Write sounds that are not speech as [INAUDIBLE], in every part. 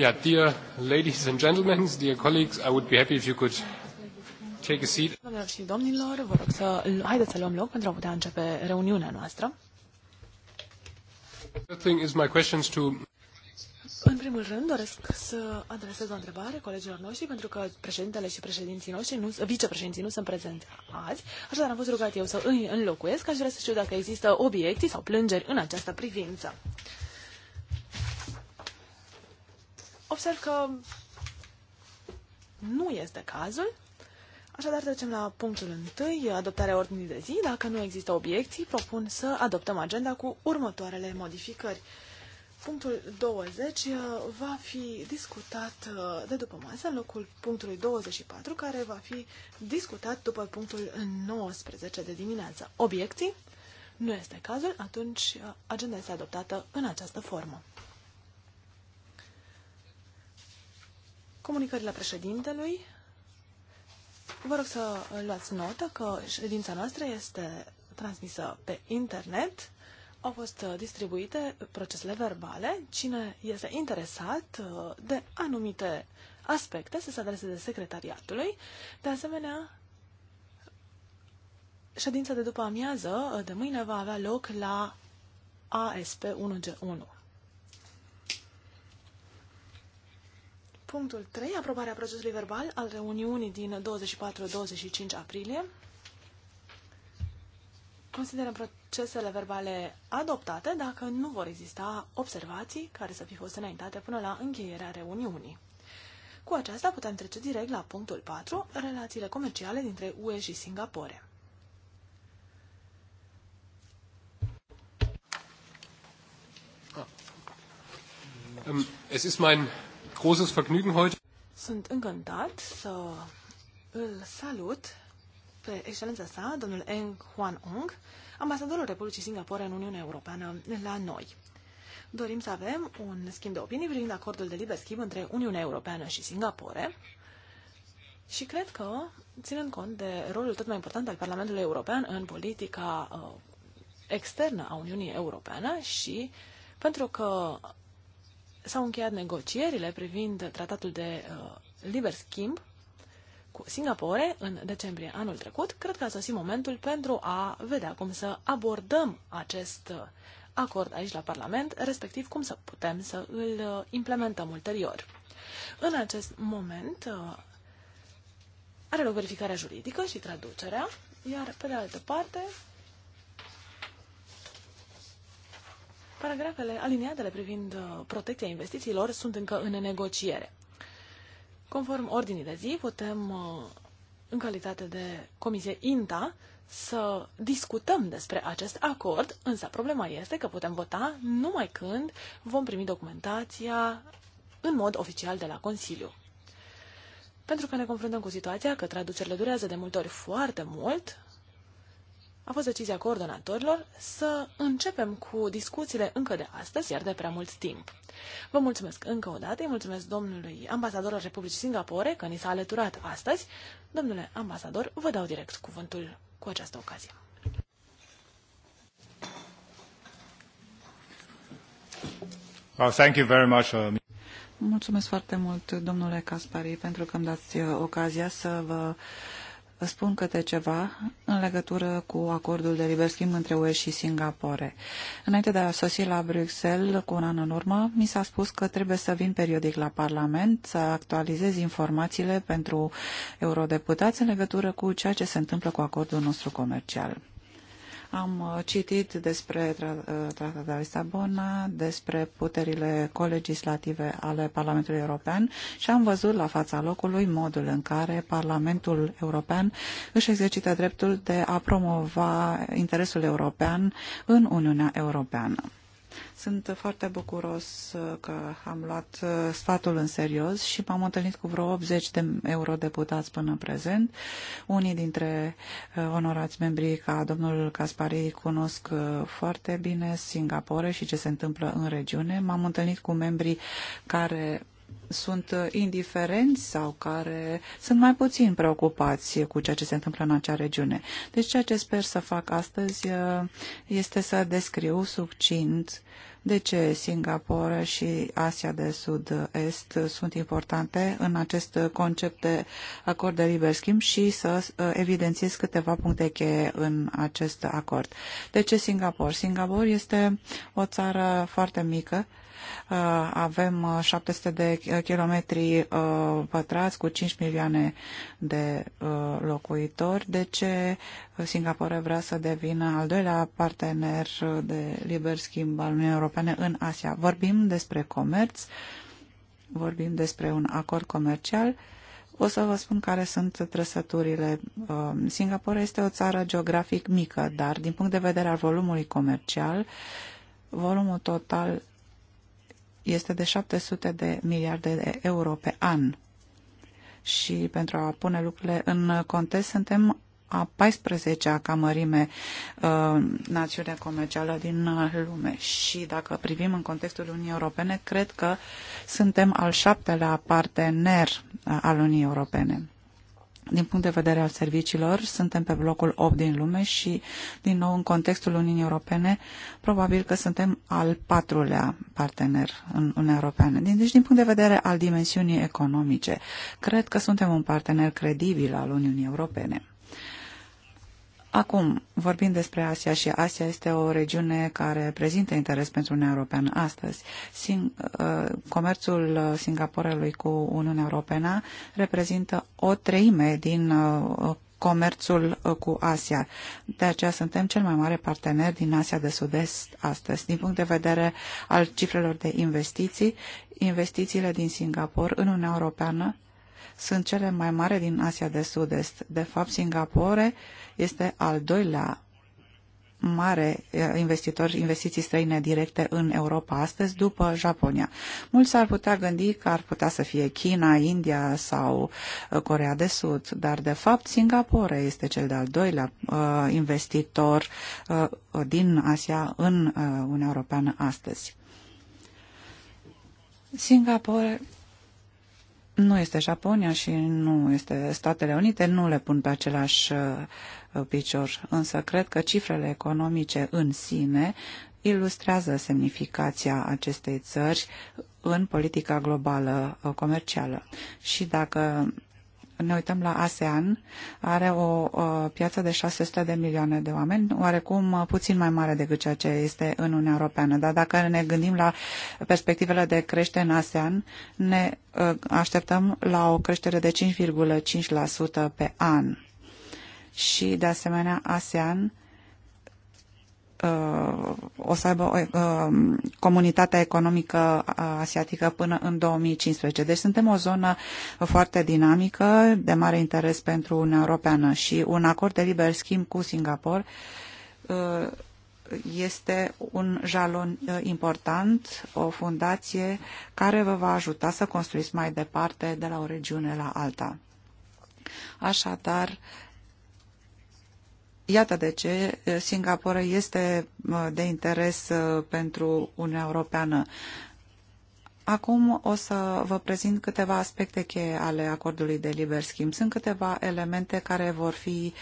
Yeah, dear ladies and gentlemen, dear colleagues, I would be happy if you could take a seat. Doamnelor și domnilor, vă rog să haideți să luăm loc pentru a putea începe reuniunea noastră. Thing is my questions to în primul rând, doresc să adresez o întrebare colegilor noștri, pentru că președintele și președinții noștri, nu, vicepreședinții, nu sunt prezenți azi. Așadar, am fost rugat eu să îi înlocuiesc. Aș vrea să știu dacă există obiecții sau plângeri în această privință. observ că nu este cazul. Așadar, trecem la punctul întâi, adoptarea ordinii de zi. Dacă nu există obiecții, propun să adoptăm agenda cu următoarele modificări. Punctul 20 uh, va fi discutat uh, de după masă în locul punctului 24, care va fi discutat după punctul 19 de dimineață. Obiecții? Nu este cazul, atunci uh, agenda este adoptată în această formă. Comunicările președintelui. Vă rog să luați notă că ședința noastră este transmisă pe internet. Au fost uh, distribuite procesele verbale. Cine este interesat uh, de anumite aspecte să se adreseze secretariatului. De asemenea, ședința de după amiază uh, de mâine va avea loc la ASP 1G1. Punctul 3. Aprobarea procesului verbal al reuniunii din 24-25 aprilie. Considerăm procesele verbale adoptate dacă nu vor exista observații care să fi fost înaintate până la încheierea reuniunii. Cu aceasta putem trece direct la punctul 4, relațiile comerciale dintre UE și Singapore. Ah. Um, es ist mein großes Vergnügen heute. Sunt încântat să îl salut pe excelența sa, domnul Eng Huan Ong, ambasadorul Republicii Singapore în Uniunea Europeană la noi. Dorim să avem un schimb de opinii privind acordul de liber schimb între Uniunea Europeană și Singapore. Și cred că, ținând cont de rolul tot mai important al Parlamentului European în politica uh, externă a Uniunii Europene și pentru că s-au încheiat negocierile privind tratatul de uh, liber schimb cu Singapore în decembrie anul trecut, cred că a sosit momentul pentru a vedea cum să abordăm acest uh, acord aici la Parlament, respectiv cum să putem să îl uh, implementăm ulterior. În acest moment uh, are loc verificarea juridică și traducerea, iar pe de altă parte Paragrafele, aliniatele privind uh, protecția investițiilor sunt încă în negociere. Conform ordinii de zi, putem, uh, în calitate de comisie INTA, să discutăm despre acest acord, însă problema este că putem vota numai când vom primi documentația în mod oficial de la Consiliu. Pentru că ne confruntăm cu situația că traducerile durează de multe ori foarte mult, a fost decizia coordonatorilor să începem cu discuțiile încă de astăzi, iar de prea mult timp. Vă mulțumesc încă o dată, îi mulțumesc domnului ambasador al Republicii Singapore că ni s-a alăturat astăzi. Domnule ambasador, vă dau direct cuvântul cu această ocazie. Well, thank you very much. Uh... Mulțumesc foarte mult, domnule Caspari, pentru că îmi dați uh, ocazia să vă uh, spun câte ceva în legătură cu acordul de liber schimb între UE și Singapore. Înainte de a sosi la Bruxelles cu un an în urmă, mi s-a spus că trebuie să vin periodic la Parlament, să actualizez informațiile pentru eurodeputați în legătură cu ceea ce se întâmplă cu acordul nostru comercial. Am uh, citit despre uh, Tratatul de Lisabona, despre puterile colegislative ale Parlamentului European și am văzut la fața locului modul în care Parlamentul European își exercită dreptul de a promova interesul european în Uniunea Europeană. Sunt foarte bucuros uh, că am luat uh, sfatul în serios și m-am întâlnit cu vreo 80 de eurodeputați până în prezent. Unii dintre uh, onorați membrii ca domnul Caspari cunosc foarte bine Singapore și ce se întâmplă în regiune. M-am întâlnit cu membrii care sunt uh, indiferenți sau care sunt mai puțin preocupați cu ceea ce se întâmplă în acea regiune. Deci ceea ce sper să fac astăzi uh, este să descriu succint de ce Singapore și Asia de Sud-Est sunt importante în acest concept de acord de liber schimb și să uh, evidențiez câteva puncte cheie în acest acord. De ce Singapore? Singapore este o țară foarte mică, Uh, avem 700 uh, de kilometri uh, pătrați cu 5 milioane de locuitori. De ce Singapore vrea să devină al doilea partener de liber schimb al Uniunii Europene în Asia? Vorbim despre comerț, vorbim despre un acord comercial. O să vă spun care sunt trăsăturile. Singapore este o țară geografic mică, dar din punct de vedere al volumului comercial, volumul total este de 700 de miliarde de euro pe an. Și pentru a pune lucrurile în context, suntem a 14-a camărime uh, națiune comercială din uh, lume. Și dacă privim în contextul Uniunii Europene, cred că suntem al șaptelea partener uh, al Uniunii Europene. Din punct de vedere al serviciilor, suntem pe blocul 8 din lume și, din nou, în contextul Uniunii Europene, probabil că suntem al patrulea partener în Uniunea Europeană. Deci, din punct de vedere al dimensiunii economice, cred că suntem un partener credibil al Uniunii Europene. Acum, vorbind despre Asia și Asia este o regiune care prezintă interes pentru Uniunea Europeană astăzi. Sing uh, comerțul uh, Singaporelui cu Uniunea Europeană reprezintă o treime din uh, comerțul uh, cu Asia. De aceea suntem cel mai mare partener din Asia de Sud-Est astăzi. Din punct de vedere al cifrelor de investiții, investițiile din Singapore în Uniunea Europeană sunt cele mai mari din Asia de Sud-Est. De fapt, Singapore este al doilea mare eh, investitor, investiții străine directe în Europa astăzi, după Japonia. Mulți ar putea gândi că ar putea să fie China, India sau eh, Corea de Sud, dar de fapt Singapore este cel de-al doilea uh, investitor uh, din Asia în uh, Uniunea Europeană astăzi. Singapore nu este Japonia și nu este Statele Unite, nu le pun pe același uh, picior, însă cred că cifrele economice în sine ilustrează semnificația acestei țări în politica globală uh, comercială. Și dacă ne uităm la ASEAN, are o, o piață de 600 de milioane de oameni, oarecum uh, puțin mai mare decât ceea ce este în Uniunea Europeană. Dar dacă ne gândim la perspectivele de creștere în ASEAN, ne uh, așteptăm la o creștere de 5,5% pe an. Și, de asemenea, ASEAN Uh, o să aibă o, uh, um, comunitatea economică uh, asiatică până în 2015. Deci suntem o zonă foarte dinamică, de mare interes pentru Uniunea Europeană și un acord de liber schimb cu Singapore este un jalon important, o fundație care vă va ajuta să construiți mai departe de la o regiune la alta. Așadar, Iată de ce eh, Singapore este eh, de interes eh, pentru Uniunea Europeană. Acum o să vă prezint câteva aspecte cheie ale acordului de liber schimb. Sunt câteva elemente care vor fi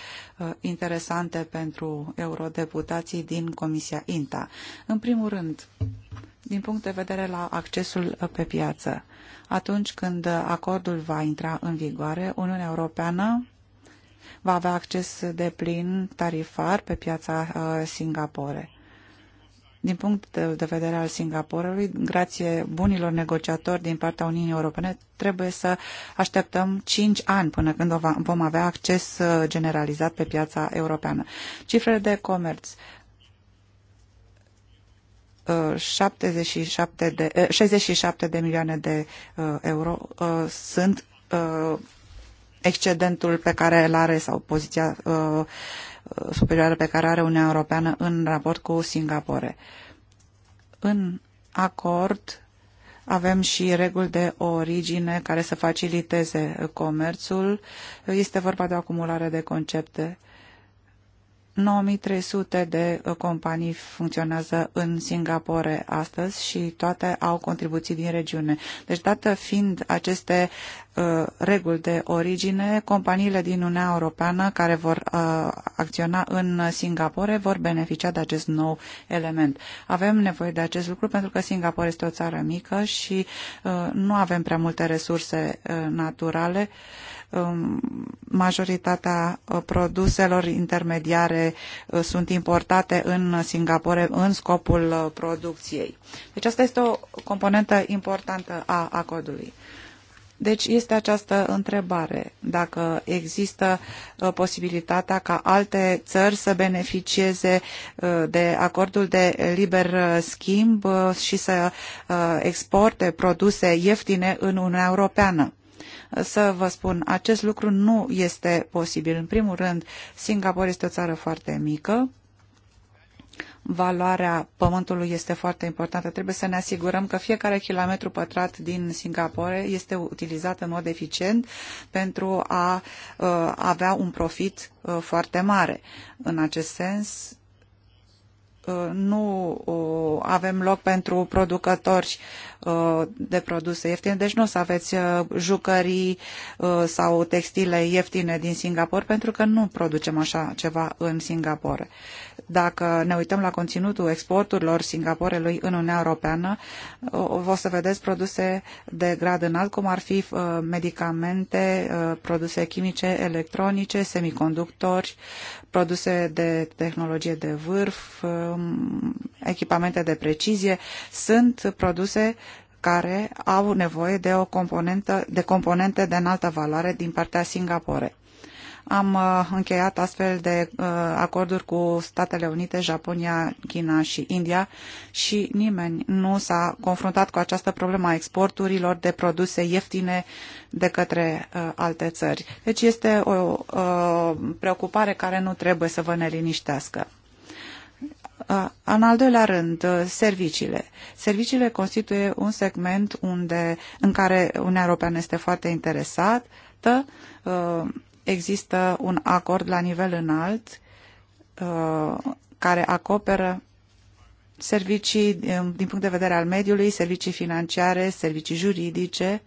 interesante pentru eurodeputații din Comisia INTA. În primul rând, din punct de vedere la accesul pe piață, atunci când acordul va intra în vigoare, Uniunea Europeană va avea acces de plin tarifar pe piața uh, Singapore. Din punct de vedere al Singaporelui, grație bunilor negociatori din partea Uniunii Europene, trebuie să așteptăm 5 ani până când vom avea acces uh, generalizat pe piața europeană. Cifrele de comerț. 77 uh, de, 67 de milioane de euro sunt excedentul pe care îl are sau poziția uh, uh superioară pe care are Uniunea Europeană în raport cu Singapore. În acord avem și reguli de origine care să faciliteze comerțul. Este vorba de o acumulare de concepte 9300 de uh, companii funcționează în Singapore astăzi și toate au contribuții din regiune. Deci, dată fiind aceste uh, reguli de origine, companiile din Uniunea Europeană care vor uh, acționa în Singapore vor beneficia de acest nou element. Avem nevoie de acest lucru pentru că Singapore este o țară mică și uh, nu avem prea multe resurse uh, naturale. Uh, Um, majoritatea uh, produselor intermediare uh, sunt importate în Singapore în scopul uh, producției. Deci asta este o componentă importantă a acordului. Deci este această întrebare, dacă există posibilitatea ca alte țări să beneficieze de acordul de liber schimb și să exporte produse ieftine în Uniunea Europeană să vă spun, acest lucru nu este posibil. În primul rând, Singapore este o țară foarte mică, valoarea pământului este foarte importantă. Trebuie să ne asigurăm că fiecare kilometru pătrat din Singapore este utilizat în mod eficient pentru a uh, avea un profit uh, foarte mare. În acest sens, Uh, nu uh, avem loc pentru producători uh, de produse ieftine, deci nu o să aveți jucării sau textile ieftine din Singapore, pentru că nu producem așa ceva în Singapore. Dacă ne uităm la conținutul exporturilor Singaporelui în Uniunea Europeană, o să vedeți produse de grad înalt, cum ar fi uh, medicamente, uh, produse chimice, electronice, semiconductori, produse de tehnologie de vârf, um, echipamente de precizie. Sunt produse care au nevoie de o componentă de componente de înaltă valoare din partea Singaporei. Am uh, încheiat astfel de uh, acorduri cu Statele Unite, Japonia, China și India și nimeni nu s-a confruntat cu această problemă a exporturilor de produse ieftine de către uh, alte țări. Deci este o preocupare care nu trebuie să vă neliniștească. În al doilea rând, serviciile. Serviciile constituie un segment unde, în care Uniunea Europeană este foarte interesată există un acord la nivel înalt uh, care acoperă servicii uh, din punct de vedere al mediului, servicii financiare, servicii juridice,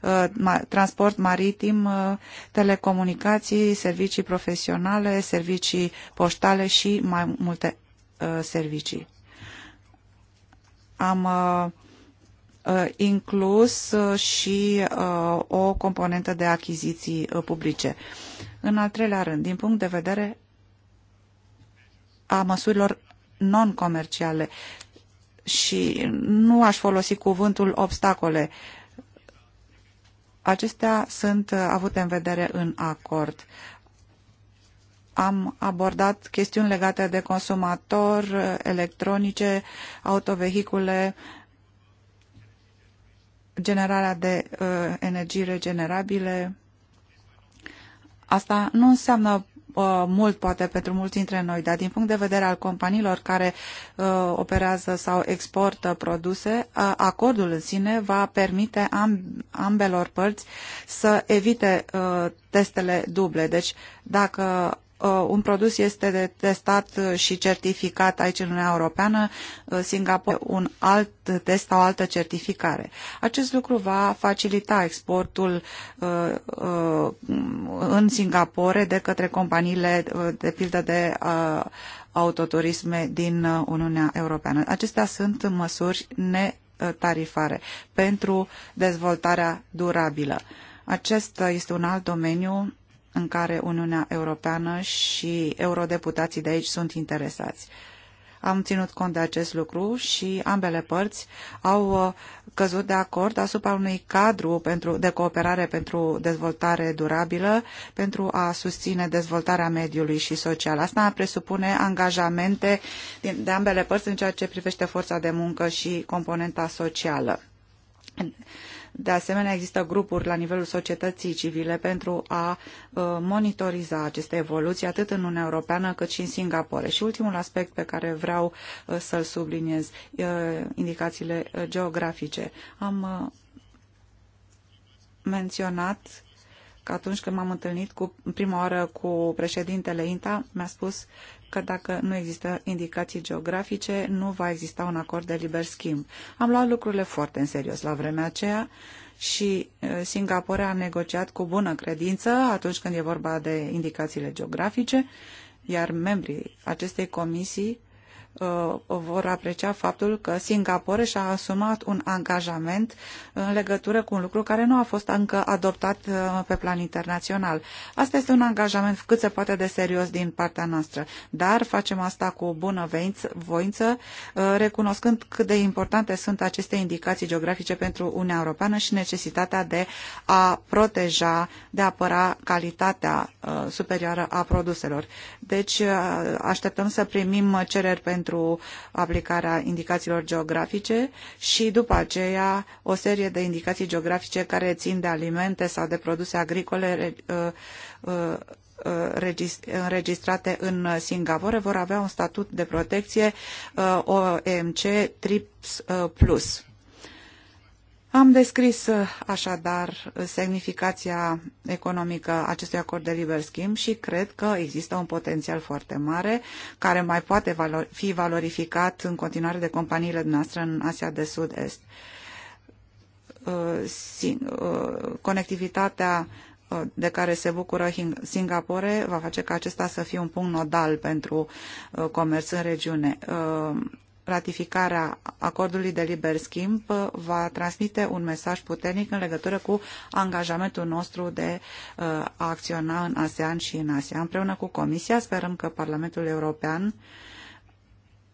uh, transport maritim, telecomunicații, servicii profesionale, servicii poștale și mai multe servicii. Am Uh, inclus uh, și uh, o componentă de achiziții publice. În al treilea rând, din punct de vedere a măsurilor non-comerciale și nu aș folosi cuvântul obstacole, acestea sunt avute în vedere în acord. Am abordat chestiuni legate de consumator, electronice, autovehicule, generarea de uh, energii regenerabile. Asta nu înseamnă uh, mult, poate, pentru mulți dintre noi, dar din punct de vedere al companiilor care uh, operează sau exportă produse, uh, acordul în sine va permite am, ambelor părți să evite uh, testele duble. Deci, dacă Uh, un produs este testat și certificat aici în Uniunea Europeană, uh, Singapore un alt test sau altă certificare. Acest lucru va facilita exportul uh, în Singapore de către companiile de pildă de autoturisme din Uniunea Europeană. Acestea sunt măsuri netarifare pentru dezvoltarea durabilă. Acesta este un alt domeniu în care Uniunea Europeană și eurodeputații de aici sunt interesați. Am ținut cont de acest lucru și ambele părți au uh, căzut de acord asupra unui cadru pentru, de cooperare pentru dezvoltare durabilă, pentru a susține dezvoltarea mediului și social. Asta presupune angajamente de ambele părți în ceea ce privește forța de muncă și componenta socială. De asemenea, există grupuri la nivelul societății civile pentru a uh, monitoriza aceste evoluții, atât în Uniunea Europeană cât și în Singapore. Și ultimul aspect pe care vreau uh, să-l subliniez, uh, indicațiile geografice. Am menționat că atunci când m-am întâlnit cu, prima oară cu președintele INTA, mi-a spus că dacă nu există indicații geografice, nu va exista un acord de liber schimb. Am luat lucrurile foarte în serios la vremea aceea și Singapore a negociat cu bună credință atunci când e vorba de indicațiile geografice, iar membrii acestei comisii Uh, vor aprecia faptul că Singapore și-a asumat un angajament în legătură cu un lucru care nu a fost încă adoptat uh, pe plan internațional. Asta este un angajament cât se poate de serios din partea noastră, dar facem asta cu bună voință, uh, recunoscând cât de importante sunt aceste indicații geografice pentru Uniunea Europeană și necesitatea de a proteja, de a apăra calitatea superioară a produselor. Deci așteptăm să primim cereri pentru pentru aplicarea indicațiilor geografice și după aceea o serie de indicații geografice care țin de alimente sau de produse agricole uh, uh, uh, înregistrate în Singapore vor avea un statut de protecție OMC TRIPS Plus. Am descris uh, așadar semnificația economică acestui acord de liber schimb și cred că există un potențial foarte mare care mai poate fi valorificat în continuare de companiile noastre în Asia de Sud-Est. Uh, uh, conectivitatea de care se bucură Singapore va face ca acesta să fie un punct nodal pentru comerț în regiune ratificarea acordului de liber schimb uh, va transmite un mesaj puternic în legătură cu angajamentul nostru de uh, a acționa în ASEAN și în ASEAN. Împreună cu Comisia sperăm că Parlamentul European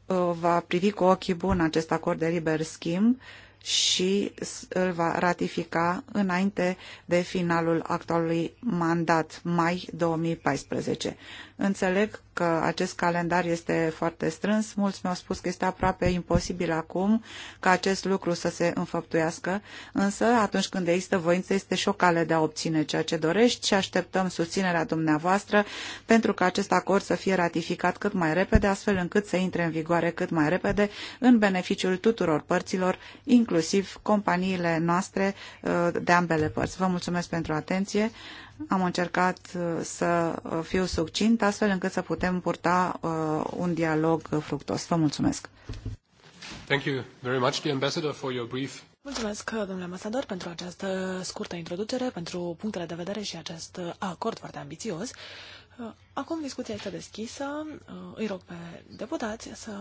uh, va privi cu ochii buni acest acord de liber schimb și îl va ratifica înainte de finalul actualului mandat, mai 2014. Înțeleg că acest calendar este foarte strâns. Mulți mi-au spus că este aproape imposibil acum ca acest lucru să se înfăptuiască, însă atunci când există voință este și o cale de a obține ceea ce dorești și așteptăm susținerea dumneavoastră pentru ca acest acord să fie ratificat cât mai repede, astfel încât să intre în vigoare cât mai repede în beneficiul tuturor părților, inclusiv companiile noastre uh, de ambele părți. Vă mulțumesc pentru atenție. Am încercat uh, să uh, fiu succint astfel încât să putem purta uh, un dialog fructos. Vă mulțumesc! Thank you very much, the ambassador, for your brief Mulțumesc, domnule ambasador, pentru această scurtă introducere, pentru punctele de vedere și acest acord foarte ambițios. Acum discuția este deschisă. Îi rog pe deputați să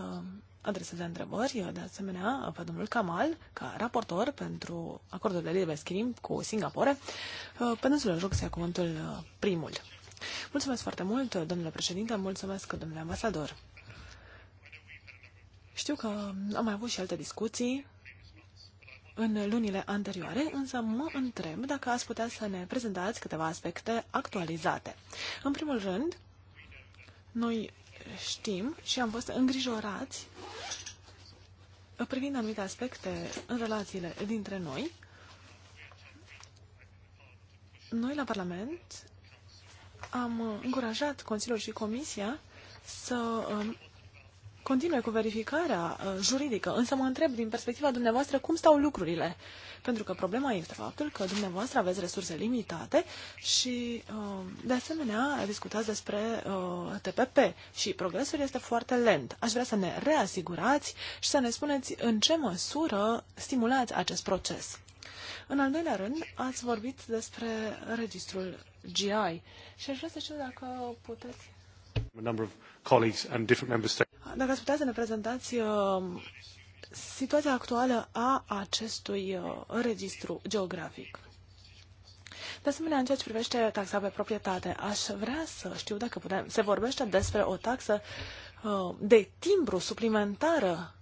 adreseze întrebări, de asemenea, pe domnul Kamal, ca raportor pentru acordul de liber schimb cu Singapore. Pe dânsul rog să ia cuvântul primul. Mulțumesc foarte mult, domnule președinte, mulțumesc, domnule ambasador. Știu că am mai avut și alte discuții în lunile anterioare, însă mă întreb dacă ați putea să ne prezentați câteva aspecte actualizate. În primul rând, noi știm și am fost îngrijorați privind anumite aspecte în relațiile dintre noi. Noi la Parlament am încurajat Consiliul și Comisia să continue cu verificarea uh, juridică, însă mă întreb din perspectiva dumneavoastră cum stau lucrurile. Pentru că problema este faptul că dumneavoastră aveți resurse limitate și, uh, de asemenea, discutați despre uh, TPP și progresul este foarte lent. Aș vrea să ne reasigurați și să ne spuneți în ce măsură stimulați acest proces. În al doilea rând, ați vorbit despre registrul GI și aș vrea să știu dacă puteți. A number of colleagues and different member states. Dacă ați putea să ne prezentați uh, situația actuală a acestui uh, registru geografic. De asemenea, în ceea ce privește taxa pe proprietate, aș vrea să știu dacă putem. Se vorbește despre o taxă uh, de timbru suplimentară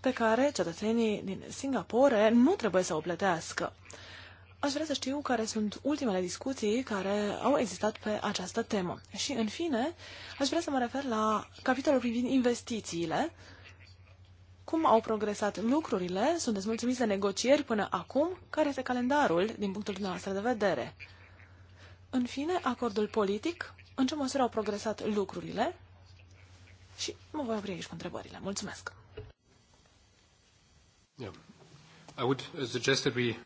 pe care cetățenii din Singapore nu trebuie să o plătească. Aș vrea să știu care sunt ultimele discuții care au existat pe această temă. Și, în fine, aș vrea să mă refer la capitolul privind investițiile. Cum au progresat lucrurile? Sunteți mulțumiți de negocieri până acum? Care este calendarul din punctul dumneavoastră de vedere? În fine, acordul politic. În ce măsură au progresat lucrurile? Și mă voi opri aici cu întrebările. Mulțumesc! Yeah. I would uh, suggest that we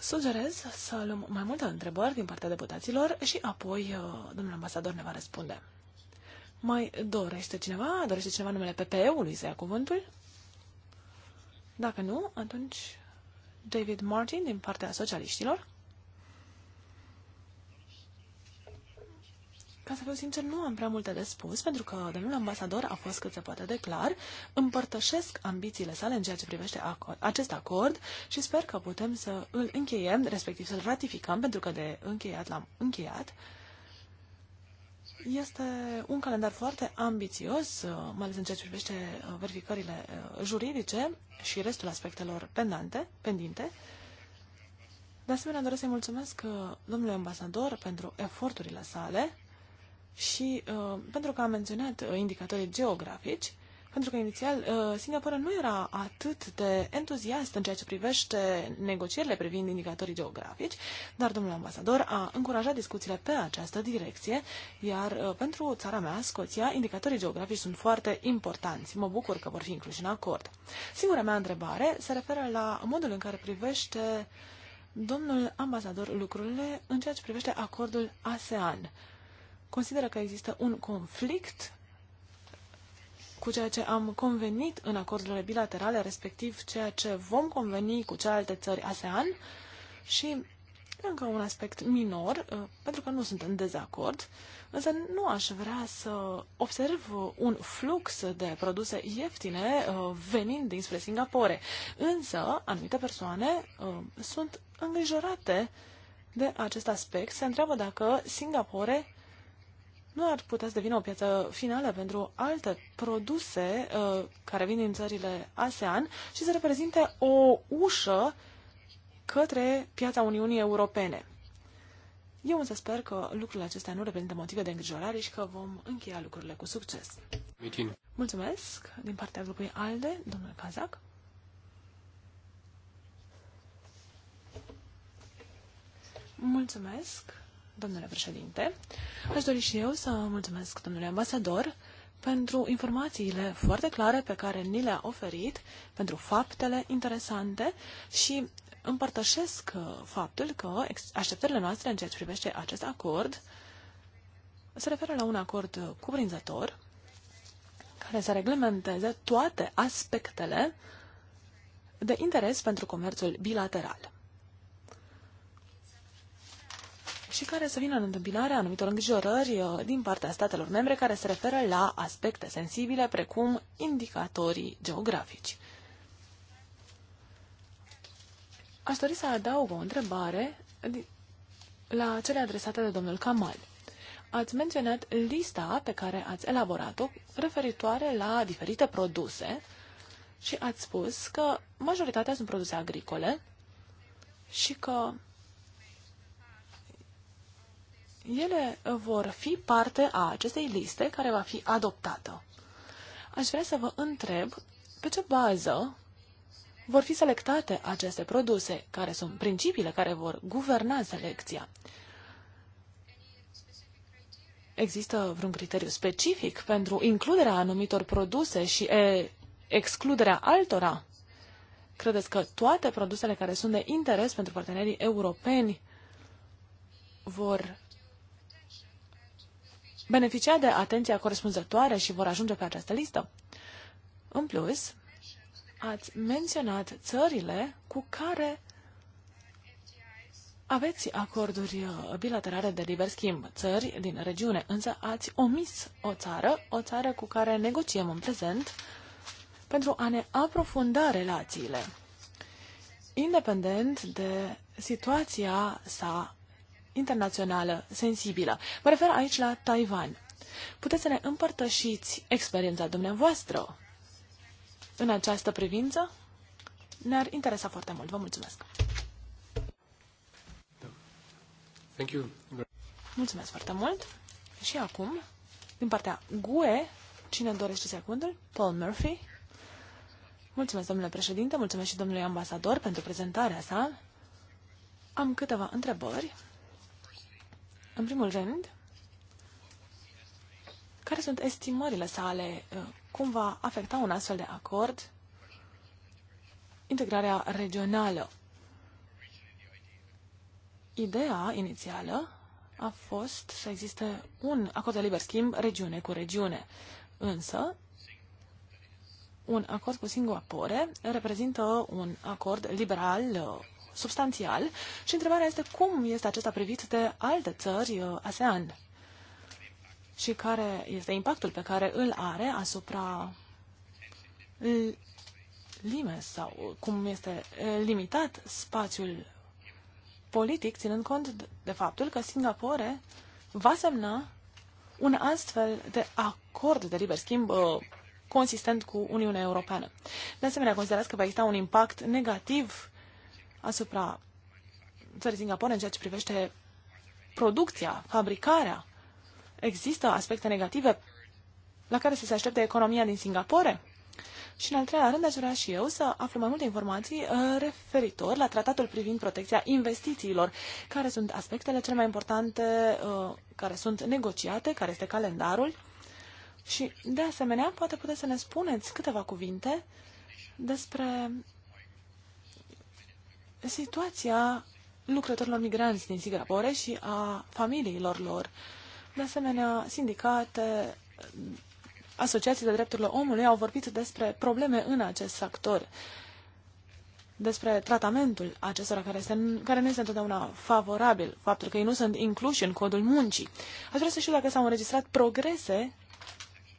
Sugerez să luăm mai multe întrebări din partea deputaților și apoi uh, domnul ambasador ne va răspunde. Mai dorește cineva? Dorește cineva numele PPE-ului să ia cuvântul? Dacă nu, atunci David Martin din partea socialiștilor. Ca să fiu sincer, nu am prea multe de spus, pentru că domnul ambasador a fost cât se poate de clar. Împărtășesc ambițiile sale în ceea ce privește acord, acest acord și sper că putem să îl încheiem, respectiv să-l ratificăm, pentru că de încheiat l-am încheiat. Este un calendar foarte ambițios, uh, mai ales în ceea ce privește uh, verificările uh, juridice și restul aspectelor pendante, pendinte. De asemenea, doresc să-i mulțumesc domnului ambasador pentru eforturile sale și uh, pentru că am menționat uh, indicatorii geografici, pentru că inițial uh, Singapore nu era atât de entuziast în ceea ce privește negocierile privind indicatorii geografici, dar domnul ambasador a încurajat discuțiile pe această direcție, iar uh, pentru țara mea, Scoția, indicatorii geografici sunt foarte importanți. Mă bucur că vor fi incluși în acord. Singura mea întrebare se referă la modul în care privește domnul ambasador lucrurile în ceea ce privește acordul ASEAN consideră că există un conflict cu ceea ce am convenit în acordurile bilaterale, respectiv ceea ce vom conveni cu celelalte țări ASEAN și încă un aspect minor, uh, pentru că nu sunt în dezacord, însă nu aș vrea să observ un flux de produse ieftine uh, venind dinspre Singapore. Însă, anumite persoane uh, sunt îngrijorate de acest aspect, se întreabă dacă Singapore nu ar putea să devină o piață finală pentru alte produse uh, care vin din țările ASEAN și să reprezinte o ușă către piața Uniunii Europene. Eu însă sper că lucrurile acestea nu reprezintă motive de îngrijorare și că vom încheia lucrurile cu succes. Mitin. Mulțumesc din partea grupului ALDE, domnul Cazac. Mulțumesc. Domnule președinte, aș dori și eu să mulțumesc domnule ambasador pentru informațiile foarte clare pe care ni le-a oferit, pentru faptele interesante și împărtășesc uh, faptul că așteptările noastre în ceea ce privește acest acord se referă la un acord uh, cuprinzător care să reglementeze toate aspectele de interes pentru comerțul bilateral. și care să vină în întâmpinarea anumitor îngrijorări uh, din partea statelor membre care se referă la aspecte sensibile precum indicatorii geografici. Aș dori să adaug o întrebare la cele adresate de domnul Kamal. Ați menționat lista pe care ați elaborat-o referitoare la diferite produse și ați spus că majoritatea sunt produse agricole și că ele vor fi parte a acestei liste care va fi adoptată. Aș vrea să vă întreb pe ce bază vor fi selectate aceste produse, care sunt principiile care vor guverna selecția. Există vreun criteriu specific pentru includerea anumitor produse și e, excluderea altora? Credeți că toate produsele care sunt de interes pentru partenerii europeni vor beneficia de atenția corespunzătoare și vor ajunge pe această listă. În plus, ați menționat țările cu care aveți acorduri uh, bilaterale de liber schimb, țări din regiune, însă ați omis o țară, o țară cu care negociem în prezent, pentru a ne aprofunda relațiile, independent de situația sa internațională sensibilă. Mă refer aici la Taiwan. Puteți să ne împărtășiți experiența dumneavoastră în această privință? Ne-ar interesa foarte mult. Vă mulțumesc! Thank you. Mulțumesc foarte mult! Și acum, din partea GUE, cine dorește să Paul Murphy. Mulțumesc, domnule președinte, mulțumesc și domnului ambasador pentru prezentarea sa. Am câteva întrebări. În primul rând, care sunt estimările sale? Uh, cum va afecta un astfel de acord integrarea regională? Ideea inițială a fost să existe un acord de liber schimb regiune cu regiune. Însă, un acord cu Singapore reprezintă un acord liberal uh, substanțial și întrebarea este cum este acesta privit de alte țări uh, ASEAN și care este impactul pe care îl are asupra lime sau cum este uh, limitat spațiul politic, ținând cont de faptul că Singapore va semna un astfel de acord de liber schimb uh, consistent cu Uniunea Europeană. De asemenea, considerați că va exista un impact negativ asupra țării Singapore în ceea ce privește producția, fabricarea. Există aspecte negative la care să se aștepte economia din Singapore? Și în al treilea rând aș vrea și eu să aflu mai multe informații uh, referitor la tratatul privind protecția investițiilor, care sunt aspectele cele mai importante uh, care sunt negociate, care este calendarul. Și, de asemenea, poate puteți să ne spuneți câteva cuvinte despre situația lucrătorilor migranți din Singapore și a familiilor lor. De asemenea, sindicate, asociații de drepturile omului au vorbit despre probleme în acest sector, despre tratamentul acestora care, este, care nu este întotdeauna favorabil, faptul că ei nu sunt incluși în codul muncii. Aș vrea să știu dacă s-au înregistrat progrese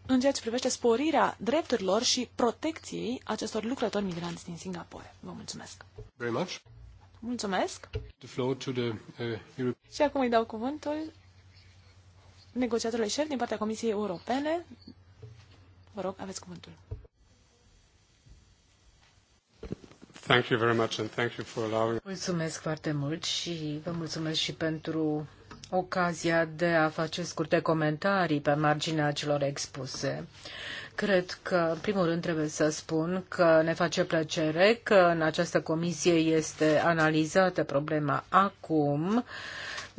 în ceea ce privește sporirea drepturilor și protecției acestor lucrători migranți din Singapore. Vă mulțumesc! Very much. Mulțumesc! The floor to the, uh, și acum îi dau cuvântul negociatorului șef din partea Comisiei Europene. Vă rog, aveți cuvântul. Thank you very much and thank you for allowing... Mulțumesc foarte mult și vă mulțumesc și pentru ocazia de a face scurte comentarii pe marginea celor expuse. Cred că, în primul rând, trebuie să spun că ne face plăcere că în această comisie este analizată problema acum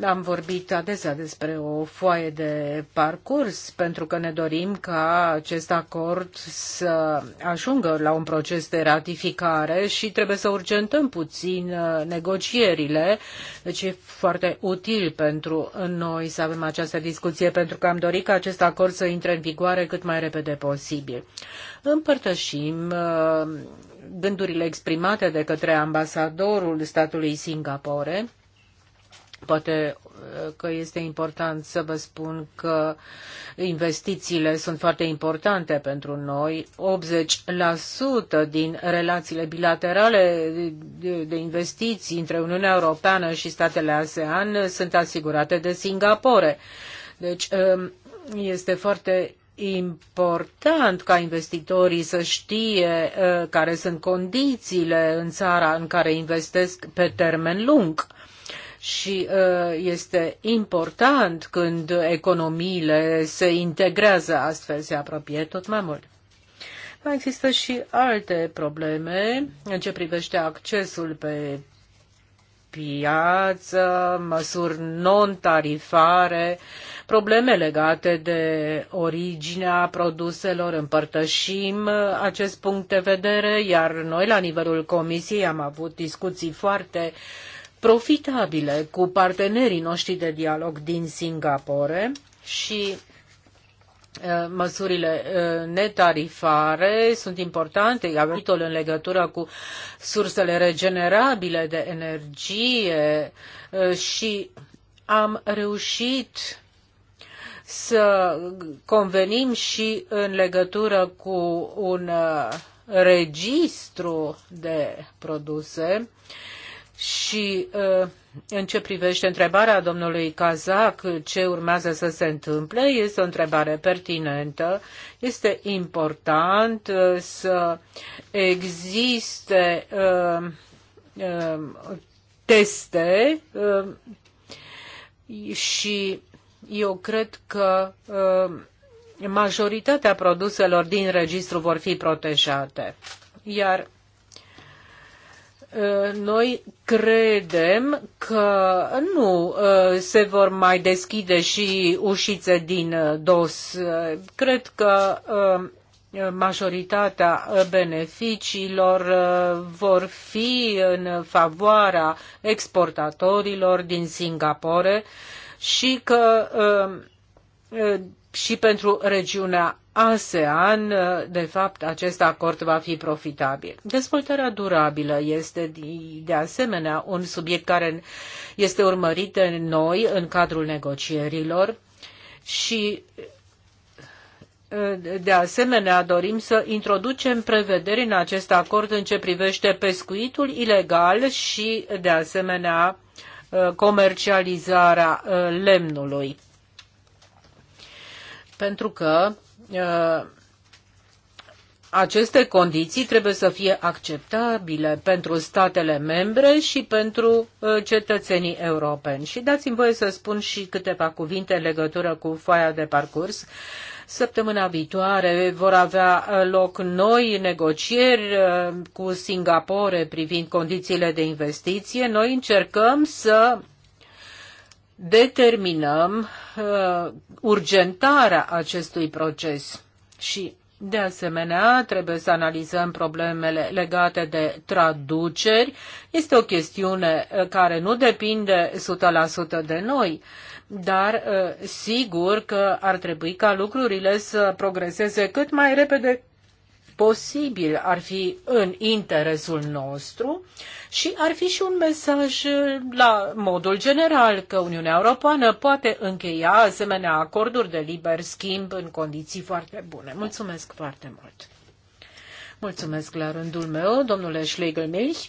am vorbit adesea despre o foaie de parcurs, pentru că ne dorim ca acest acord să ajungă la un proces de ratificare și trebuie să urgentăm puțin uh, negocierile. Deci e foarte util pentru noi să avem această discuție, pentru că am dorit ca acest acord să intre în vigoare cât mai repede posibil. Împărtășim uh, gândurile exprimate de către ambasadorul statului Singapore Poate uh, că este important să vă spun că investițiile sunt foarte importante pentru noi. 80% din relațiile bilaterale de investiții între Uniunea Europeană și statele ASEAN sunt asigurate de Singapore. Deci um, este foarte important ca investitorii să știe uh, care sunt condițiile în țara în care investesc pe termen lung și uh, este important când economiile se integrează astfel, se apropie tot mai mult. Mai există și alte probleme în ce privește accesul pe piață, măsuri non-tarifare, probleme legate de originea produselor, împărtășim acest punct de vedere, iar noi la nivelul Comisiei am avut discuții foarte uh, profitabile cu partenerii noștri de dialog din Singapore și uh, măsurile uh, netarifare sunt importante, capitol în legătură cu sursele regenerabile de energie uh, și am reușit să convenim și în legătură cu un registru de produse uh, și uh, în ce privește întrebarea domnului Cazac, ce urmează să se întâmple, este o întrebare pertinentă. Este important uh, să existe uh, teste și eu cred că majoritatea produselor din registru vor fi protejate. Iar Eh, noi credem că nu eh, se vor mai deschide și ușițe din eh, dos. Cred că majoritatea beneficiilor vor fi în favoarea exportatorilor din Singapore și că și pentru regiunea ASEAN, de fapt, acest acord va fi profitabil. Dezvoltarea durabilă este, de asemenea, un subiect care este urmărit de noi în cadrul negocierilor și de asemenea, dorim să introducem prevederi în acest acord în ce privește pescuitul ilegal și, de asemenea, comercializarea ă, lemnului pentru că uh, aceste condiții trebuie să fie acceptabile pentru statele membre și pentru uh, cetățenii europeni. Și dați-mi voie să spun și câteva cuvinte în legătură cu foaia de parcurs. Săptămâna viitoare vor avea uh, loc noi negocieri cu Singapore privind condițiile de investiție. Noi încercăm să determinăm uh, urgentarea acestui proces și de asemenea, trebuie să analizăm problemele legate de traduceri. Este o chestiune uh, care nu depinde 100% de noi, dar uh, sigur că ar trebui ca lucrurile să progreseze cât mai repede posibil ar fi în interesul nostru și ar fi și un mesaj la modul general că Uniunea Europeană poate încheia asemenea acorduri de liber schimb în condiții foarte bune. Mulțumesc foarte mult! Mulțumesc la rândul meu, domnule Schlegelmilch.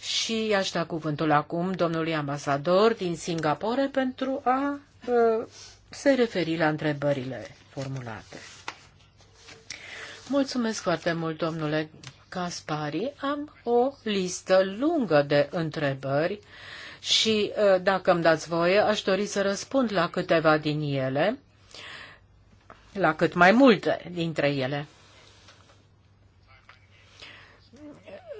Și aș da cuvântul acum domnului ambasador din Singapore pentru a uh, se referi la întrebările formulate. Mulțumesc foarte mult, domnule Caspari. Am o listă lungă de întrebări și, uh, dacă îmi dați voie, aș dori să răspund la câteva din ele, la cât mai multe dintre ele.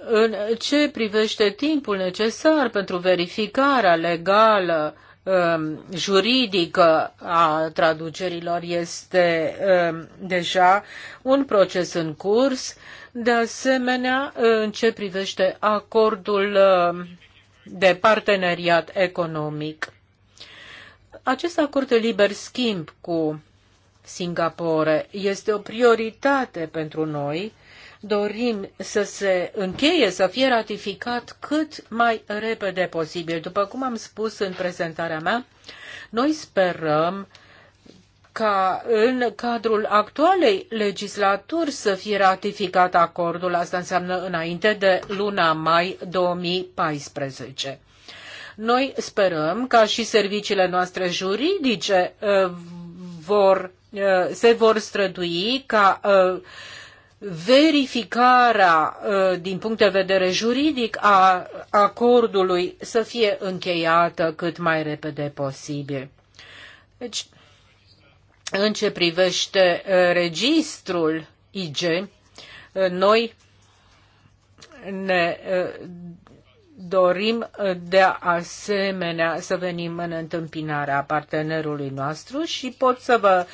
În ce privește timpul necesar pentru verificarea legală Um, juridică a traducerilor este um, deja un proces în curs. De asemenea, în ce privește acordul um, de parteneriat economic. Acest acord de liber schimb cu Singapore este o prioritate pentru noi dorim să se încheie, să fie ratificat cât mai repede posibil. După cum am spus în prezentarea mea, noi sperăm ca în cadrul actualei legislaturi să fie ratificat acordul, asta înseamnă înainte de luna mai 2014. Noi sperăm ca și serviciile noastre juridice uh, vor, uh, se vor strădui ca uh, verificarea ă, din punct de vedere juridic a acordului să fie încheiată cât mai repede posibil. Deci, în ce privește ă, registrul IG, ă, noi ne dorim de asemenea să venim în întâmpinarea partenerului nostru și pot să vă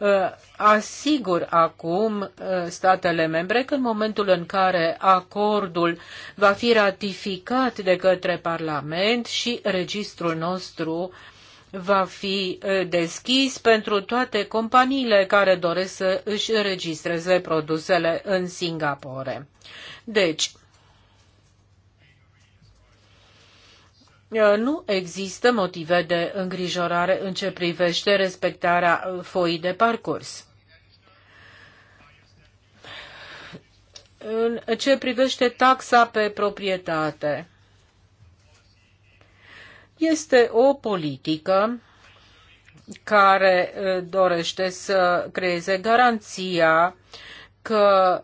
Ă, asigur acum ă, statele membre că în momentul în care acordul va fi ratificat de către Parlament și registrul nostru va fi ă, deschis pentru toate companiile care doresc să își înregistreze produsele în Singapore. Deci, Uh, nu există motive de îngrijorare în ce privește respectarea uh, foii de parcurs. În ce privește taxa pe proprietate, este o politică care uh, dorește să creeze garanția că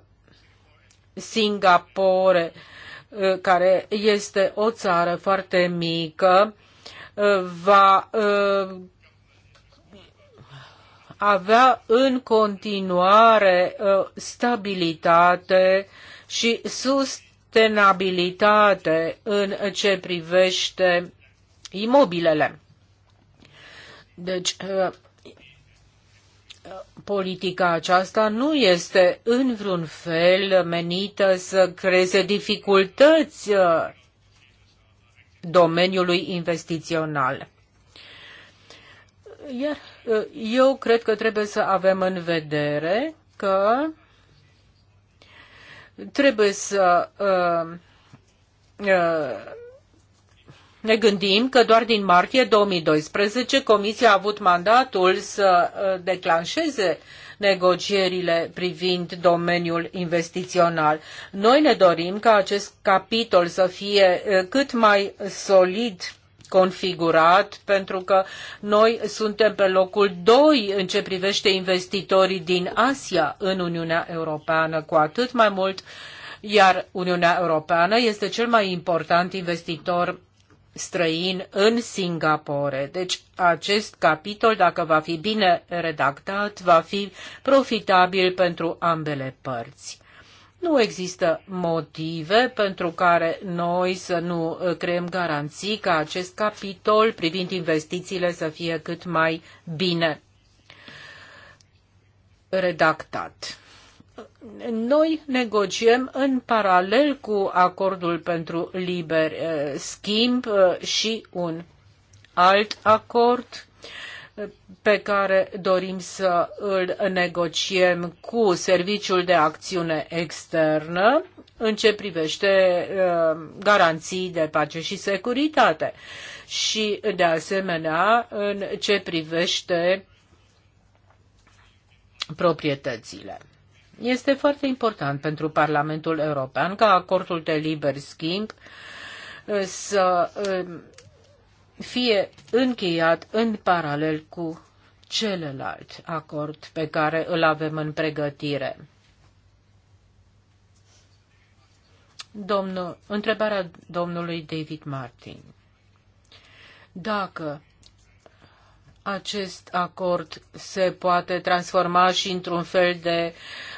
Singapore Eh, care este o țară foarte mică, eh, va eh, avea în continuare stabilitate și sustenabilitate în ce privește imobilele. Deci politica aceasta nu este în vreun fel menită să creeze dificultăți uh, domeniului investițional. Iar uh, eu cred că trebuie să avem în vedere că trebuie să uh, uh, ne gândim că doar din martie 2012 Comisia a avut mandatul să uh, declanșeze negocierile privind domeniul investițional. Noi ne dorim ca acest capitol să fie uh, cât mai solid configurat, pentru că noi suntem pe locul 2 în ce privește investitorii din Asia în Uniunea Europeană, cu atât mai mult iar Uniunea Europeană este cel mai important investitor străin în Singapore. Deci acest capitol, dacă va fi bine redactat, va fi profitabil pentru ambele părți. Nu există motive pentru care noi să nu uh, creăm garanții ca acest capitol privind investițiile să fie cât mai bine redactat noi negociem în paralel cu acordul pentru liber eh, schimb eh, și un alt acord eh, pe care dorim să îl negociem cu Serviciul de Acțiune Externă în ce privește garanții de pace și securitate și, de asemenea, în ce privește proprietățile. Este foarte important pentru Parlamentul European ca acordul de liber schimb uh, să um, fie încheiat în paralel cu celălalt acord pe care îl avem în pregătire. Domnul, întrebarea domnului David Martin. Dacă acest acord se poate transforma și într-un fel de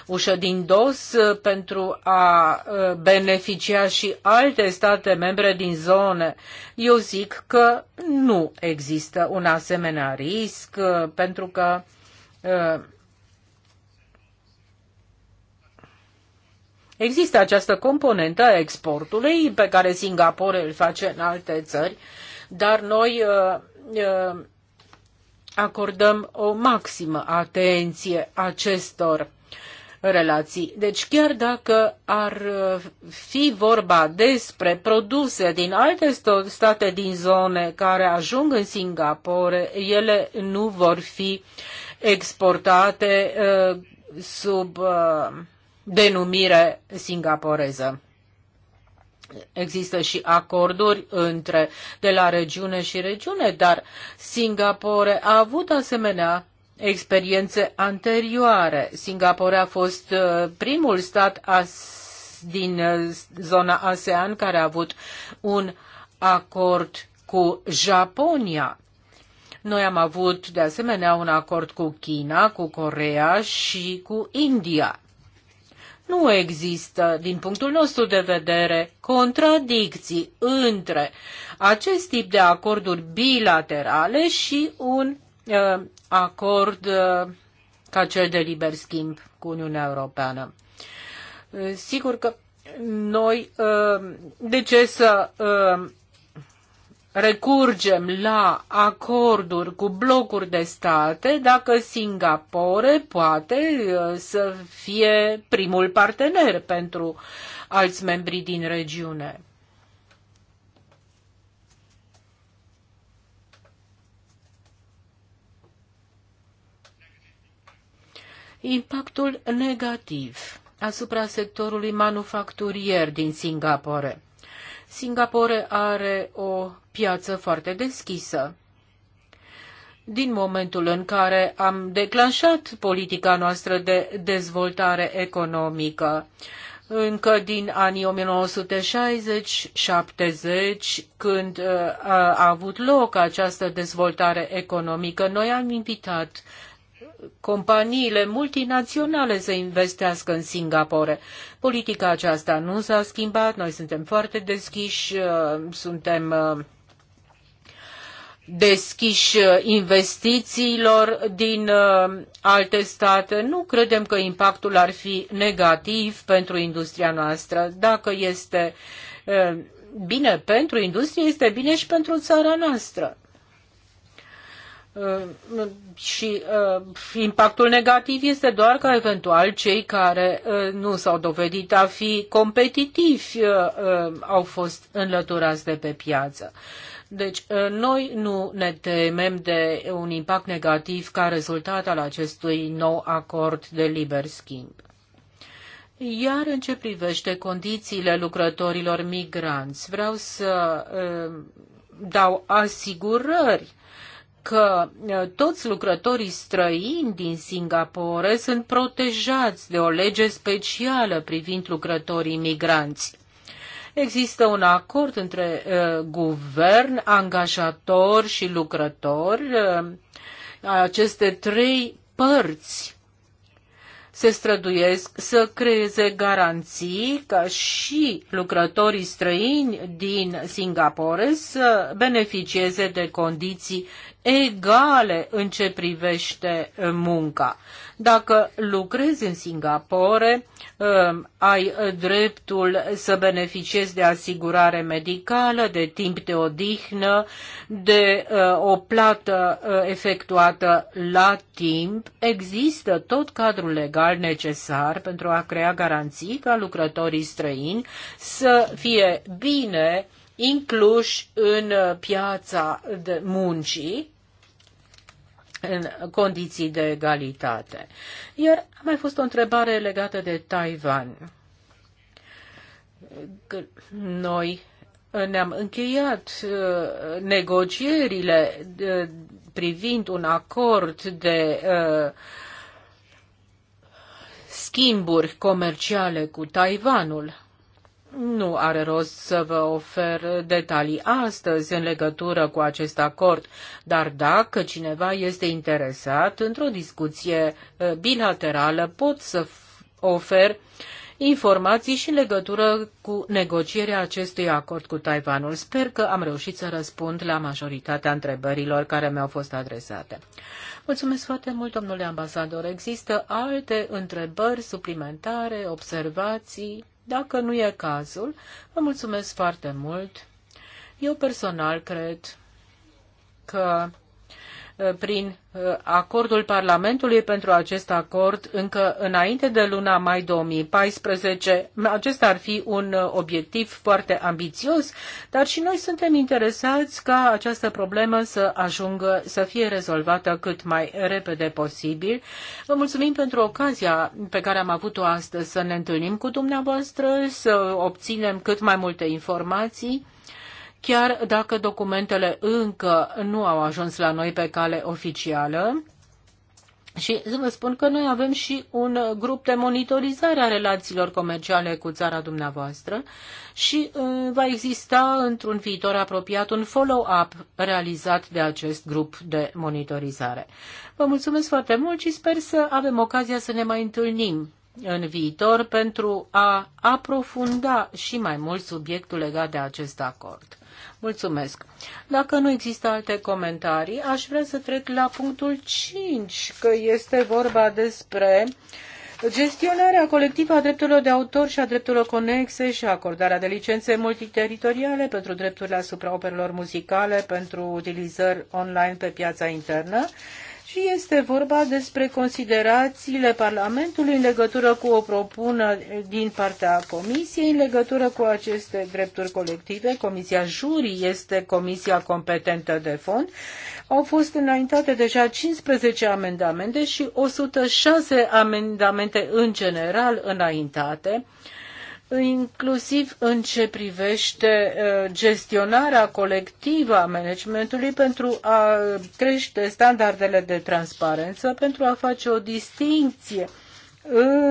ușă din dos uh, pentru a uh, beneficia și alte state membre din zone. Eu zic că nu există un asemenea risc uh, pentru că Există această componentă a exportului pe care Singapore îl face în alte țări, dar noi acordăm o maximă atenție acestor relații. Deci chiar dacă ar fi vorba despre produse din alte state din zone care ajung în Singapore, ele nu vor fi exportate uh, sub uh, denumire singaporeză. Există și acorduri între de la regiune și regiune, dar Singapore a avut asemenea experiențe anterioare. Singapore a fost uh, primul stat as din uh, zona ASEAN care a avut un acord cu Japonia. Noi am avut de asemenea un acord cu China, cu Corea și cu India. Nu există, din punctul nostru de vedere, contradicții între acest tip de acorduri bilaterale și un acord ca cel de liber schimb cu Uniunea Europeană. Sigur că noi de ce să recurgem la acorduri cu blocuri de state dacă Singapore poate să fie primul partener pentru alți membri din regiune. impactul negativ asupra sectorului manufacturier din Singapore. Singapore are o piață foarte deschisă. Din momentul în care am declanșat politica noastră de dezvoltare economică, încă din anii 1960-70, când uh, a avut loc această dezvoltare economică, noi am invitat companiile multinaționale să investească în Singapore. Politica aceasta nu s-a schimbat, noi suntem foarte deschiși, uh, suntem uh, deschiși uh, investițiilor din alte state. Nu credem că impactul ar fi negativ pentru industria noastră. Dacă este bine pentru industrie, este bine și pentru țara noastră. Uh, și uh, impactul negativ este doar că eventual cei care uh, nu s-au dovedit a fi competitivi au fost înlăturați de pe piață. Deci noi nu ne temem de un impact negativ ca rezultat al acestui nou acord de liber schimb. Iar în ce privește condițiile lucrătorilor migranți, vreau să dau asigurări că toți lucrătorii străini din Singapore sunt protejați de o lege specială privind lucrătorii migranți. Există un acord între uh, guvern, angajator și lucrător, Uh, aceste trei părți se străduiesc să creeze garanții ca și lucrătorii străini din Singapore să beneficieze de condiții egale în ce privește eh, munca. Dacă lucrezi în Singapore, eh, ai eh, dreptul să beneficiezi de asigurare medicală, de timp de odihnă, de o plată efectuată la timp. Există tot cadrul legal necesar pentru a crea garanții ca lucrătorii străini să fie bine incluși în piața de muncii în condiții de egalitate. Iar a mai fost o întrebare legată de Taiwan. Noi ne-am încheiat uh, negocierile uh, privind un acord de uh, schimburi comerciale cu Taiwanul nu are rost să vă ofer detalii astăzi în legătură cu acest acord, dar dacă cineva este interesat într-o discuție eh, bilaterală, pot să ofer informații și în legătură cu negocierea acestui acord cu Taiwanul. Sper că am reușit să răspund la majoritatea întrebărilor care mi-au fost adresate. Mulțumesc foarte mult, domnule ambasador. Există alte întrebări suplimentare, observații? Dacă nu e cazul, vă mulțumesc foarte mult. Eu personal cred că Uh, prin uh, acordul Parlamentului pentru acest acord încă înainte de luna mai 2014. Acesta ar fi un uh, obiectiv foarte ambițios, dar și noi suntem interesați ca această problemă să ajungă să fie rezolvată cât mai repede posibil. Vă mulțumim pentru ocazia pe care am avut-o astăzi să ne întâlnim cu dumneavoastră, să obținem cât mai multe informații chiar dacă documentele încă nu au ajuns la noi pe cale oficială. Și să vă spun că noi avem și un grup de monitorizare a relațiilor comerciale cu țara dumneavoastră și uh, va exista într-un viitor apropiat un follow-up realizat de acest grup de monitorizare. Vă mulțumesc foarte mult și sper să avem ocazia să ne mai întâlnim în viitor pentru a aprofunda și mai mult subiectul legat de acest acord. Mulțumesc. Dacă nu există alte comentarii, aș vrea să trec la punctul 5, că este vorba despre gestionarea colectivă a drepturilor de autor și a drepturilor conexe și acordarea de licențe multiteritoriale pentru drepturile asupra operelor muzicale pentru utilizări online pe piața internă și este vorba despre considerațiile Parlamentului în legătură cu o propunere din partea Comisiei în legătură cu aceste drepturi colective. Comisia Jurii este comisia competentă de fond. Au fost înaintate deja 15 amendamente și 106 amendamente în general înaintate. Uh, inclusiv în ce privește uh, gestionarea colectivă a managementului pentru a crește standardele de transparență, pentru a face o distinție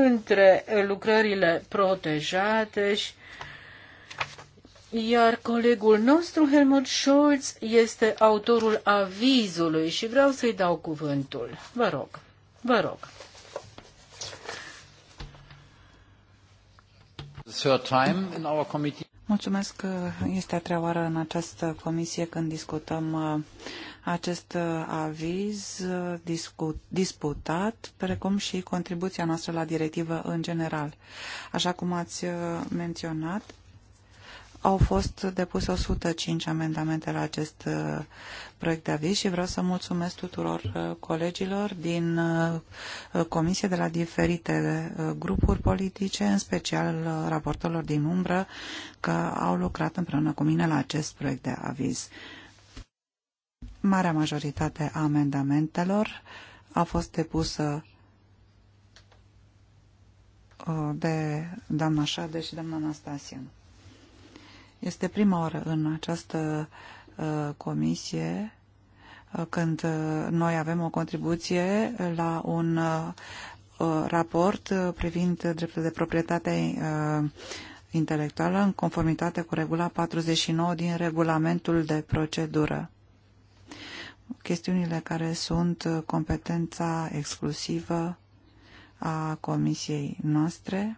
între lucrările protejate și iar colegul nostru, Helmut Scholz, este autorul avizului și vreau să-i dau cuvântul. Vă rog, vă rog. Mulțumesc că este a treia oară în această comisie când discutăm uh, acest uh, aviz uh, disputat, precum și contribuția noastră la directivă în general. Așa cum ați menționat, au fost depuse 105 amendamente la acest uh, proiect de aviz și vreau să mulțumesc tuturor uh, colegilor din uh, comisie de la diferite grupuri politice, în special raportorilor din umbră, că au lucrat împreună cu mine la acest proiect de aviz. Marea majoritate a amendamentelor a fost depusă de doamna Șade și doamna Anastasian. Este prima oară în această uh, comisie uh, când uh, noi avem o contribuție la un raport privind dreptul de proprietate intelectuală în conformitate cu regula 49 din regulamentul de procedură. Chestiunile care sunt competența exclusivă a comisiei noastre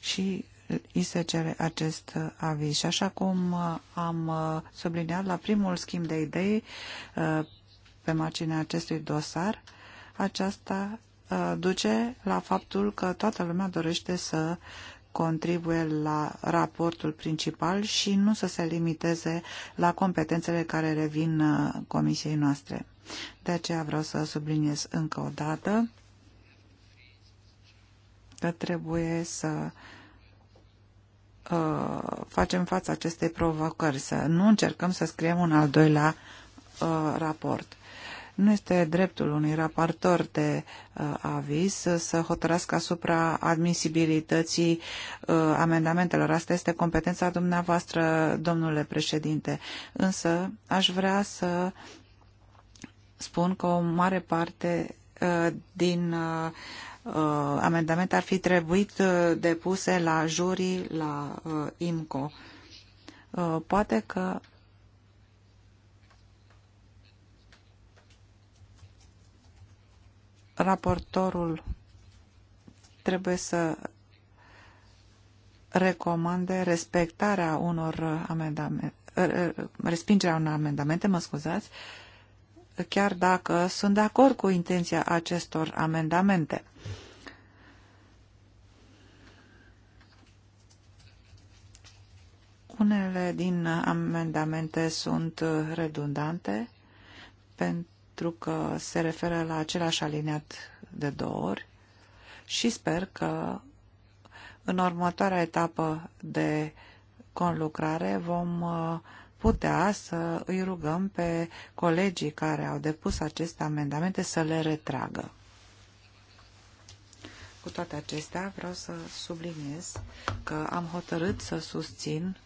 și îi se cere acest uh, aviz. Și așa cum uh, am uh, subliniat la primul schimb de idei pe marginea acestui dosar, aceasta duce la faptul că toată lumea dorește să contribuie la raportul principal și nu să se limiteze la competențele care revin comisiei noastre. De aceea vreau să subliniez încă o dată că trebuie să Uh, facem față acestei provocări, să nu încercăm să scriem un al doilea uh, raport. Nu este dreptul unui raportor de uh, aviz să hotărască asupra admisibilității uh, amendamentelor. Asta este competența dumneavoastră, domnule președinte. Însă aș vrea să spun că o mare parte uh, din uh, Uh, amendamente ar fi trebuit uh, depuse la jurii, la uh, IMCO. Poate că raportorul trebuie să recomande respectarea unor amendamente, respingerea unor amendamente, mă scuzați, uh, chiar dacă sunt de acord cu intenția acestor amendamente. Unele din amendamente sunt redundante pentru că se referă la același aliniat de două ori și sper că în următoarea etapă de conlucrare vom putea să îi rugăm pe colegii care au depus aceste amendamente să le retragă. Cu toate acestea, vreau să subliniez că am hotărât să susțin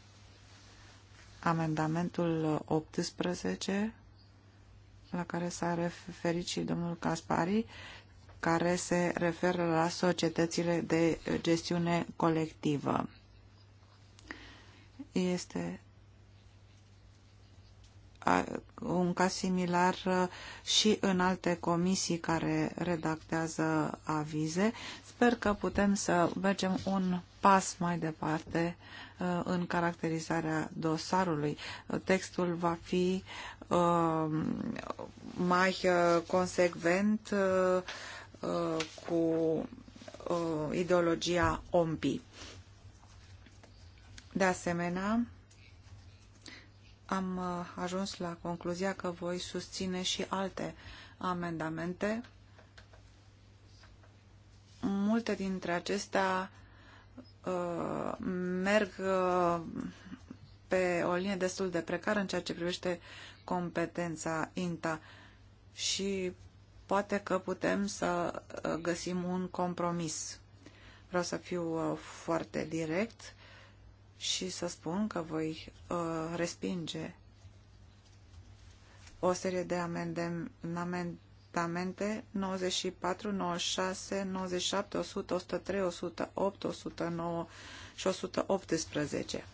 amendamentul 18 la care s-a referit și domnul Caspari, care se referă la societățile de gestiune colectivă. Este un caz similar uh, și în alte comisii care redactează avize. Sper că putem să mergem un pas mai departe uh, în caracterizarea dosarului. Uh, textul va fi mai consecvent cu ideologia OMPI. De asemenea, am uh, ajuns la concluzia că voi susține și alte amendamente. Multe dintre acestea uh, merg uh, pe o linie destul de precară în ceea ce privește competența INTA și poate că putem să uh, găsim un compromis. Vreau să fiu uh, foarte direct și să spun că voi uh, respinge o serie de amendamente 94, 96, 97, 100, 103, 108, 109 și 118.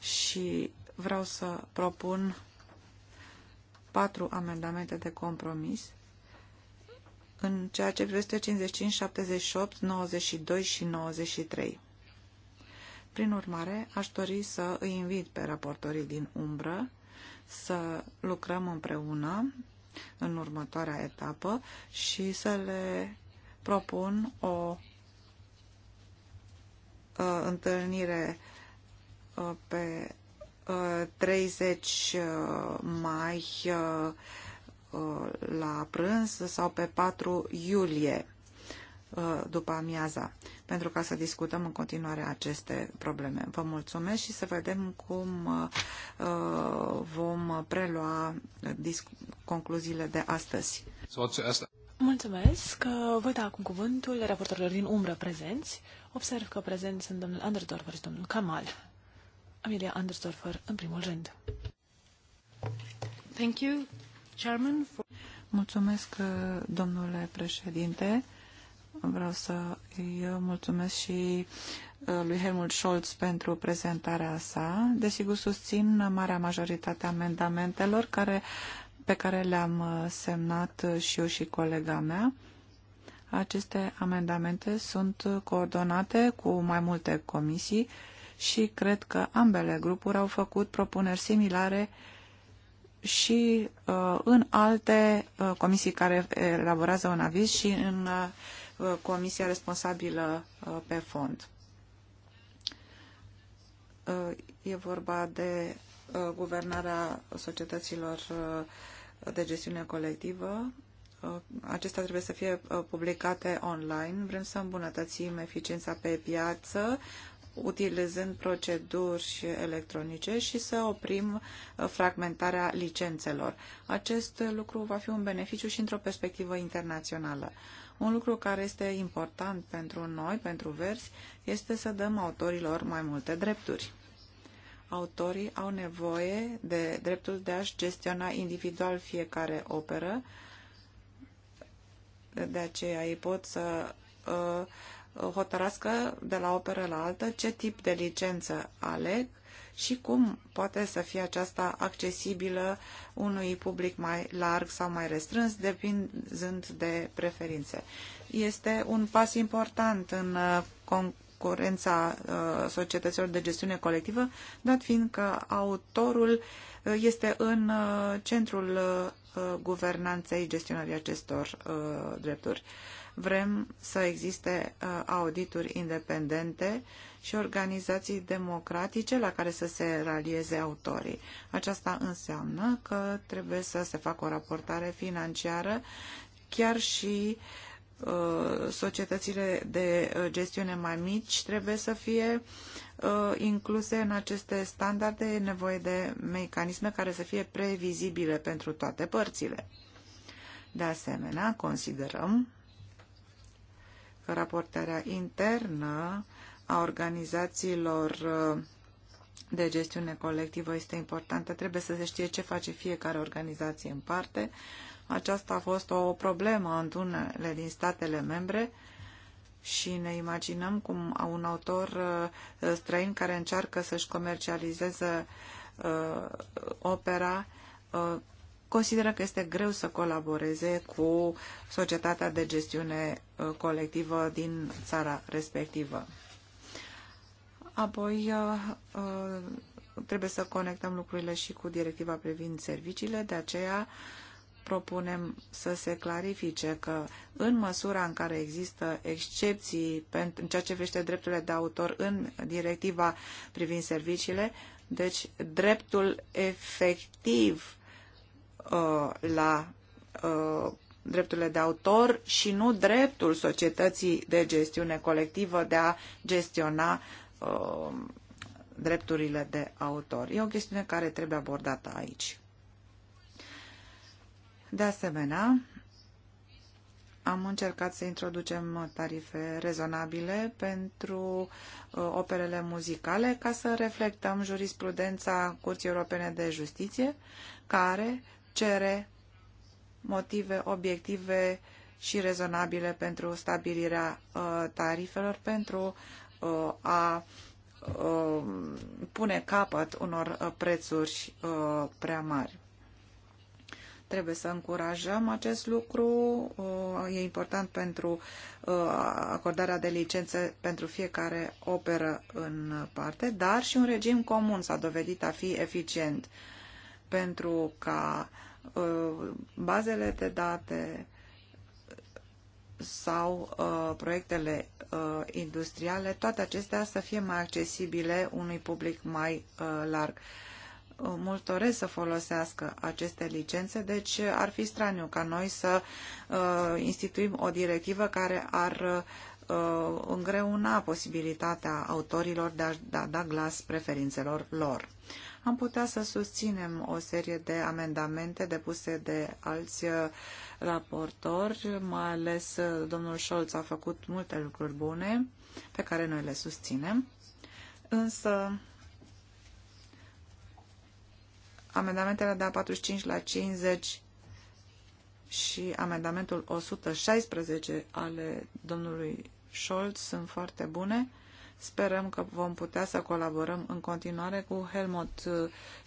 Și vreau să propun patru amendamente de compromis în ceea ce privește 55, 78, 92 și 93. Prin urmare, aș dori să îi invit pe raportorii din umbră să lucrăm împreună în următoarea etapă și să le propun o uh, întâlnire uh, pe uh, 30 uh, mai uh, uh, la prânz sau pe 4 iulie Uh, după amiaza, pentru ca să discutăm în continuare aceste probleme. Vă mulțumesc și să vedem cum uh, vom prelua concluziile de astăzi. Mulțumesc. Vă da acum cuvântul raportorilor din umbră prezenți. Observ că prezenți sunt domnul Andersdorfer și domnul Kamal. Amelia Andersdorfer, în primul rând. Thank you, Chairman, for... Mulțumesc, domnule președinte vreau să îi mulțumesc și uh, lui Helmut Scholz pentru prezentarea sa. Desigur, susțin marea majoritate a amendamentelor care, pe care le-am uh, semnat uh, și eu și colega mea. Aceste amendamente sunt coordonate cu mai multe comisii și cred că ambele grupuri au făcut propuneri similare și uh, în alte uh, comisii care elaborează un aviz și în uh, Uh, comisia responsabilă uh, pe fond. Uh, e vorba de guvernarea societăților de gestiune colectivă. Acestea trebuie să fie publicate online. Vrem să îmbunătățim eficiența pe piață, utilizând proceduri electronice și să oprim fragmentarea licențelor. Acest lucru va fi un beneficiu și într-o perspectivă internațională. Un lucru care este important pentru noi, pentru versi, este să dăm autorilor mai multe drepturi. Autorii au nevoie de dreptul de a-și gestiona individual fiecare operă, de aceea ei pot să uh, hotărască de la operă la altă ce tip de licență aleg și cum poate să fie aceasta accesibilă unui public mai larg sau mai restrâns, depinzând de preferințe. Este un pas important în uh, concurența uh, societăților de gestiune colectivă, dat fiind că autorul uh, este în centrul guvernanței gestionării acestor drepturi. Vrem să existe uh, audituri independente și organizații democratice la care să se ralieze autorii. Aceasta înseamnă că trebuie să se facă o raportare financiară chiar și uh, societățile de uh, gestiune mai mici trebuie să fie incluse în aceste standarde, nevoie de mecanisme care să fie previzibile pentru toate părțile. De asemenea, considerăm raportarea internă a organizațiilor uh, de gestiune colectivă este importantă. Trebuie să se știe ce face fiecare organizație în parte. Aceasta a fost o problemă în unele din statele membre și ne imaginăm cum un autor uh, străin care încearcă să-și comercializeze uh, opera consideră că este greu să colaboreze cu societatea de gestiune uh, colectivă din țara respectivă. Apoi uh, uh, trebuie să conectăm lucrurile și cu directiva privind serviciile, de aceea propunem să se clarifice că în măsura în care există excepții în ceea ce vește drepturile de autor în directiva privind serviciile, deci dreptul efectiv Uh, la uh, drepturile de autor și nu dreptul societății de gestiune colectivă de a gestiona uh, drepturile de autor. E o chestiune care trebuie abordată aici. De asemenea, am încercat să introducem tarife rezonabile pentru uh, operele muzicale ca să reflectăm jurisprudența Curții Europene de Justiție, care cere motive obiective și rezonabile pentru stabilirea uh, tarifelor, pentru uh, a uh, pune capăt unor prețuri prea mari. Trebuie să încurajăm acest lucru, e important pentru acordarea de licențe pentru fiecare operă în parte, dar și un regim comun s-a dovedit a fi eficient pentru ca Uh, bazele de date sau uh, proiectele uh, industriale, toate acestea să fie mai accesibile unui public mai larg mult doresc să folosească aceste licențe, deci ar fi straniu ca noi să uh, instituim o directivă care ar uh, îngreuna posibilitatea autorilor de a da, da glas preferințelor lor am putea să susținem o serie de amendamente depuse de alți uh, raportori, mai ales uh, domnul Scholz a făcut multe lucruri bune pe care noi le susținem, însă amendamentele de la 45 la 50 și amendamentul 116 ale domnului Scholz sunt foarte bune Sperăm că vom putea să colaborăm în continuare cu Helmut uh,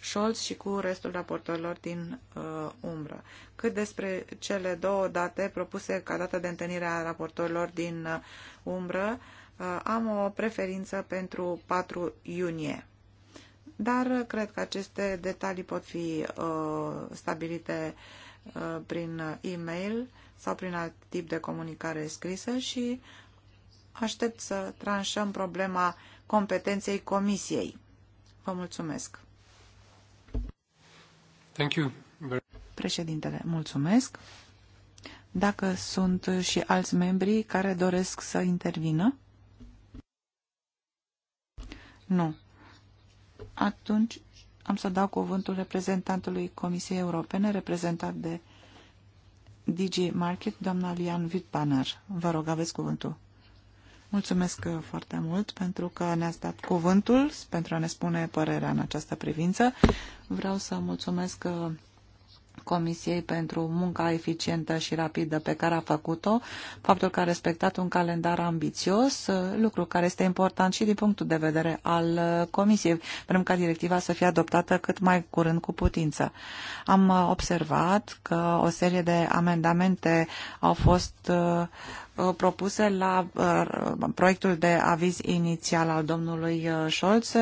Scholz și cu restul raportorilor din uh, umbră. Cât despre cele două date propuse ca dată de întâlnire a raportorilor din uh, umbră, uh, am o preferință pentru 4 iunie. Dar uh, cred că aceste detalii pot fi uh, stabilite uh, prin uh, e-mail sau prin alt tip de comunicare scrisă și uh, Aștept să tranșăm problema competenței comisiei. Vă mulțumesc. Thank you. Președintele, mulțumesc. Dacă sunt și alți membri care doresc să intervină? Nu. Atunci am să dau cuvântul reprezentantului Comisiei Europene, reprezentat de DG Market, doamna Lian Wittbanner. Vă rog, aveți cuvântul. Mulțumesc uh, foarte mult pentru că ne-ați dat cuvântul pentru a ne spune părerea în această privință. Vreau să mulțumesc uh, Comisiei pentru munca eficientă și rapidă pe care a făcut-o, faptul că a respectat un calendar ambițios, lucru care este important și din punctul de vedere al Comisiei. Vrem ca directiva să fie adoptată cât mai curând cu putință. Am observat că o serie de amendamente au fost uh, uh, propuse la uh, proiectul de aviz inițial al domnului Scholz.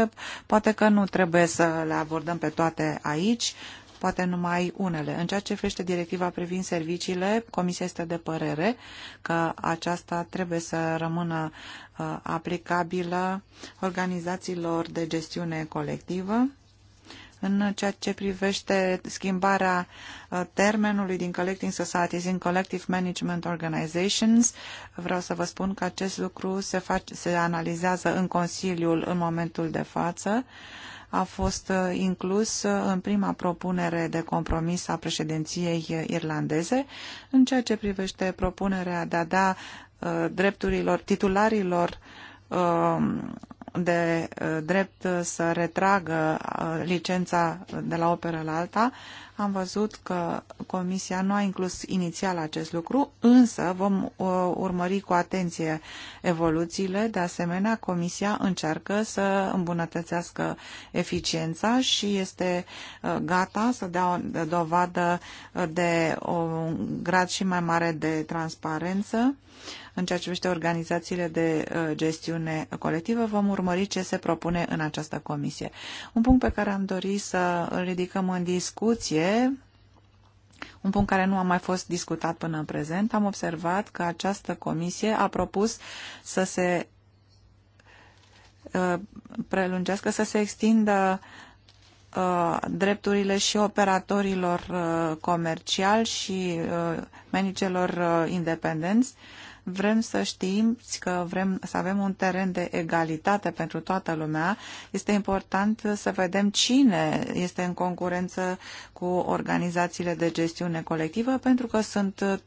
Poate că nu trebuie să le abordăm pe toate aici, poate numai unele. În ceea ce frește directiva privind serviciile, Comisia este de părere că aceasta trebuie să rămână uh, aplicabilă organizațiilor de gestiune colectivă. În ceea ce privește schimbarea uh, termenului din Collecting Societies în Collective Management Organizations, vreau să vă spun că acest lucru se, face, se analizează în Consiliul în momentul de față. Uh, a fost uh, inclus uh, în prima propunere de compromis a președinției uh, irlandeze în ceea ce privește propunerea de a da drepturilor titularilor de uh, drept să retragă uh, licența de la operă la alta, am văzut că Comisia nu a inclus inițial acest lucru, însă vom uh, urmări cu atenție evoluțiile. De asemenea, Comisia încearcă să îmbunătățească eficiența și este gata să dea o dovadă de un grad și mai mare de transparență în ceea ce privește organizațiile de uh, gestiune colectivă, vom urmări ce se propune în această comisie. Un punct pe care am dorit să îl ridicăm în discuție un punct care nu a mai fost discutat până în prezent, am observat că această comisie a propus să se uh, prelungească, să se extindă uh, drepturile și operatorilor comerciali și managerilor independenți Vrem să știm că vrem să avem un teren de egalitate pentru toată lumea. Este important să vedem cine este în concurență cu organizațiile de gestiune colectivă, pentru că sunt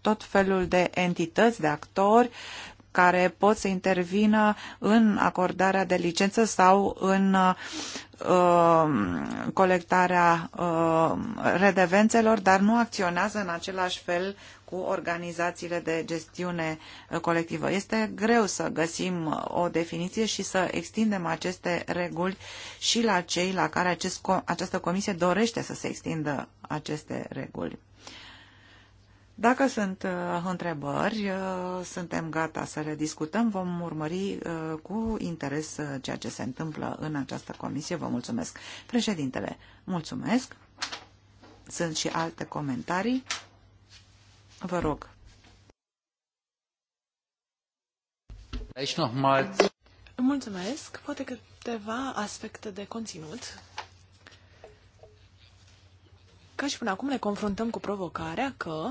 tot felul de entități, de actori care pot să intervină în acordarea de licență sau în Um, colectarea um, redevențelor, dar nu acționează în același fel cu organizațiile de gestiune uh, colectivă. Este greu să găsim uh, o definiție și să extindem aceste reguli și la cei la care acest, această comisie dorește să se extindă aceste reguli. Dacă sunt uh, întrebări, uh, suntem gata să le discutăm. Vom urmări uh, cu interes uh, ceea ce se întâmplă în această comisie. Vă mulțumesc. Președintele, mulțumesc. Sunt și alte comentarii. Vă rog. Mulțumesc. Poate câteva aspecte de conținut. Ca și până acum ne confruntăm cu provocarea că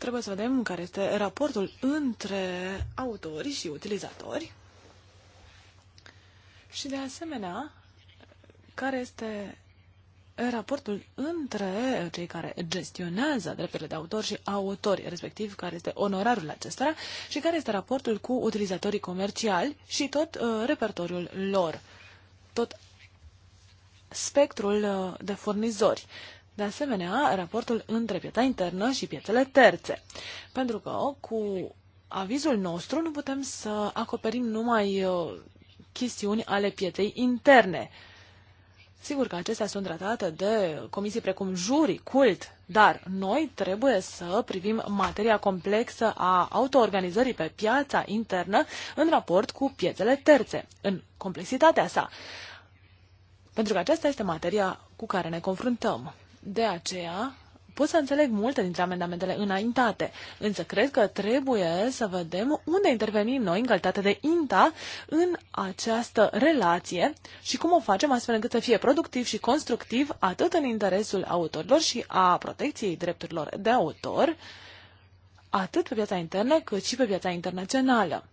Trebuie să vedem care este raportul între autori și utilizatori și, de asemenea, care este raportul între cei care gestionează drepturile de autor și autori, respectiv care este onorarul acestora și care este raportul cu utilizatorii comerciali și tot uh, repertoriul lor, tot spectrul uh, de furnizori. Uh, de asemenea, raportul între piața internă și piețele terțe. Pentru că cu avizul nostru nu putem să acoperim numai uh, chestiuni ale pieței interne. Sigur că acestea sunt tratate de comisii precum juri, cult, dar noi trebuie să privim materia complexă a autoorganizării pe piața internă în raport cu piețele terțe, în complexitatea sa. Pentru că aceasta este materia cu care ne confruntăm. De aceea, pot să înțeleg multe dintre amendamentele înaintate, însă cred că trebuie să vedem unde intervenim noi în calitate de INTA în această relație și cum o facem astfel încât să fie productiv și constructiv atât în interesul autorilor și a protecției drepturilor de autor, atât pe piața internă cât și pe piața internațională.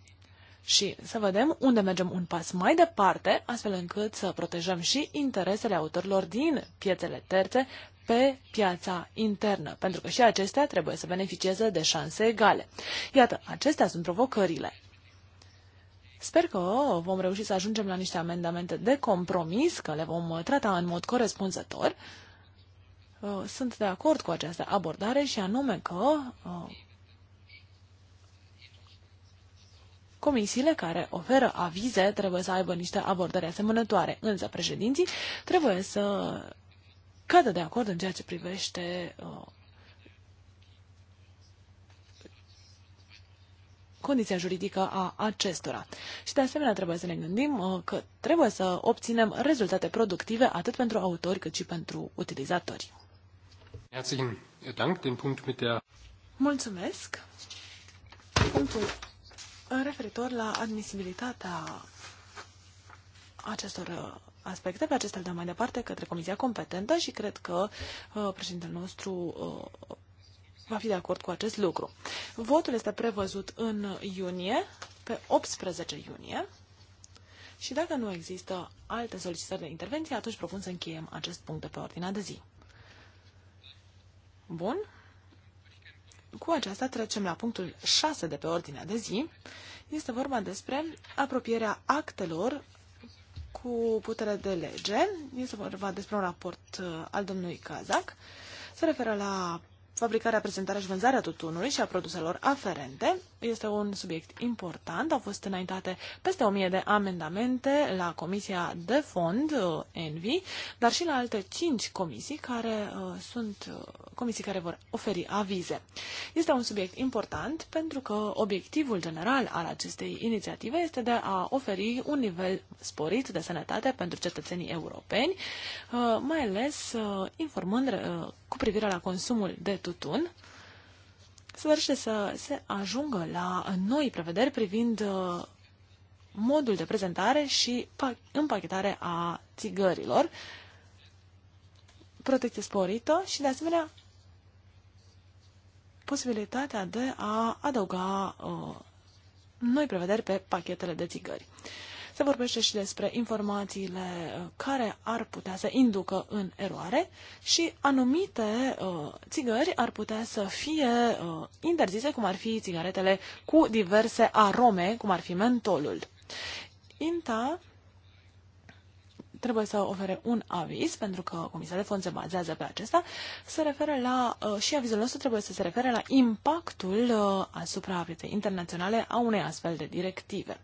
Și să vedem unde mergem un pas mai departe, astfel încât să protejăm și interesele autorilor din piețele terțe pe piața internă, pentru că și acestea trebuie să beneficieze de șanse egale. Iată, acestea sunt provocările. Sper că vom reuși să ajungem la niște amendamente de compromis, că le vom trata în mod corespunzător. Uh, sunt de acord cu această abordare și anume că uh, comisiile care oferă avize trebuie să aibă niște abordări asemănătoare, însă președinții trebuie să cadă de acord în ceea ce privește uh, condiția juridică a acestora. Și de asemenea trebuie să ne gândim uh, că trebuie să obținem rezultate productive atât pentru autori cât și pentru utilizatori. Mulțumesc! Punctul referitor la admisibilitatea acestor uh, aspecte, pe acestea le dăm mai departe către comisia competentă și cred că uh, președintele nostru uh, va fi de acord cu acest lucru. Votul este prevăzut în iunie, pe 18 iunie. Și dacă nu există alte solicitări de intervenție, atunci propun să încheiem acest punct de pe ordinea de zi. Bun. Cu aceasta trecem la punctul 6 de pe ordinea de zi. Este vorba despre apropierea actelor cu putere de lege. Este vorba despre un raport uh, al domnului Kazak. Se referă la fabricarea, prezentarea și vânzarea tutunului și a produselor aferente. Este un subiect important. Au fost înaintate peste 1000 de amendamente la Comisia de Fond, uh, ENVI, dar și la alte 5 comisii care uh, sunt uh, comisii care vor oferi avize. Este un subiect important pentru că obiectivul general al acestei inițiative este de a oferi un nivel sporit de sănătate pentru cetățenii europeni, mai ales informând cu privire la consumul de tutun tutun, să dorește să se ajungă la noi prevederi privind uh, modul de prezentare și împachetare a țigărilor, protecție sporită și, de asemenea, posibilitatea de a adăuga uh, noi prevederi pe pachetele de țigări. Se vorbește și despre informațiile uh, care ar putea să inducă în eroare și anumite uh, țigări ar putea să fie uh, interzise, cum ar fi țigaretele cu diverse arome, cum ar fi mentolul. INTA trebuie să ofere un aviz, pentru că Comisia de Fond se bazează pe acesta, se referă la, uh, și avizul nostru trebuie să se refere la impactul uh, asupra pieței internaționale a unei astfel de directive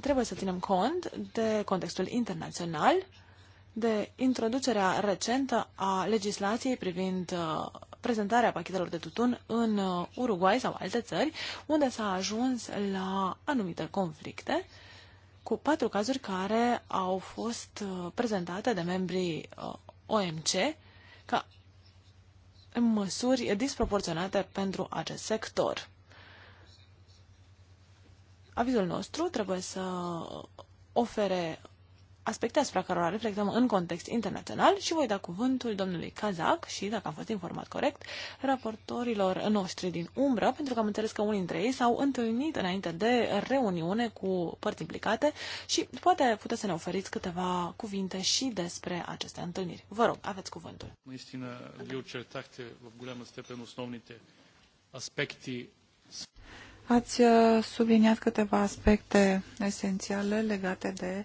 trebuie să ținem cont de contextul internațional, de introducerea recentă a legislației privind uh, prezentarea pachetelor de tutun în uh, Uruguay sau alte țări, unde s-a ajuns la anumite conflicte, cu patru cazuri care au fost uh, prezentate de membrii OMC ca măsuri disproporționate pentru acest sector. Avizul nostru trebuie să ofere aspecte asupra cărora reflectăm în context internațional și voi da cuvântul domnului Kazak și, dacă am fost informat corect, raportorilor noștri din umbră, pentru că am înțeles că unii dintre ei s-au întâlnit înainte de reuniune cu părți implicate și poate puteți să ne oferiți câteva cuvinte și despre aceste întâlniri. Vă rog, aveți cuvântul. Naistina, eu certahte v Ați uh, subliniat câteva aspecte esențiale legate de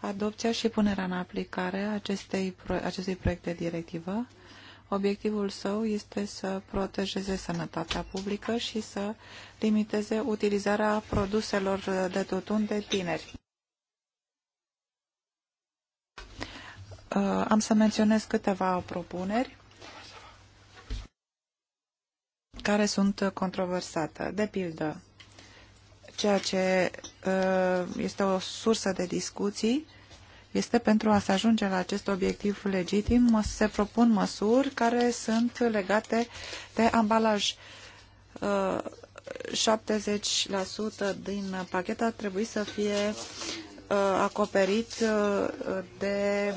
adopția și punerea în aplicare acestei, acestui proiect de directivă. Obiectivul său este să protejeze sănătatea publică și să limiteze utilizarea produselor de tutun de tineri. Uh, am să menționez câteva propuneri care sunt controversate. De pildă, ceea ce ă, este o sursă de discuții este pentru a se ajunge la acest obiectiv legitim, se propun măsuri care sunt legate de ambalaj. 70% ă, din pachet ar trebui să fie ă, acoperit de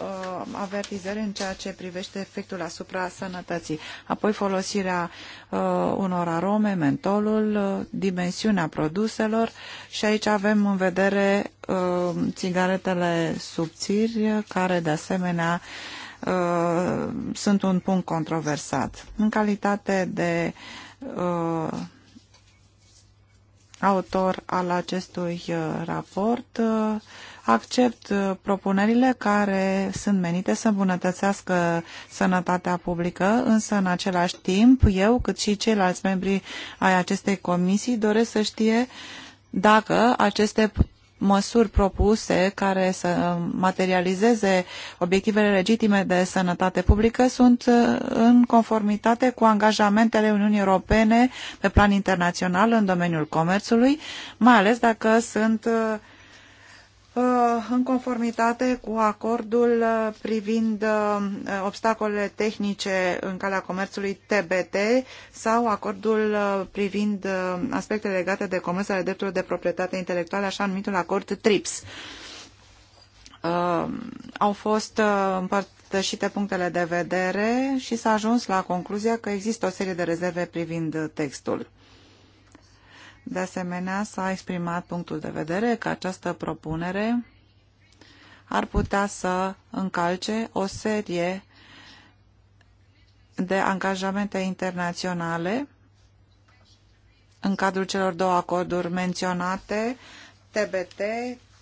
uh, avertizări în ceea ce privește efectul asupra sănătății. Apoi folosirea uh, unor arome, mentolul, uh, dimensiunea produselor și aici avem în vedere uh, țigaretele subțiri care de asemenea uh, sunt un punct controversat. În calitate de uh, autor al acestui uh, raport, uh, accept uh, propunerile care sunt menite să îmbunătățească sănătatea publică, însă în același timp eu, cât și ceilalți membri ai acestei comisii, doresc să știe dacă aceste măsuri propuse care să materializeze obiectivele legitime de sănătate publică sunt uh, în conformitate cu angajamentele Uniunii Europene pe plan internațional în domeniul comerțului, mai ales dacă sunt uh, Uh, în conformitate cu acordul uh, privind uh, obstacolele tehnice în calea comerțului TBT sau acordul privind aspectele legate de comerț ale drepturilor de proprietate intelectuală, așa numitul acord TRIPS. Au fost împărtășite punctele de vedere și s-a ajuns la concluzia că există o serie de rezerve privind textul. De asemenea, s-a exprimat punctul de vedere că această propunere ar putea să încalce o serie de angajamente internaționale în cadrul celor două acorduri menționate, TBT,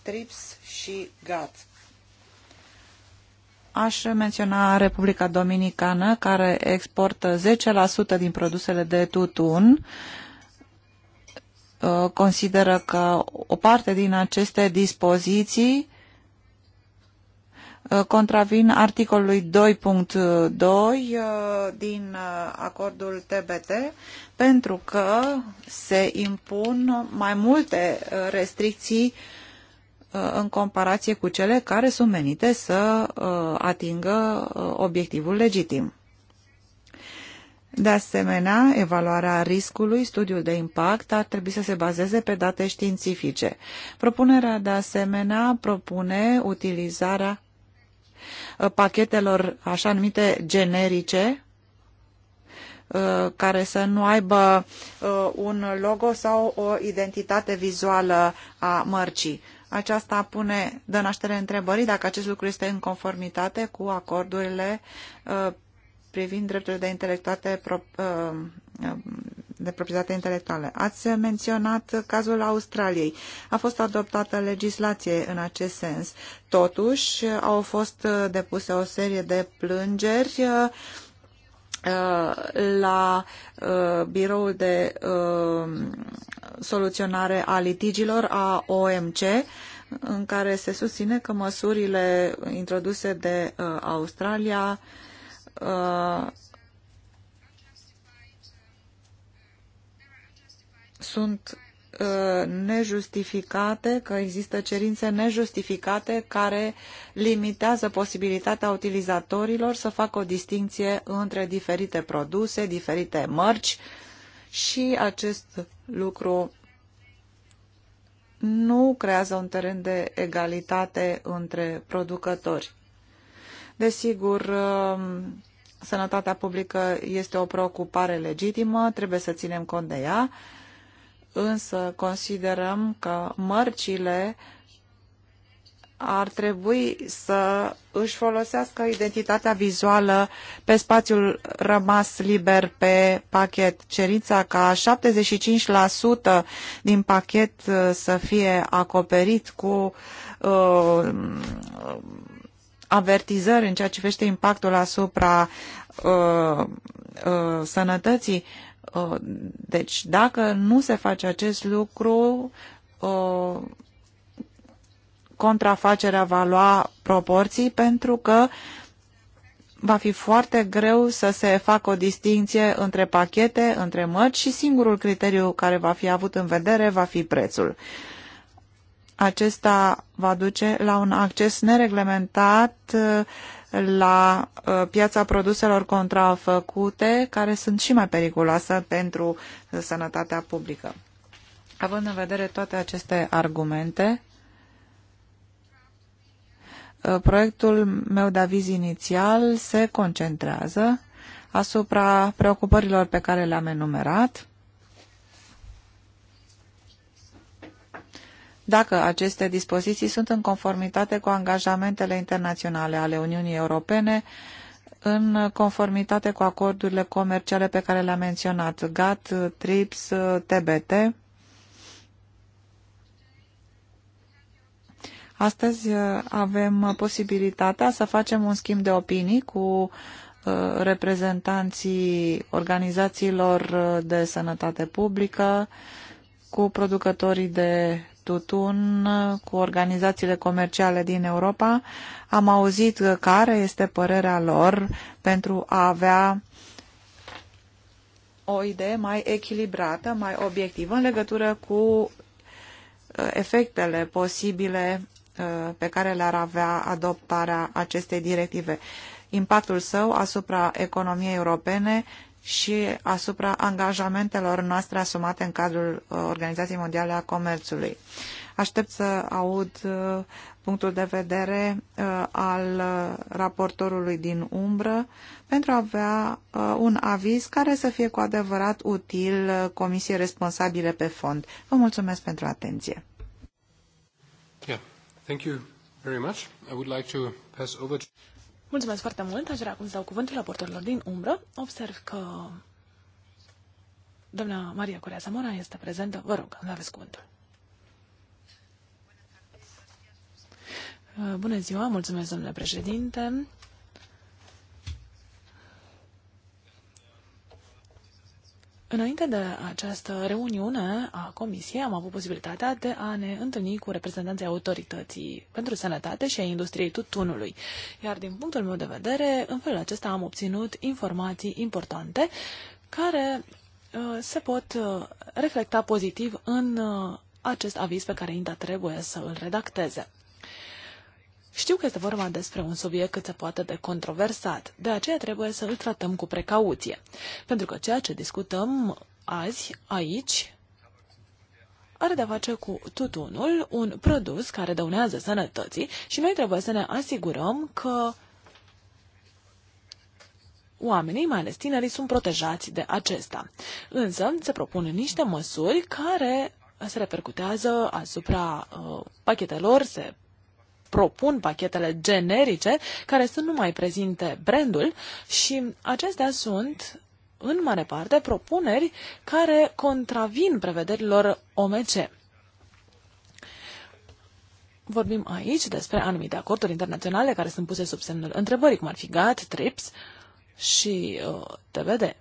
TRIPS și GATT. Aș menționa Republica Dominicană, care exportă 10% din produsele de tutun, Uh, consideră că o parte din aceste dispoziții uh, contravin articolului 2.2 uh, din acordul TBT pentru că se impun mai multe restricții în comparație cu cele care sunt menite să atingă obiectivul legitim. De asemenea, evaluarea riscului, studiul de impact, ar trebui să se bazeze pe date științifice. Propunerea, de asemenea, propune utilizarea uh, pachetelor așa numite generice, uh, care să nu aibă uh, un logo sau o identitate vizuală a mărcii. Aceasta pune, dă naștere întrebării dacă acest lucru este în conformitate cu acordurile privind drepturile de, intelectuate, uh, uh, de proprietate intelectuală. Ați menționat cazul Australiei. A fost adoptată legislație în acest sens. Totuși, au fost depuse o serie de plângeri uh, la biroul de soluționare a litigilor a OMC în care se susține că măsurile introduse de Australia uh, Uh, sunt uh, nejustificate, că există cerințe nejustificate care limitează posibilitatea utilizatorilor să facă o distinție între diferite produse, diferite mărci și acest lucru nu creează un teren de egalitate între producători. Desigur, um, sănătatea publică este o preocupare legitimă, trebuie să ținem cont de ea, însă considerăm că mărcile ar trebui să își folosească identitatea vizuală pe spațiul rămas liber pe pachet. Cerința ca 75% din pachet uh, să fie acoperit cu uh, avertizări în ceea ce privește impactul asupra uh, uh, sănătății. Uh, deci, dacă nu se face acest lucru, uh, contrafacerea va lua proporții pentru că va fi foarte greu să se facă o distinție între pachete, între mărci și singurul criteriu care va fi avut în vedere va fi prețul. Uh, acesta va duce la un acces nereglementat uh, la uh, piața produselor contrafăcute, care sunt și mai periculoase pentru uh, sănătatea publică. Având în vedere toate aceste argumente, proiectul meu de aviz inițial se concentrează asupra preocupărilor pe care le-am enumerat, dacă aceste dispoziții sunt în conformitate cu angajamentele internaționale ale Uniunii Europene, în conformitate cu acordurile comerciale pe care le-am menționat, GATT, TRIPS, TBT. Astăzi uh, avem posibilitatea să facem un schimb de opinii cu uh, reprezentanții organizațiilor uh, de sănătate publică, cu producătorii de tutun cu organizațiile comerciale din Europa. Am auzit care este părerea lor pentru a avea o idee mai echilibrată, mai obiectivă în legătură cu uh, efectele posibile uh, pe care le-ar avea adoptarea acestei directive impactul său asupra economiei europene și asupra angajamentelor noastre asumate în cadrul uh, Organizației Mondiale a Comerțului. Aștept să aud uh, punctul de vedere uh, al raportorului din umbră pentru a avea un aviz care să fie cu adevărat util comisiei responsabile pe fond. Vă mulțumesc pentru atenție. Yeah. Thank you very much. I would like to pass over to... Mulțumesc foarte mult. Aș vrea acum să dau cuvântul raportorilor din umbră. Observ că doamna Maria Corea Zamora este prezentă. Vă rog, aveți cuvântul. Bună ziua, mulțumesc, domnule președinte. Înainte de această reuniune a Comisiei, am avut posibilitatea de a ne întâlni cu reprezentanții autorității pentru sănătate și a industriei tutunului. Iar din punctul meu de vedere, în felul acesta am obținut informații importante care uh, se pot uh, reflecta pozitiv în uh, acest aviz pe care INTA trebuie să îl redacteze. Știu că este vorba despre un subiect cât se poate de controversat, de aceea trebuie să îl tratăm cu precauție, pentru că ceea ce discutăm azi, aici, are de-a face cu tutunul, un produs care dăunează sănătății și noi trebuie să ne asigurăm că oamenii, mai ales tinerii, sunt protejați de acesta. Însă se propun niște măsuri care se repercutează asupra uh, pachetelor, se propun pachetele generice care să nu mai prezinte brandul și acestea sunt în mare parte propuneri care contravin prevederilor OMC. Vorbim aici despre anumite acorduri internaționale care sunt puse sub semnul întrebării, cum ar fi GATT, TRIPS și uh, TVD.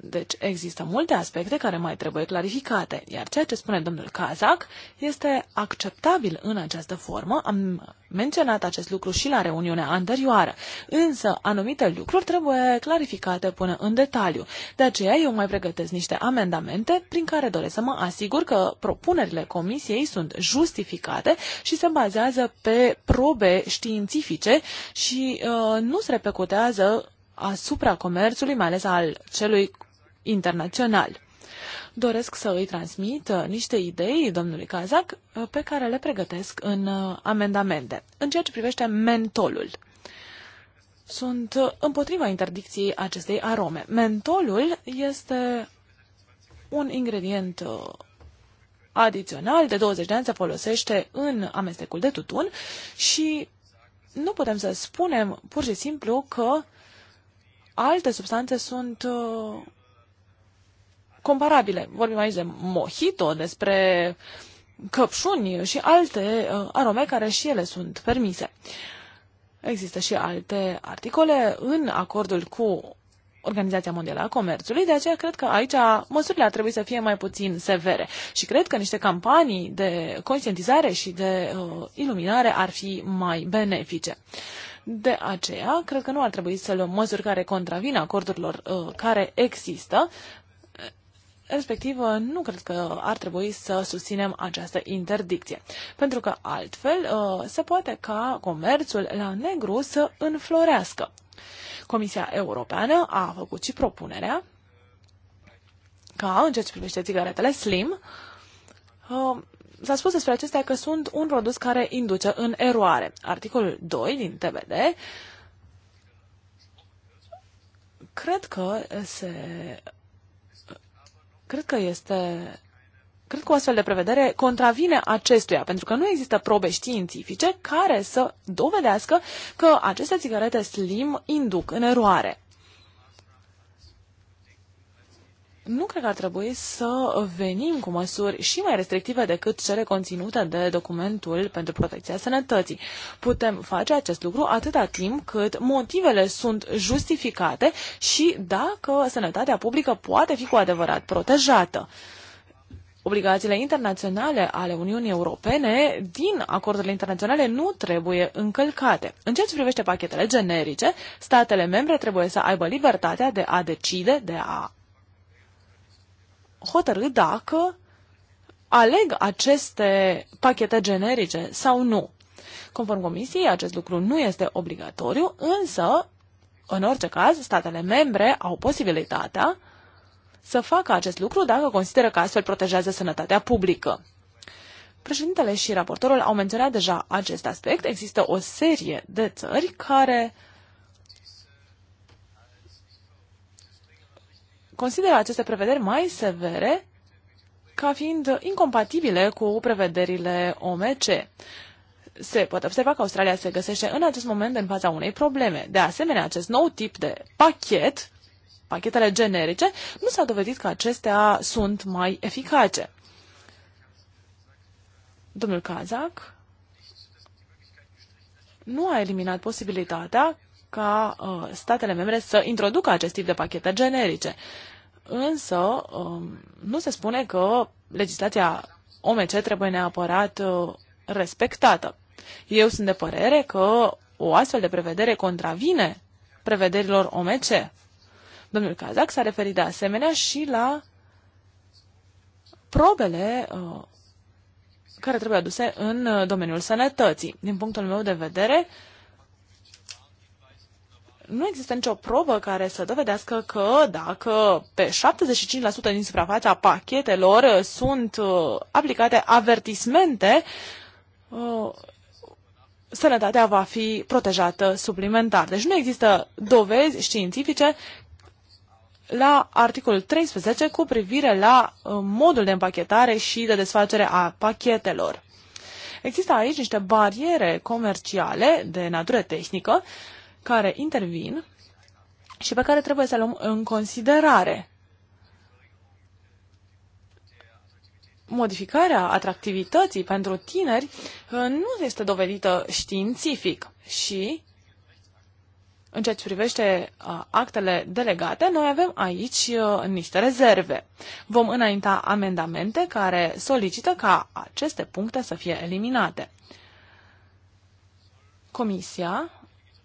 Deci există multe aspecte care mai trebuie clarificate, iar ceea ce spune domnul Kazak este acceptabil în această formă. Am menționat acest lucru și la reuniunea anterioară, însă anumite lucruri trebuie clarificate până în detaliu. De aceea eu mai pregătesc niște amendamente prin care doresc să mă asigur că propunerile comisiei sunt justificate și se bazează pe probe științifice și uh, nu se repercutează asupra comerțului, mai ales al celui internațional. Doresc să îi transmit uh, niște idei domnului Cazac uh, pe care le pregătesc în uh, amendamente. În ceea ce privește mentolul, sunt împotriva interdicției acestei arome. Mentolul este un ingredient adițional de 20 de ani se folosește în amestecul de tutun și nu putem să spunem pur și simplu că alte substanțe sunt comparabile. Vorbim aici de mojito, despre căpșuni și alte uh, arome care și ele sunt permise. Există și alte articole în acordul cu Organizația Mondială a Comerțului, de aceea cred că aici măsurile ar trebui să fie mai puțin severe și cred că niște campanii de conștientizare și de uh, iluminare ar fi mai benefice. De aceea, cred că nu ar trebui să luăm măsuri care contravin acordurilor uh, care există, respectiv nu cred că ar trebui să susținem această interdicție, pentru că altfel uh, se poate ca comerțul la negru să înflorească. Comisia Europeană a făcut și propunerea ca, în ceea ce privește țigaretele Slim, uh, s-a spus despre acestea că sunt un produs care induce în eroare. Articolul 2 din TBD cred că se Cred că este cred că o astfel de prevedere contravine acestuia, pentru că nu există probe științifice care să dovedească că aceste țigarete slim induc în eroare. nu cred că ar trebui să venim cu măsuri și mai restrictive decât cele conținute de documentul pentru protecția sănătății. Putem face acest lucru atâta timp cât motivele sunt justificate și dacă sănătatea publică poate fi cu adevărat protejată obligațiile internaționale ale Uniunii Europene din acordurile internaționale nu trebuie încălcate. În ceea ce privește pachetele generice, statele membre trebuie să aibă libertatea de a decide, de a hotărât dacă aleg aceste pachete generice sau nu. Conform Comisiei, acest lucru nu este obligatoriu, însă, în orice caz, statele membre au posibilitatea să facă acest lucru dacă consideră că astfel protejează sănătatea publică. Președintele și raportorul au menționat deja acest aspect. Există o serie de țări care consideră aceste prevederi mai severe ca fiind incompatibile cu prevederile OMC. Se poate observa că Australia se găsește în acest moment în fața unei probleme. De asemenea, acest nou tip de pachet, pachetele generice, nu s-a dovedit că acestea sunt mai eficace. Domnul Kazak nu a eliminat posibilitatea ca uh, statele membre să introducă acest tip de pachete generice însă um, nu se spune că legislația OMC trebuie neapărat uh, respectată. Eu sunt de părere că o astfel de prevedere contravine prevederilor OMC. Domnul Cazac s-a referit de asemenea și la probele uh, care trebuie aduse în uh, domeniul sănătății. Din punctul meu de vedere, nu există nicio probă care să dovedească că dacă pe 75% din suprafața pachetelor sunt uh, aplicate avertismente, uh, sănătatea va fi protejată suplimentar. Deci nu există dovezi științifice la articolul 13 cu privire la uh, modul de împachetare și de desfacere a pachetelor. Există aici niște bariere comerciale de natură tehnică care intervin și pe care trebuie să luăm în considerare. Modificarea atractivității pentru tineri uh, nu este dovedită științific și în ceea ce privește uh, actele delegate, noi avem aici uh, niște rezerve. Vom înainta amendamente care solicită ca aceste puncte să fie eliminate. Comisia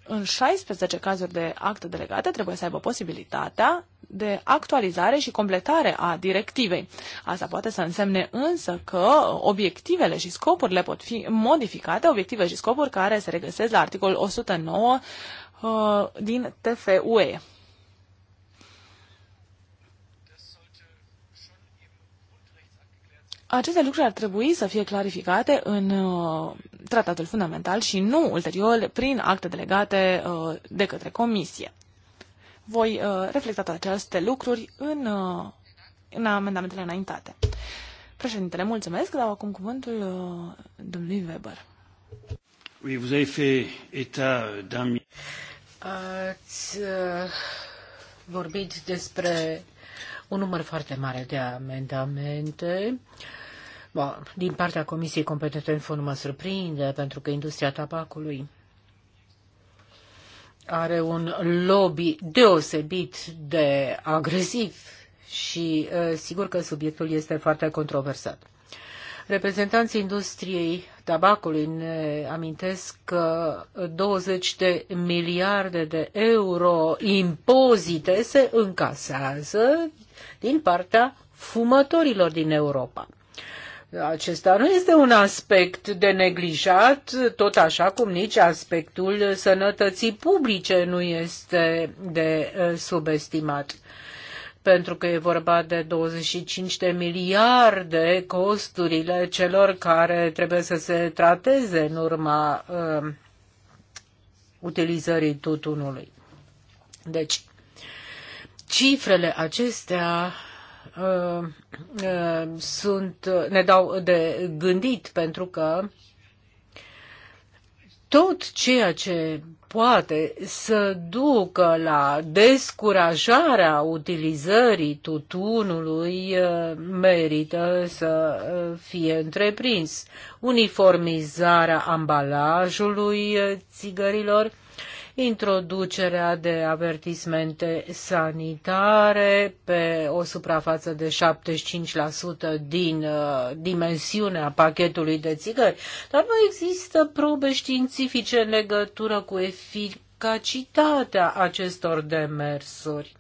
în 16 cazuri de acte delegate trebuie să aibă posibilitatea de actualizare și completare a directivei. Asta poate să însemne însă că obiectivele și scopurile pot fi modificate, obiective și scopuri care se regăsesc la articolul 109 uh, din TFUE. Aceste lucruri ar trebui să fie clarificate în uh, tratatul fundamental și nu ulterior prin acte delegate uh, de către comisie. Voi uh, reflecta toate aceste lucruri în, uh, în amendamentele înaintate. Președintele, mulțumesc, dau acum cuvântul uh, domnului Weber. Oui, vous avez fait état Ați uh, vorbit despre un număr foarte mare de amendamente. Uh, Ba, din partea Comisiei competente info nu mă surprinde, pentru că industria tabacului are un lobby deosebit de agresiv și sigur că subiectul este foarte controversat. Reprezentanții industriei tabacului ne amintesc că 20 de miliarde de euro impozite se încasează din partea fumătorilor din Europa. Acesta nu este un aspect de neglijat, tot așa cum nici aspectul sănătății publice nu este de uh, subestimat pentru că e vorba de 25 de miliarde costurile celor care trebuie să se trateze în urma uh, utilizării tutunului. Deci, cifrele acestea Uh, uh, sunt, ne dau de gândit pentru că tot ceea ce poate să ducă la descurajarea utilizării tutunului uh, merită să fie întreprins. Uniformizarea ambalajului țigărilor introducerea de avertismente sanitare pe o suprafață de 75% din uh, dimensiunea pachetului de țigări, dar nu există probe științifice în legătură cu eficacitatea acestor demersuri.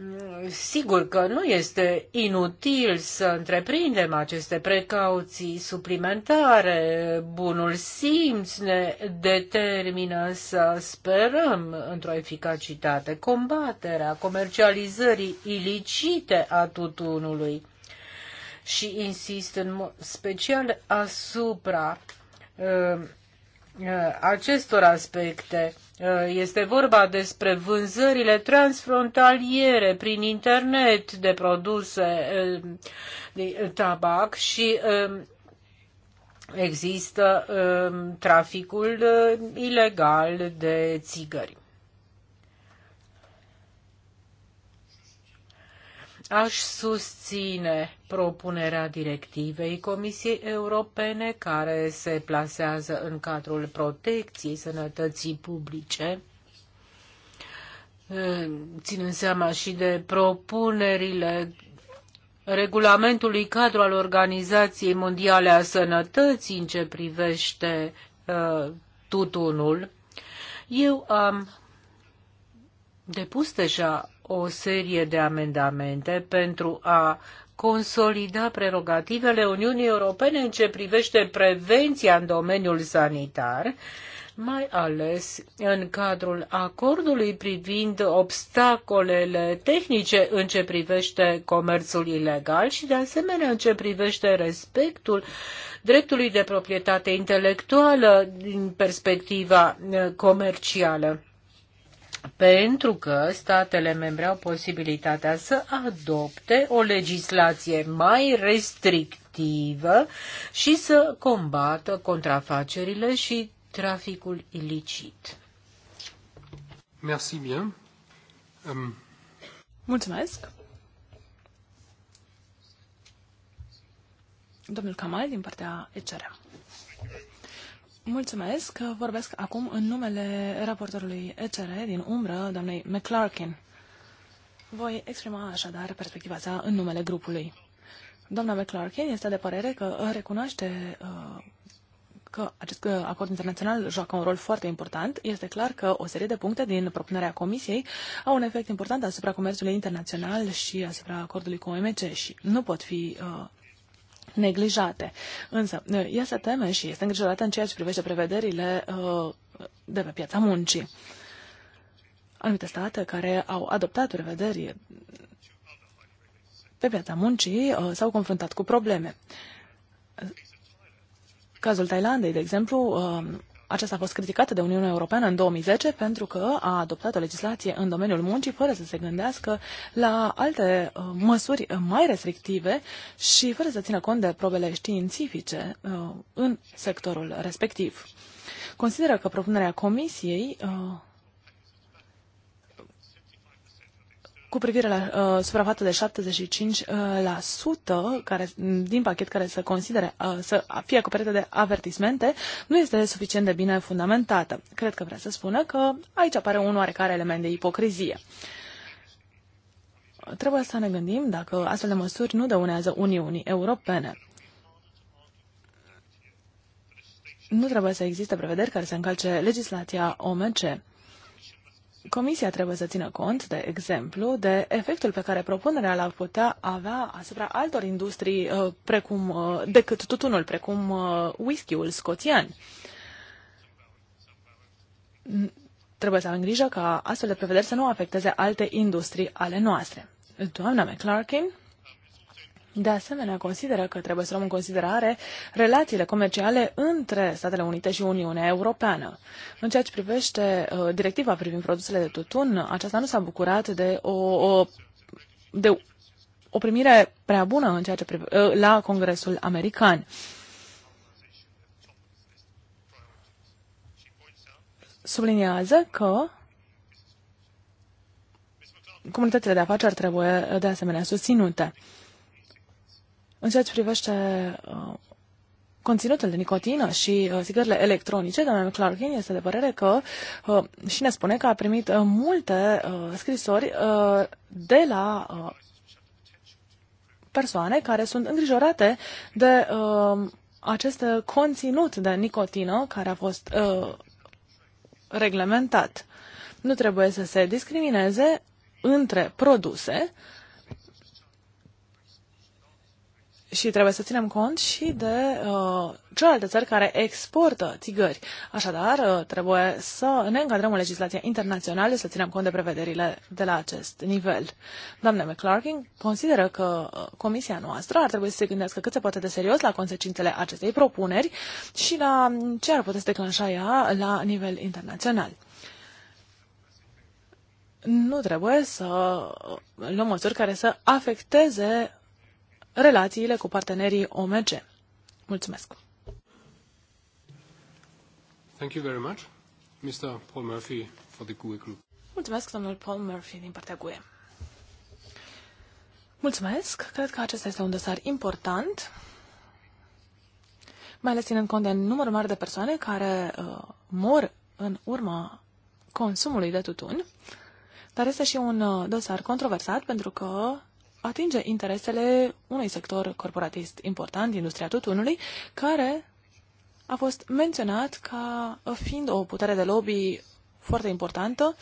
Mm, sigur că nu este inutil să întreprindem aceste precauții suplimentare. Bunul simț ne determină să sperăm într-o eficacitate, combaterea comercializării ilicite a tutunului. Și insist în special asupra uh, Uh, acestor aspecte. Uh, este vorba despre vânzările transfrontaliere prin internet de produse uh, de tabac și um, există um, traficul ilegal de țigări. aș susține propunerea directivei Comisiei Europene care se plasează în cadrul protecției sănătății publice, eh, ținând seama și de propunerile regulamentului cadru al Organizației Mondiale a Sănătății în ce privește uh, tutunul, eu am depus deja o serie de amendamente pentru a consolida prerogativele Uniunii Europene în ce privește prevenția în domeniul sanitar, mai ales în cadrul acordului privind obstacolele tehnice în ce privește comerțul ilegal și de asemenea în ce privește respectul dreptului de proprietate intelectuală din perspectiva eh, comercială pentru că statele membre au posibilitatea să adopte o legislație mai restrictivă și să combată contrafacerile și traficul ilicit. Merci bien. Um... Mulțumesc. Domnul Kamal din partea ECR. Mulțumesc că vorbesc acum în numele raportorului ECR din umbră, doamnei McClarkin. Voi exprima așadar perspectiva sa în numele grupului. Doamna McClarkin este de părere că recunoaște uh, că acest uh, acord internațional joacă un rol foarte important. Este clar că o serie de puncte din propunerea Comisiei au un efect important asupra comerțului internațional și asupra acordului cu OMC și nu pot fi uh, neglijate. Însă, ă, ea se teme și este îngrijorată în ceea ce privește prevederile ă, de pe piața muncii. Anumite state care au adoptat prevederi pe piața muncii ă, s-au confruntat cu probleme. Cazul Thailandei, de exemplu, aceasta a fost criticată de Uniunea Europeană în 2010 pentru că a adoptat o legislație în domeniul muncii fără să se gândească la alte uh, măsuri mai restrictive și fără să țină cont de probele științifice uh, în sectorul respectiv. Consideră că propunerea Comisiei uh, cu privire la uh, suprafața de 75% uh, care, din pachet care să considere uh, să fie acoperită de avertismente nu este suficient de bine fundamentată. Cred că vrea să spună că aici apare un oarecare element de ipocrizie. Trebuie să ne gândim dacă astfel de măsuri nu dăunează Uniunii Europene. Nu trebuie să existe prevederi care să încalce legislația OMC. Comisia trebuie să țină cont, de exemplu, de efectul pe care propunerea l-ar putea avea asupra altor industrii uh, precum, uh, decât tutunul, precum uh, whisky-ul scoțian. Trebuie să avem grijă ca astfel de prevederi să nu afecteze alte industrii ale noastre. Doamna McClarkin de asemenea, consideră că trebuie să luăm în considerare relațiile comerciale între Statele Unite și Uniunea Europeană. În ceea ce privește uh, directiva privind produsele de tutun, aceasta nu s-a bucurat de o, o, de o primire prea bună în ceea ce prive, uh, la Congresul American. Subliniază că comunitățile de afaceri trebuie uh, de asemenea susținute. În ceea ce privește uh, conținutul de nicotină și uh, sigarele electronice, domnul Clarkin este de părere că uh, și ne spune că a primit uh, multe uh, scrisori uh, de la uh, persoane care sunt îngrijorate de uh, acest conținut de nicotină care a fost uh, reglementat. Nu trebuie să se discrimineze între produse și trebuie să ținem cont și de uh, celelalte țări care exportă țigări. Așadar, uh, trebuie să ne încadrăm în legislația internațională, să ținem cont de prevederile de la acest nivel. Doamne McClarkin consideră că uh, comisia noastră ar trebui să se gândească cât se poate de serios la consecințele acestei propuneri și la ce ar putea să declanșa ea la nivel internațional nu trebuie să uh, luăm măsuri care să afecteze relațiile cu partenerii OMC. Mulțumesc! Thank you very much, Mr. Paul Murphy for the GUE Group. Mulțumesc, domnul Paul Murphy din partea GUE. Mulțumesc! Cred că acesta este un dosar important, mai ales ținând cont de numărul mare de persoane care uh, mor în urma consumului de tutun, dar este și un uh, dosar controversat pentru că atinge interesele unui sector corporatist important, industria tutunului, care a fost menționat ca fiind o putere de lobby foarte importantă,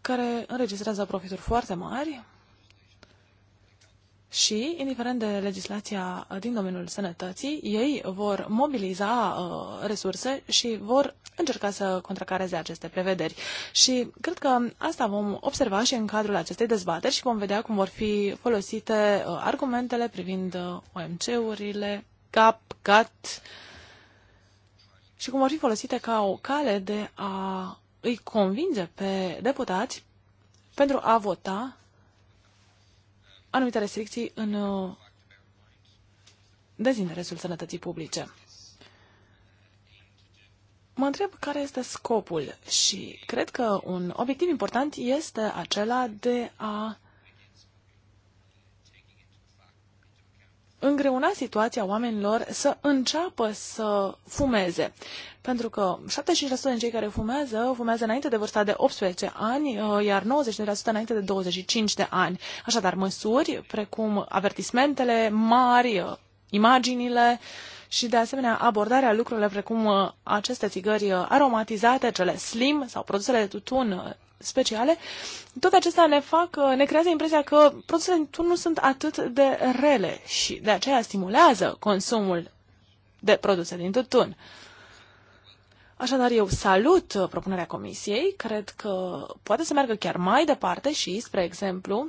care înregistrează profituri foarte mari, și, indiferent de legislația uh, din domeniul sănătății, ei vor mobiliza uh, resurse și vor încerca să contracareze aceste prevederi. Și cred că asta vom observa și în cadrul acestei dezbateri și vom vedea cum vor fi folosite uh, argumentele privind uh, OMC-urile, CAP, CAT și cum vor fi folosite ca o cale de a îi convinge pe deputați pentru a vota anumite restricții în uh, dezinteresul sănătății publice. Mă întreb care este scopul și cred că un obiectiv important este acela de a îngreuna situația oamenilor să înceapă să fumeze. Pentru că 75% din cei care fumează, fumează înainte de vârsta de 18 ani, uh, iar 90% înainte de 25 de ani. Așadar, măsuri precum avertismentele mari, uh, imaginile și, de asemenea, abordarea lucrurilor precum uh, aceste țigări aromatizate, cele slim sau produsele de tutun speciale, tot acestea ne fac, ne creează impresia că produsele de tutun nu sunt atât de rele și de aceea stimulează consumul de produse din tutun. Așadar, eu salut uh, propunerea comisiei, cred că poate să meargă chiar mai departe și, spre exemplu,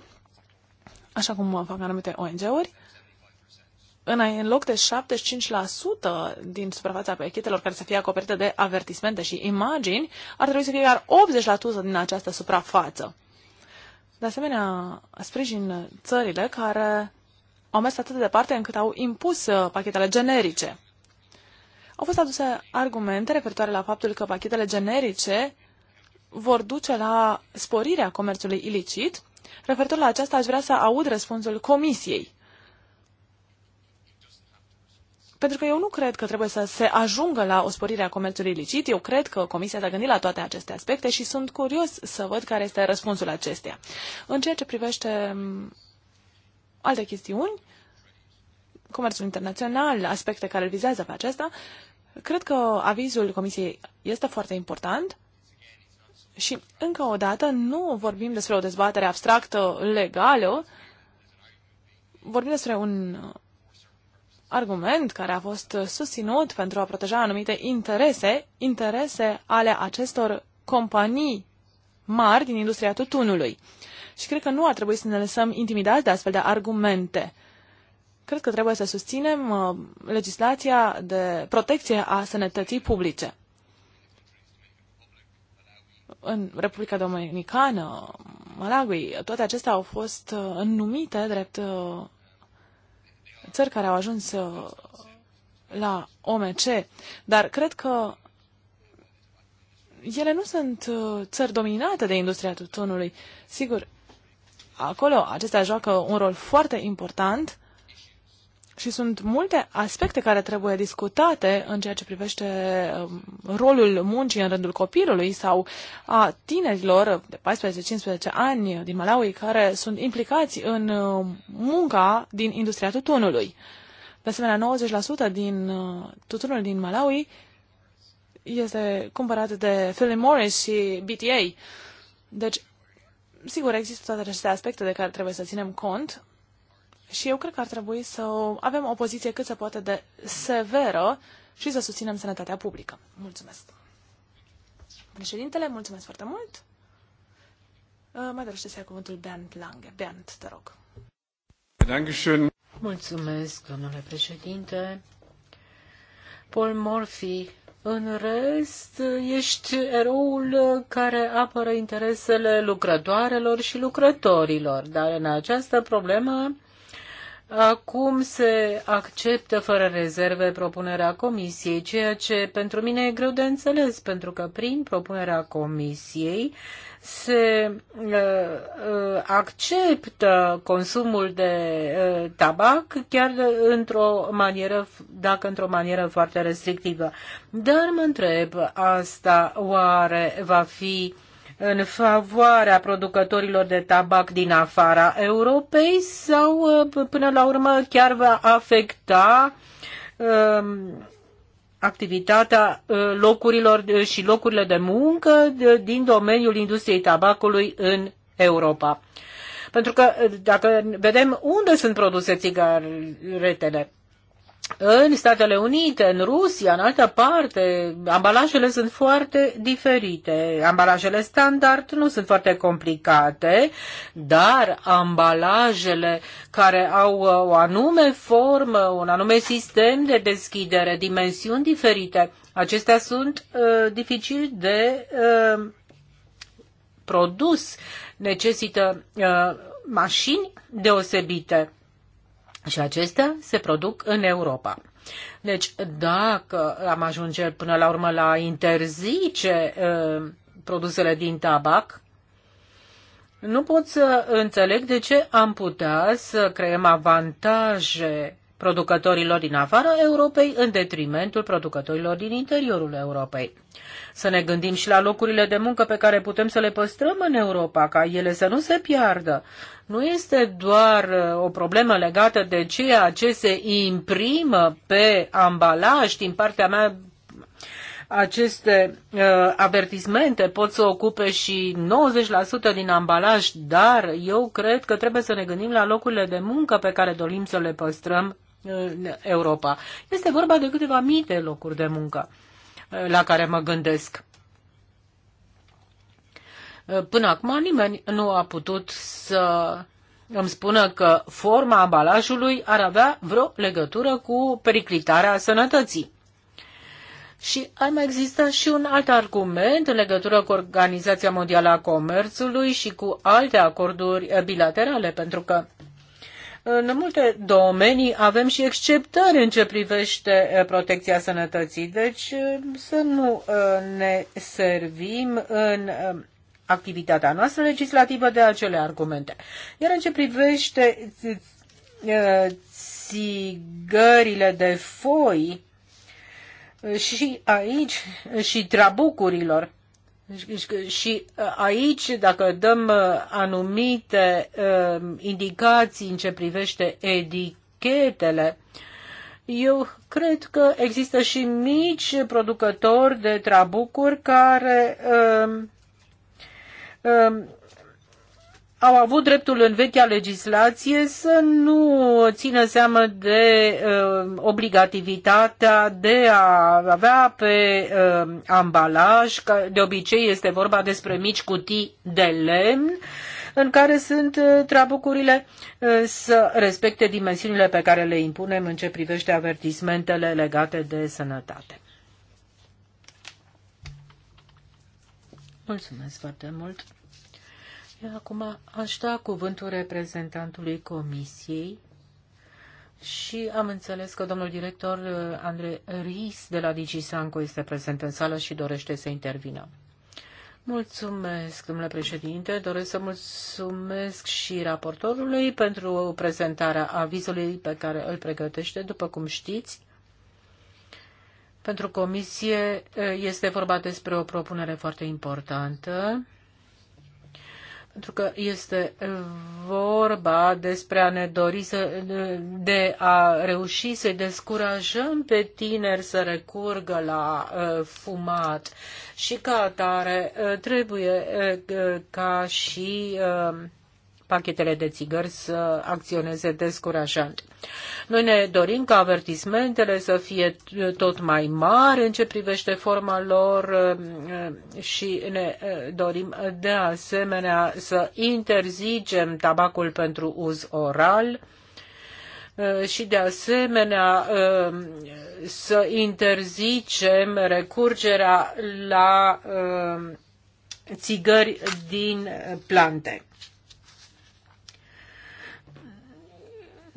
așa cum fac anumite ONG-uri, în loc de 75% din suprafața pachetelor care să fie acoperite de avertismente și imagini, ar trebui să fie chiar 80% din această suprafață. De asemenea, sprijin țările care au mers atât de departe încât au impus uh, pachetele generice. Au fost aduse argumente referitoare la faptul că pachetele generice vor duce la sporirea comerțului ilicit. Referitor la aceasta, aș vrea să aud răspunsul Comisiei. Pentru că eu nu cred că trebuie să se ajungă la o sporire a comerțului ilicit. Eu cred că Comisia s-a gândit la toate aceste aspecte și sunt curios să văd care este răspunsul acesteia. În ceea ce privește mm, alte chestiuni, comerțul internațional, aspecte care îl vizează pe acesta, cred că avizul Comisiei este foarte important și, încă o dată, nu vorbim despre o dezbatere abstractă, legală, vorbim despre un argument care a fost susținut pentru a proteja anumite interese, interese ale acestor companii mari din industria tutunului. Și cred că nu ar trebui să ne lăsăm intimidați de astfel de argumente. Cred că trebuie să susținem uh, legislația de protecție a sănătății publice. În Republica Dominicană, Malawi, toate acestea au fost uh, înnumite drept uh, țări care au ajuns la OMC, dar cred că ele nu sunt țări dominate de industria tutunului. Sigur, acolo acestea joacă un rol foarte important, și sunt multe aspecte care trebuie discutate în ceea ce privește um, rolul muncii în rândul copilului sau a tinerilor de 14-15 ani din Malawi care sunt implicați în um, munca din industria tutunului. De asemenea, 90% din uh, tutunul din Malawi este cumpărat de Philip Morris și BTA. Deci, sigur, există toate aceste aspecte de care trebuie să ținem cont, și eu cred că ar trebui să avem o poziție cât se poate de severă și să susținem sănătatea publică. Mulțumesc. Președintele, mulțumesc foarte mult. Uh, mai dorește să ia cuvântul Bernd Lange. Bernd, te rog. Dankeschön. Mulțumesc, domnule președinte. Paul Morphy, în rest, ești eroul care apără interesele lucrătoarelor și lucrătorilor, dar în această problemă Acum se acceptă fără rezerve propunerea comisiei, ceea ce pentru mine e greu de înțeles, pentru că prin propunerea comisiei se uh, uh acceptă consumul de uh, tabac chiar într-o manieră, dacă într-o manieră foarte restrictivă. Dar mă întreb, asta oare va fi uh, în favoarea producătorilor de tabac din afara Europei sau uh, până la urmă chiar va afecta um, activitatea uh, locurilor uh, și locurile de muncă din domeniul industriei tabacului în Europa. Pentru că dacă vedem unde sunt produse țigaretele, în Statele Unite, în Rusia, în altă parte, ambalajele sunt foarte diferite. Ambalajele standard nu sunt foarte complicate, dar ambalajele care au uh, o anume formă, un anume sistem de deschidere, dimensiuni diferite, acestea sunt uh, dificil de uh, produs, necesită uh, mașini deosebite. Și acestea se produc în Europa. Deci, dacă am ajunge până la urmă la interzice uh, produsele din tabac, nu pot să înțeleg de ce am putea să creăm avantaje producătorilor din afara Europei în detrimentul producătorilor din interiorul Europei. Să ne gândim și la locurile de muncă pe care putem să le păstrăm în Europa, ca ele să nu se piardă. Nu este doar uh, o problemă legată de ceea ce se imprimă pe ambalaj din partea mea aceste uh, avertismente pot să ocupe și 90% din ambalaj, dar eu cred că trebuie să ne gândim la locurile de muncă pe care dorim să le păstrăm în Europa. Este vorba de câteva mii de locuri de muncă uh, la care mă gândesc. Uh, până acum nimeni nu a putut să îmi spună că forma ambalajului ar avea vreo legătură cu periclitarea sănătății. Și ar mai exista și un alt argument în legătură cu Organizația Mondială a Comerțului și cu alte acorduri bilaterale, pentru că în multe domenii avem și exceptări în ce privește eh, protecția sănătății. Deci eh, să nu eh, ne servim în activitatea noastră legislativă de acele argumente. Iar în ce privește țigările de foi și aici și trabucurilor, și uh, aici, dacă dăm uh, anumite uh, indicații în ce privește etichetele, eu cred că există și mici producători de trabucuri care um, um, au avut dreptul în vechea legislație să nu țină seamă de uh, obligativitatea de a avea pe uh, ambalaj, că de obicei este vorba despre mici cutii de lemn, în care sunt uh, trabucurile uh, să respecte dimensiunile pe care le impunem în ce privește avertismentele legate de sănătate. Mulțumesc foarte mult! Acum aș da cuvântul reprezentantului Comisiei și am înțeles că domnul director uh, Andrei Ris de la DigiSanco este prezent în sală și dorește să intervină. Mulțumesc, domnule președinte. Doresc să mulțumesc și raportorului pentru prezentarea avizului pe care îl pregătește, după cum știți. Pentru comisie uh, este vorba despre o propunere foarte importantă pentru că este vorba despre a ne dori să, de a reuși să i descurajăm pe tineri să recurgă la uh, fumat și ca atare uh, trebuie uh, ca și uh, pachetele de țigări să acționeze descurajant. Noi ne dorim ca avertismentele să fie tot mai mari în ce privește forma lor eh, și ne eh, dorim de asemenea să interzicem tabacul pentru uz oral eh, și de asemenea să interzicem recurgerea la țigări din plante.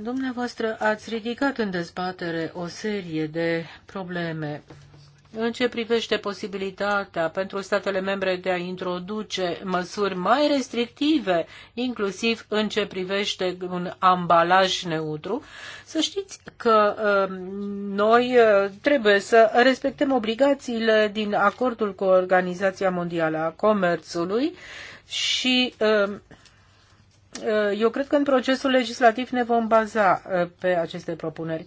Dumneavoastră ați ridicat în dezbatere o serie de probleme în ce privește posibilitatea pentru statele membre de a introduce măsuri mai restrictive, inclusiv în ce privește un ambalaj neutru, să știți că um, noi uh, trebuie să respectăm obligațiile din acordul cu Organizația Mondială a Comerțului și um, eu cred că în procesul legislativ ne vom baza uh, pe aceste propuneri.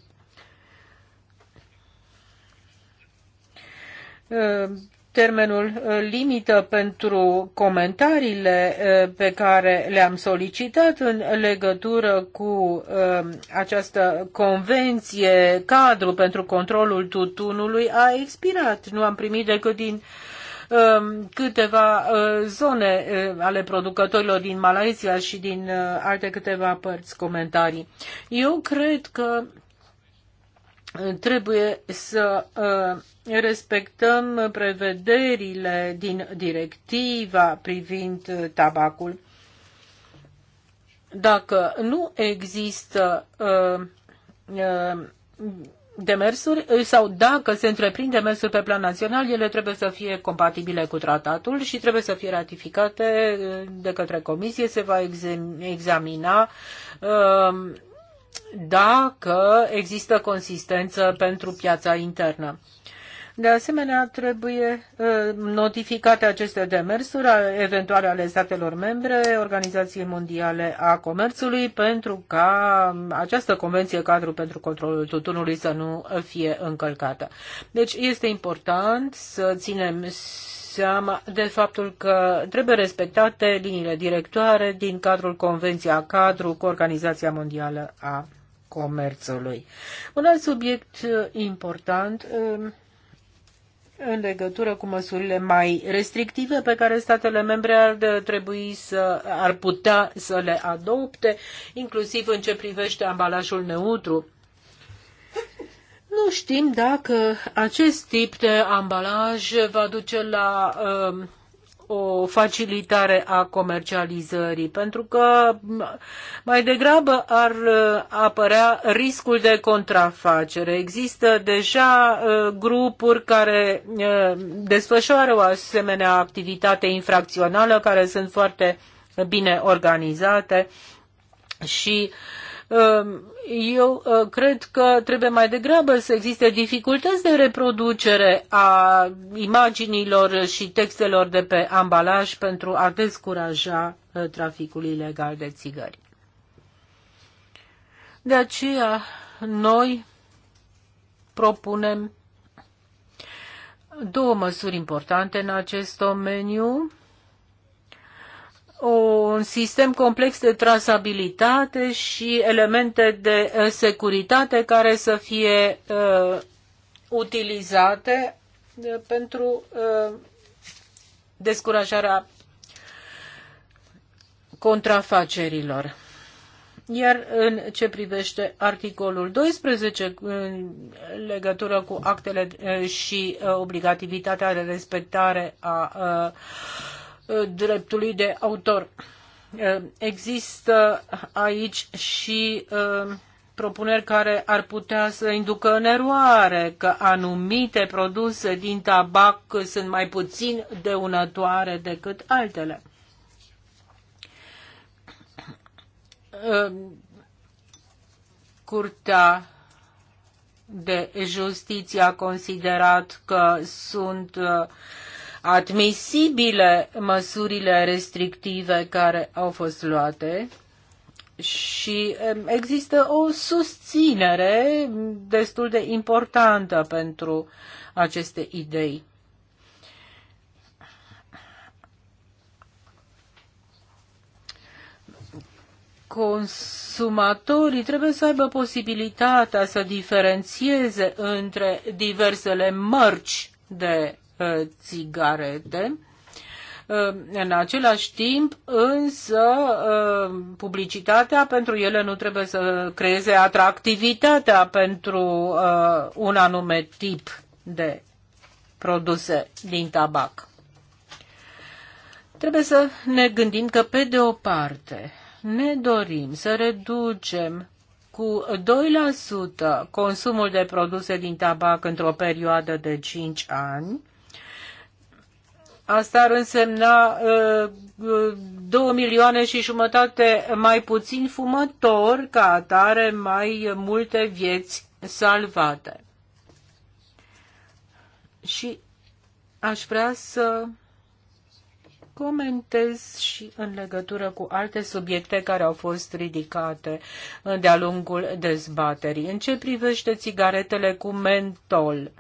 Uh, termenul uh, limită pentru comentariile pe care le-am solicitat în legătură cu această convenție cadru pentru controlul tutunului a expirat. Nu am primit decât din Um, câteva uh, zone uh, ale producătorilor din Malaysia și din uh, alte câteva părți comentarii. Eu cred că trebuie să respectăm prevederile din directiva privind tabacul. Dacă nu există uh, uh, demersuri eh, sau dacă se întreprind demersuri pe plan național, ele trebuie să fie compatibile cu tratatul și trebuie să fie ratificate eh, de către comisie. Se va examina ehm, dacă există consistență pentru piața internă. De asemenea, trebuie uh, notificate aceste demersuri eventuale ale statelor membre Organizației Mondiale a Comerțului pentru ca um, această convenție cadru pentru controlul tutunului să nu fie încălcată. Deci este important să ținem seama de faptul că trebuie respectate liniile directoare din cadrul Convenția Cadru cu Organizația Mondială a Comerțului. Un alt subiect uh, important um, în legătură cu măsurile mai restrictive pe care statele membre ar trebui să ar putea să le adopte, inclusiv în ce privește ambalajul neutru. Nu știm dacă acest tip de ambalaj va duce la uh, o facilitare a comercializării, pentru că mai degrabă ar uh, apărea riscul de contrafacere. Există deja uh, grupuri care uh, desfășoară o asemenea activitate infracțională, care sunt foarte bine organizate și uh, Ehm, eu eh, cred că trebuie mai degrabă să existe dificultăți de reproducere a imaginilor și textelor de pe ambalaj pentru a descuraja eh, traficul ilegal de țigări. De aceea, noi propunem două măsuri importante în acest domeniu un sistem complex de trasabilitate și elemente de eh, securitate care să fie uh, utilizate eh, pentru uh, descurajarea contrafacerilor. Iar în ce privește articolul 12, în legătură cu actele și obligativitatea de respectare a uh, Uh, dreptului de autor. Uh, există aici și uh, propuneri care ar putea să inducă în eroare că anumite produse din tabac sunt mai puțin dăunătoare decât altele. Curtea de Justiție a considerat că sunt admisibile măsurile restrictive care au fost luate și există o susținere destul de importantă pentru aceste idei. consumatorii trebuie să aibă posibilitatea să diferențieze între diversele mărci de Uh, țigarete. Uh, în același timp, însă, uh, publicitatea pentru ele nu trebuie să creeze atractivitatea pentru un anume tip de produse din tabac. Trebuie să ne gândim că, pe de o parte, ne dorim să reducem cu 2% consumul de produse din tabac într-o perioadă de 5 ani, Asta ar însemna uh, uh, două milioane și jumătate mai puțin fumători, ca atare mai multe vieți salvate. Și aș vrea să comentez și în legătură cu alte subiecte care au fost ridicate de-a lungul dezbaterii. În ce privește țigaretele cu mentol?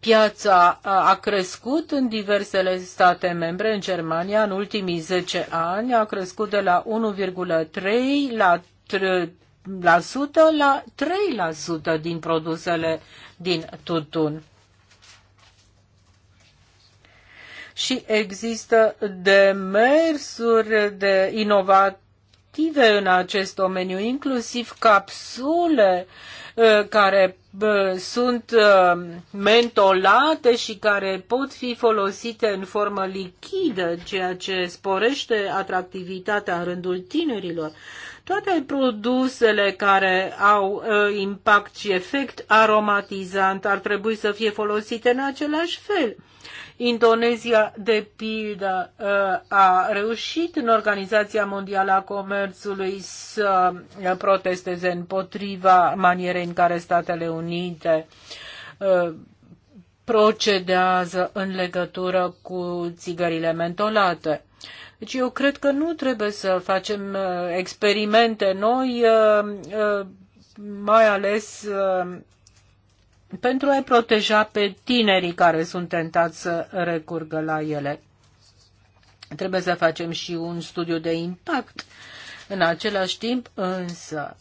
Piața a crescut în diversele state membre. În Germania, în ultimii 10 ani, a crescut de la 1,3 la 3, la la 3% din produsele din tutun. Și există demersuri de inovat active în acest domeniu, inclusiv capsule uh, care uh, sunt uh, mentolate și care pot fi folosite în formă lichidă, ceea ce sporește atractivitatea în rândul tinerilor. Toate produsele care au impact și efect aromatizant ar trebui să fie folosite în același fel. Indonezia, de pildă, uh, a reușit în Organizația Mondială a Comerțului să uh, protesteze împotriva manierei în care Statele Unite uh, procedează în legătură cu țigările mentolate. Deci eu cred că nu trebuie să facem experimente noi, mai ales pentru a-i proteja pe tinerii care sunt tentați să recurgă la ele. Trebuie să facem și un studiu de impact. În același timp, însă,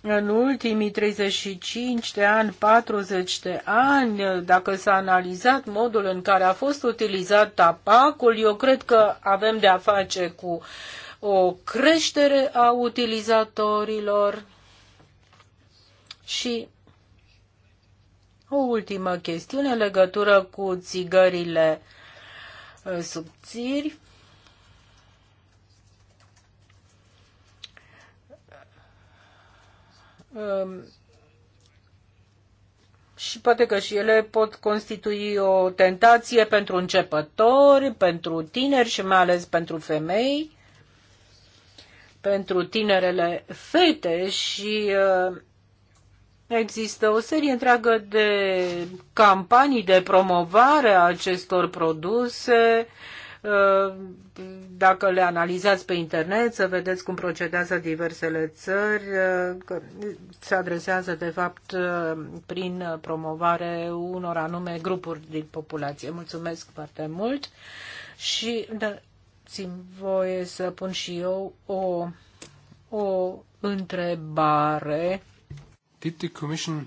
în ultimii 35 de ani, 40 de ani, dacă s-a analizat modul în care a fost utilizat tapacul, eu cred că avem de a face cu o creștere a utilizatorilor și o ultimă chestiune în legătură cu țigările uh, subțiri. Um, și poate că și ele pot constitui o tentație pentru începători, pentru tineri și mai ales pentru femei, pentru tinerele fete și uh, Există o serie întreagă de campanii de promovare a acestor produse. Uh, dacă le analizați pe internet, să vedeți cum procedează diversele țări, uh, că se adresează, de fapt, uh, prin promovare unor anume grupuri din populație. Mulțumesc foarte mult și da, țin voie să pun și eu o, o întrebare Did the commission...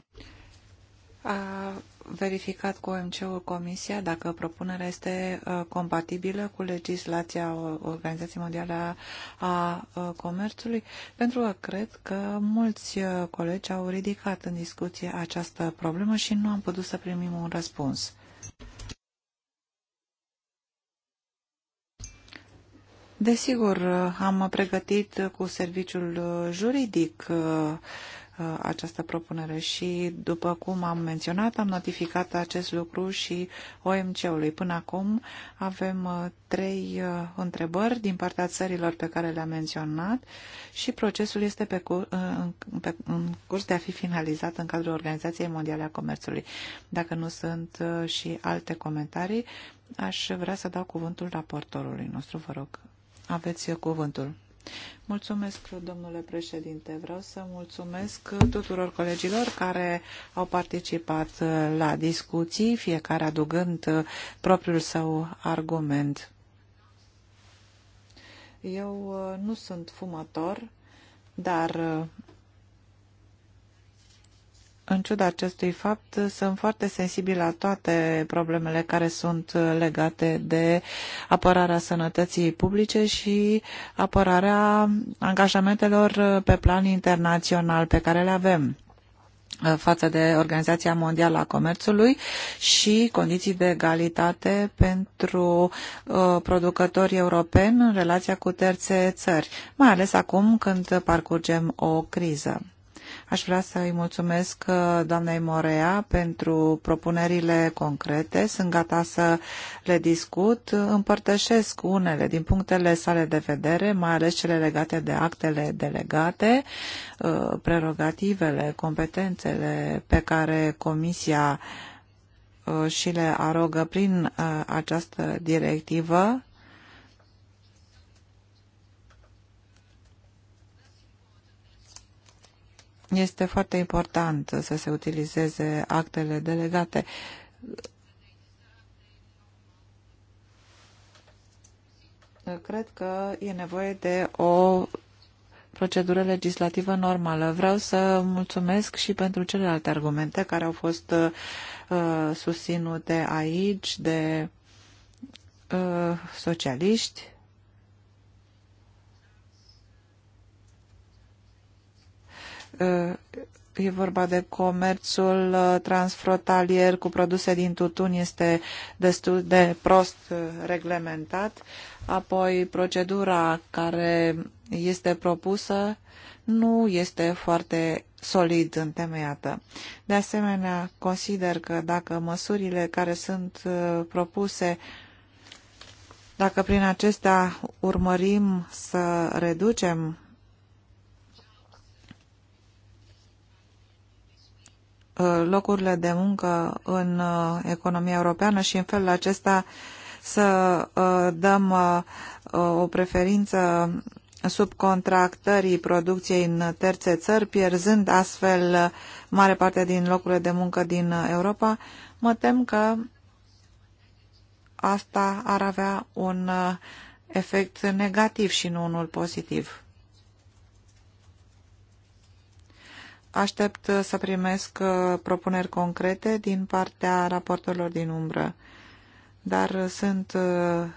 A verificat cu OMC-ul Comisia dacă propunerea este uh, compatibilă cu legislația Organizației Mondiale a uh, Comerțului, pentru că cred că mulți uh, colegi au ridicat în discuție această problemă și nu am putut să primim un răspuns. Desigur, am pregătit cu serviciul juridic uh, Uh, această propunere și, după cum am menționat, am notificat acest lucru și OMC-ului. Până acum avem uh, trei uh, întrebări din partea țărilor pe care le-am menționat și procesul este pe, cur pe, în curs de a fi finalizat în cadrul Organizației Mondiale a Comerțului. Dacă nu sunt și alte comentarii, aș vrea să dau cuvântul raportorului nostru, vă rog. Aveți cuvântul. Mulțumesc, domnule președinte. Vreau să mulțumesc tuturor colegilor care au participat la discuții, fiecare adugând propriul său argument. Eu uh, nu sunt fumător, dar uh, în ciuda acestui fapt, sunt foarte sensibil la toate problemele care sunt legate de apărarea sănătății publice și apărarea angajamentelor pe plan internațional pe care le avem uh, față de Organizația Mondială a Comerțului și condiții de egalitate pentru uh, producători europeni în relația cu terțe țări, mai ales acum când parcurgem o criză. Aș vrea să îi mulțumesc uh, doamnei Morea pentru propunerile concrete. Sunt gata să le discut. Împărtășesc unele din punctele sale de vedere, mai ales cele legate de actele delegate, uh, prerogativele, competențele pe care Comisia uh, și le arogă prin această directivă Este foarte important să se utilizeze actele delegate. Cred că e nevoie de o procedură legislativă normală. Vreau să mulțumesc și pentru celelalte argumente care au fost uh, susținute aici de uh, socialiști, e vorba de comerțul uh, transfrontalier cu produse din tutun este destul de prost uh, reglementat. Apoi procedura care este propusă nu este foarte solid întemeiată. De asemenea, consider că dacă măsurile care sunt uh, propuse dacă prin acestea urmărim să reducem Uh, locurile de muncă în uh, economia europeană și în felul acesta să uh, dăm o preferință subcontractării producției în terțe țări, pierzând astfel mare parte din locurile de muncă din Europa, mă tem că asta ar avea un efect negativ și nu unul pozitiv. Aștept să primesc uh, propuneri concrete din partea raportorilor din umbră, dar sunt uh,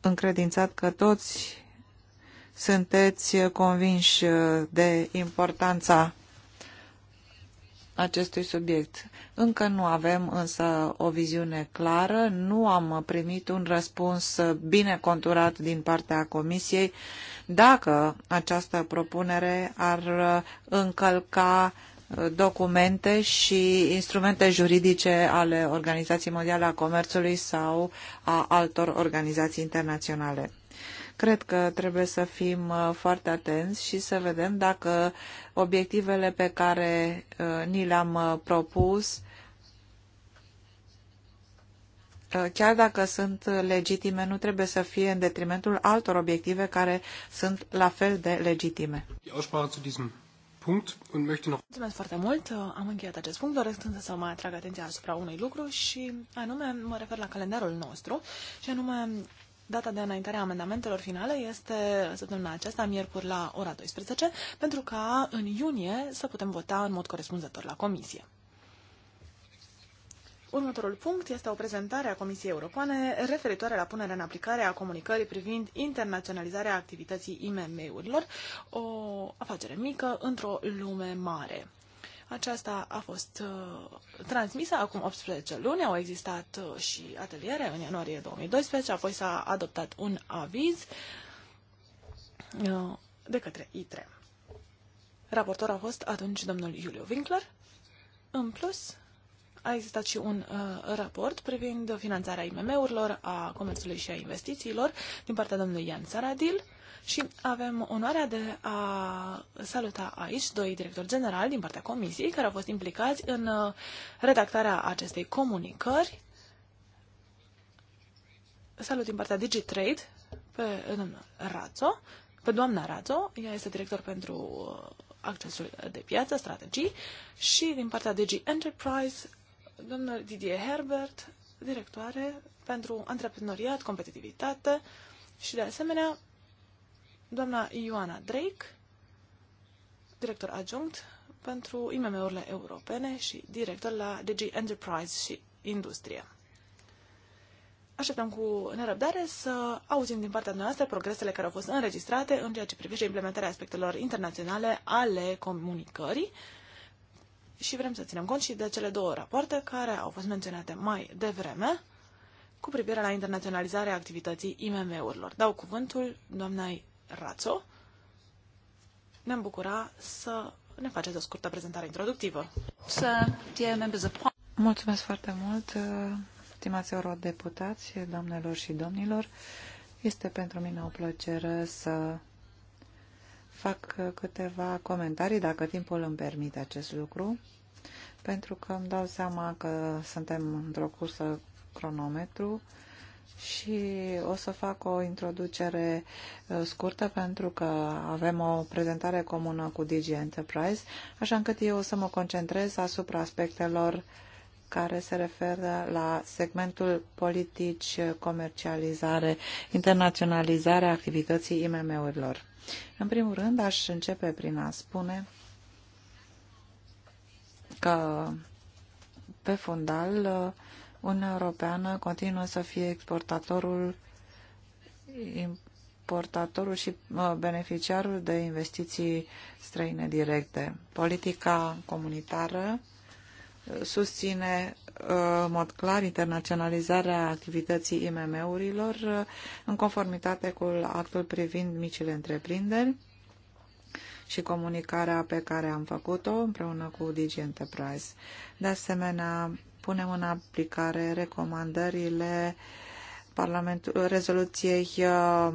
încredințat că toți sunteți convinși uh, de importanța acestui subiect. Încă nu avem însă o viziune clară, nu am primit un răspuns bine conturat din partea Comisiei dacă această propunere ar încălca documente și instrumente juridice ale Organizației Mondiale a Comerțului sau a altor organizații internaționale. Cred că trebuie să fim uh, foarte atenți și să vedem dacă obiectivele pe care uh, ni le-am uh, propus chiar dacă sunt legitime, nu trebuie să fie în detrimentul altor obiective care sunt la fel de legitime. Mulțumesc foarte mult, am încheiat acest punct, doresc însă să mai atrag atenția asupra unui lucru și anume mă refer la calendarul nostru și anume Data de înaintare a amendamentelor finale este săptămâna aceasta, miercuri la ora 12, pentru ca în iunie să putem vota în mod corespunzător la comisie. Următorul punct este o prezentare a Comisiei Europene referitoare la punerea în aplicare a comunicării privind internaționalizarea activității IMM-urilor, o afacere mică într-o lume mare. Aceasta a fost uh, transmisă acum 18 luni, au existat uh, și ateliere în ianuarie 2012, apoi s-a adoptat un aviz uh, de către ITRE. Raportor a fost atunci domnul Iuliu Winkler. În plus, a existat și un uh, raport privind finanțarea IMM-urilor, a comerțului și a investițiilor din partea domnului Ian Saradil și avem onoarea de a saluta aici doi directori generali din partea comisiei care au fost implicați în uh, redactarea acestei comunicări. Salut din partea DigiTrade pe domnul Razo, pe doamna Razo, ea este director pentru uh, accesul de piață, strategii, și din partea DG Enterprise, domnul Didier Herbert, directoare pentru antreprenoriat, competitivitate și de asemenea Doamna Ioana Drake, director adjunct pentru IMM-urile europene și director la DG Enterprise și Industrie. Așteptăm cu nerăbdare să auzim din partea noastră progresele care au fost înregistrate în ceea ce privește implementarea aspectelor internaționale ale comunicării și vrem să ținem cont și de cele două rapoarte care au fost menționate mai devreme cu privire la internaționalizarea activității IMM-urilor. Dau cuvântul doamnei Rațo, ne-am bucura să ne faceți o scurtă prezentare introductivă. Mulțumesc foarte mult, stimați eurodeputați, doamnelor și domnilor. Este pentru mine o plăcere să fac câteva comentarii, dacă timpul îmi permite acest lucru, pentru că îmi dau seama că suntem într-o cursă cronometru și o să fac o introducere uh, scurtă pentru că avem o prezentare comună cu Digi Enterprise, așa încât eu o să mă concentrez asupra aspectelor care se referă la segmentul politici, comercializare, internaționalizare a activității IMM-urilor. În primul rând, aș începe prin a spune că pe fundal uh, Uniunea Europeană continuă să fie exportatorul, importatorul și beneficiarul de investiții străine directe. Politica comunitară uh, susține uh, în mod clar internaționalizarea activității IMM-urilor uh, în conformitate cu actul privind micile întreprinderi și comunicarea pe care am făcut-o împreună cu Digi Enterprise. De asemenea, punem în aplicare recomandările Parlamentul, rezoluției uh,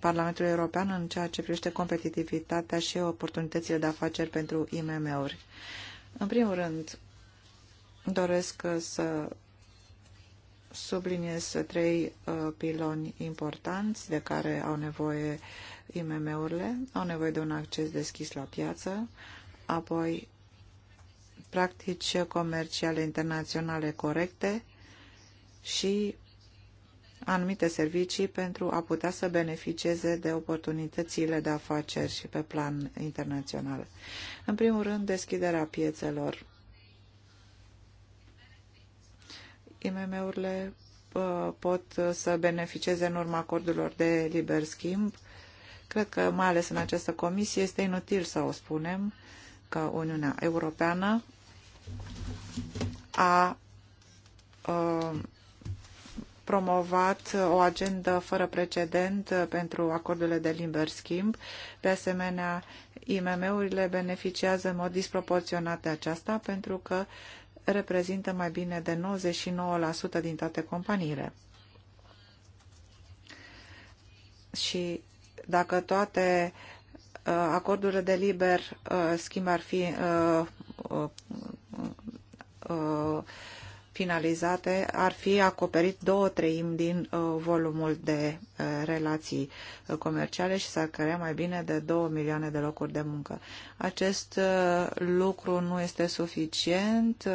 Parlamentului European în ceea ce privește competitivitatea și oportunitățile de afaceri pentru IMM-uri. În primul rând, doresc să subliniez trei uh, piloni importanți de care au nevoie IMM-urile. Au nevoie de un acces deschis la piață, apoi practici comerciale internaționale corecte și anumite servicii pentru a putea să beneficieze de oportunitățile de afaceri și pe plan internațional. În primul rând, deschiderea piețelor. IMM-urile uh, pot să beneficieze în urma acordurilor de liber schimb. Cred că, mai ales în această comisie, este inutil să o spunem că Uniunea Europeană a promovat o agendă fără precedent pentru acordurile de liber schimb. De asemenea, IMM-urile beneficiază în mod disproporționat de aceasta pentru că reprezintă mai bine de 99% din toate companiile. Și dacă toate uh, acordurile de liber uh, schimb ar fi uh, Uh, finalizate ar fi acoperit două treimi din uh, volumul de uh, relații comerciale și s-ar crea mai bine de două milioane de locuri de muncă. Acest lucru nu este suficient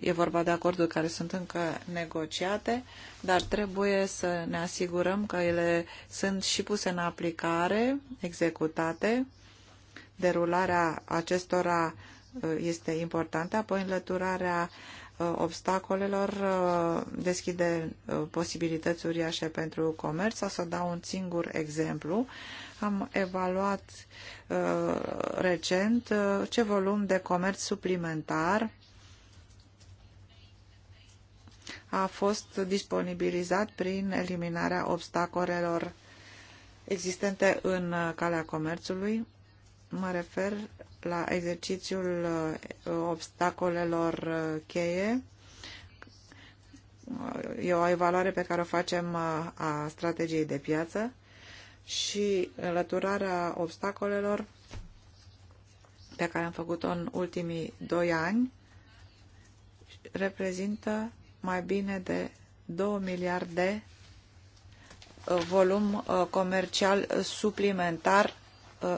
e vorba de acorduri care sunt încă negociate, dar trebuie să ne asigurăm că ele sunt și puse în aplicare, executate. Derularea acestora este importantă, apoi înlăturarea uh, obstacolelor uh, deschide uh, posibilități uriașe pentru comerț. O să dau un singur exemplu. Am evaluat recent ce volum de comerț suplimentar a fost disponibilizat prin eliminarea obstacolelor existente în calea comerțului. Mă refer la exercițiul uh, obstacolelor uh, cheie. Uh, e o evaluare pe care o facem a strategiei de piață și înlăturarea obstacolelor pe care am făcut-o în ultimii doi ani reprezintă mai bine de 2 miliarde volum comercial suplimentar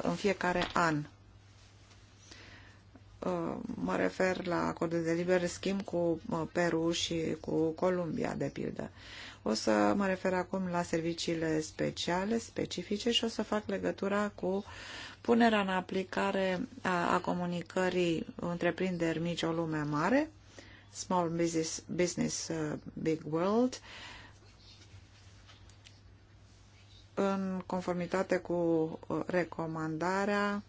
în fiecare an. Uh, mă refer la acordul de liber schimb cu uh, Peru și cu Columbia, de pildă. O să mă refer acum la serviciile speciale, specifice și o să fac legătura cu punerea în aplicare a, a comunicării întreprinderi mici o lume mare, Small Business, business uh, Big World, în conformitate cu recomandarea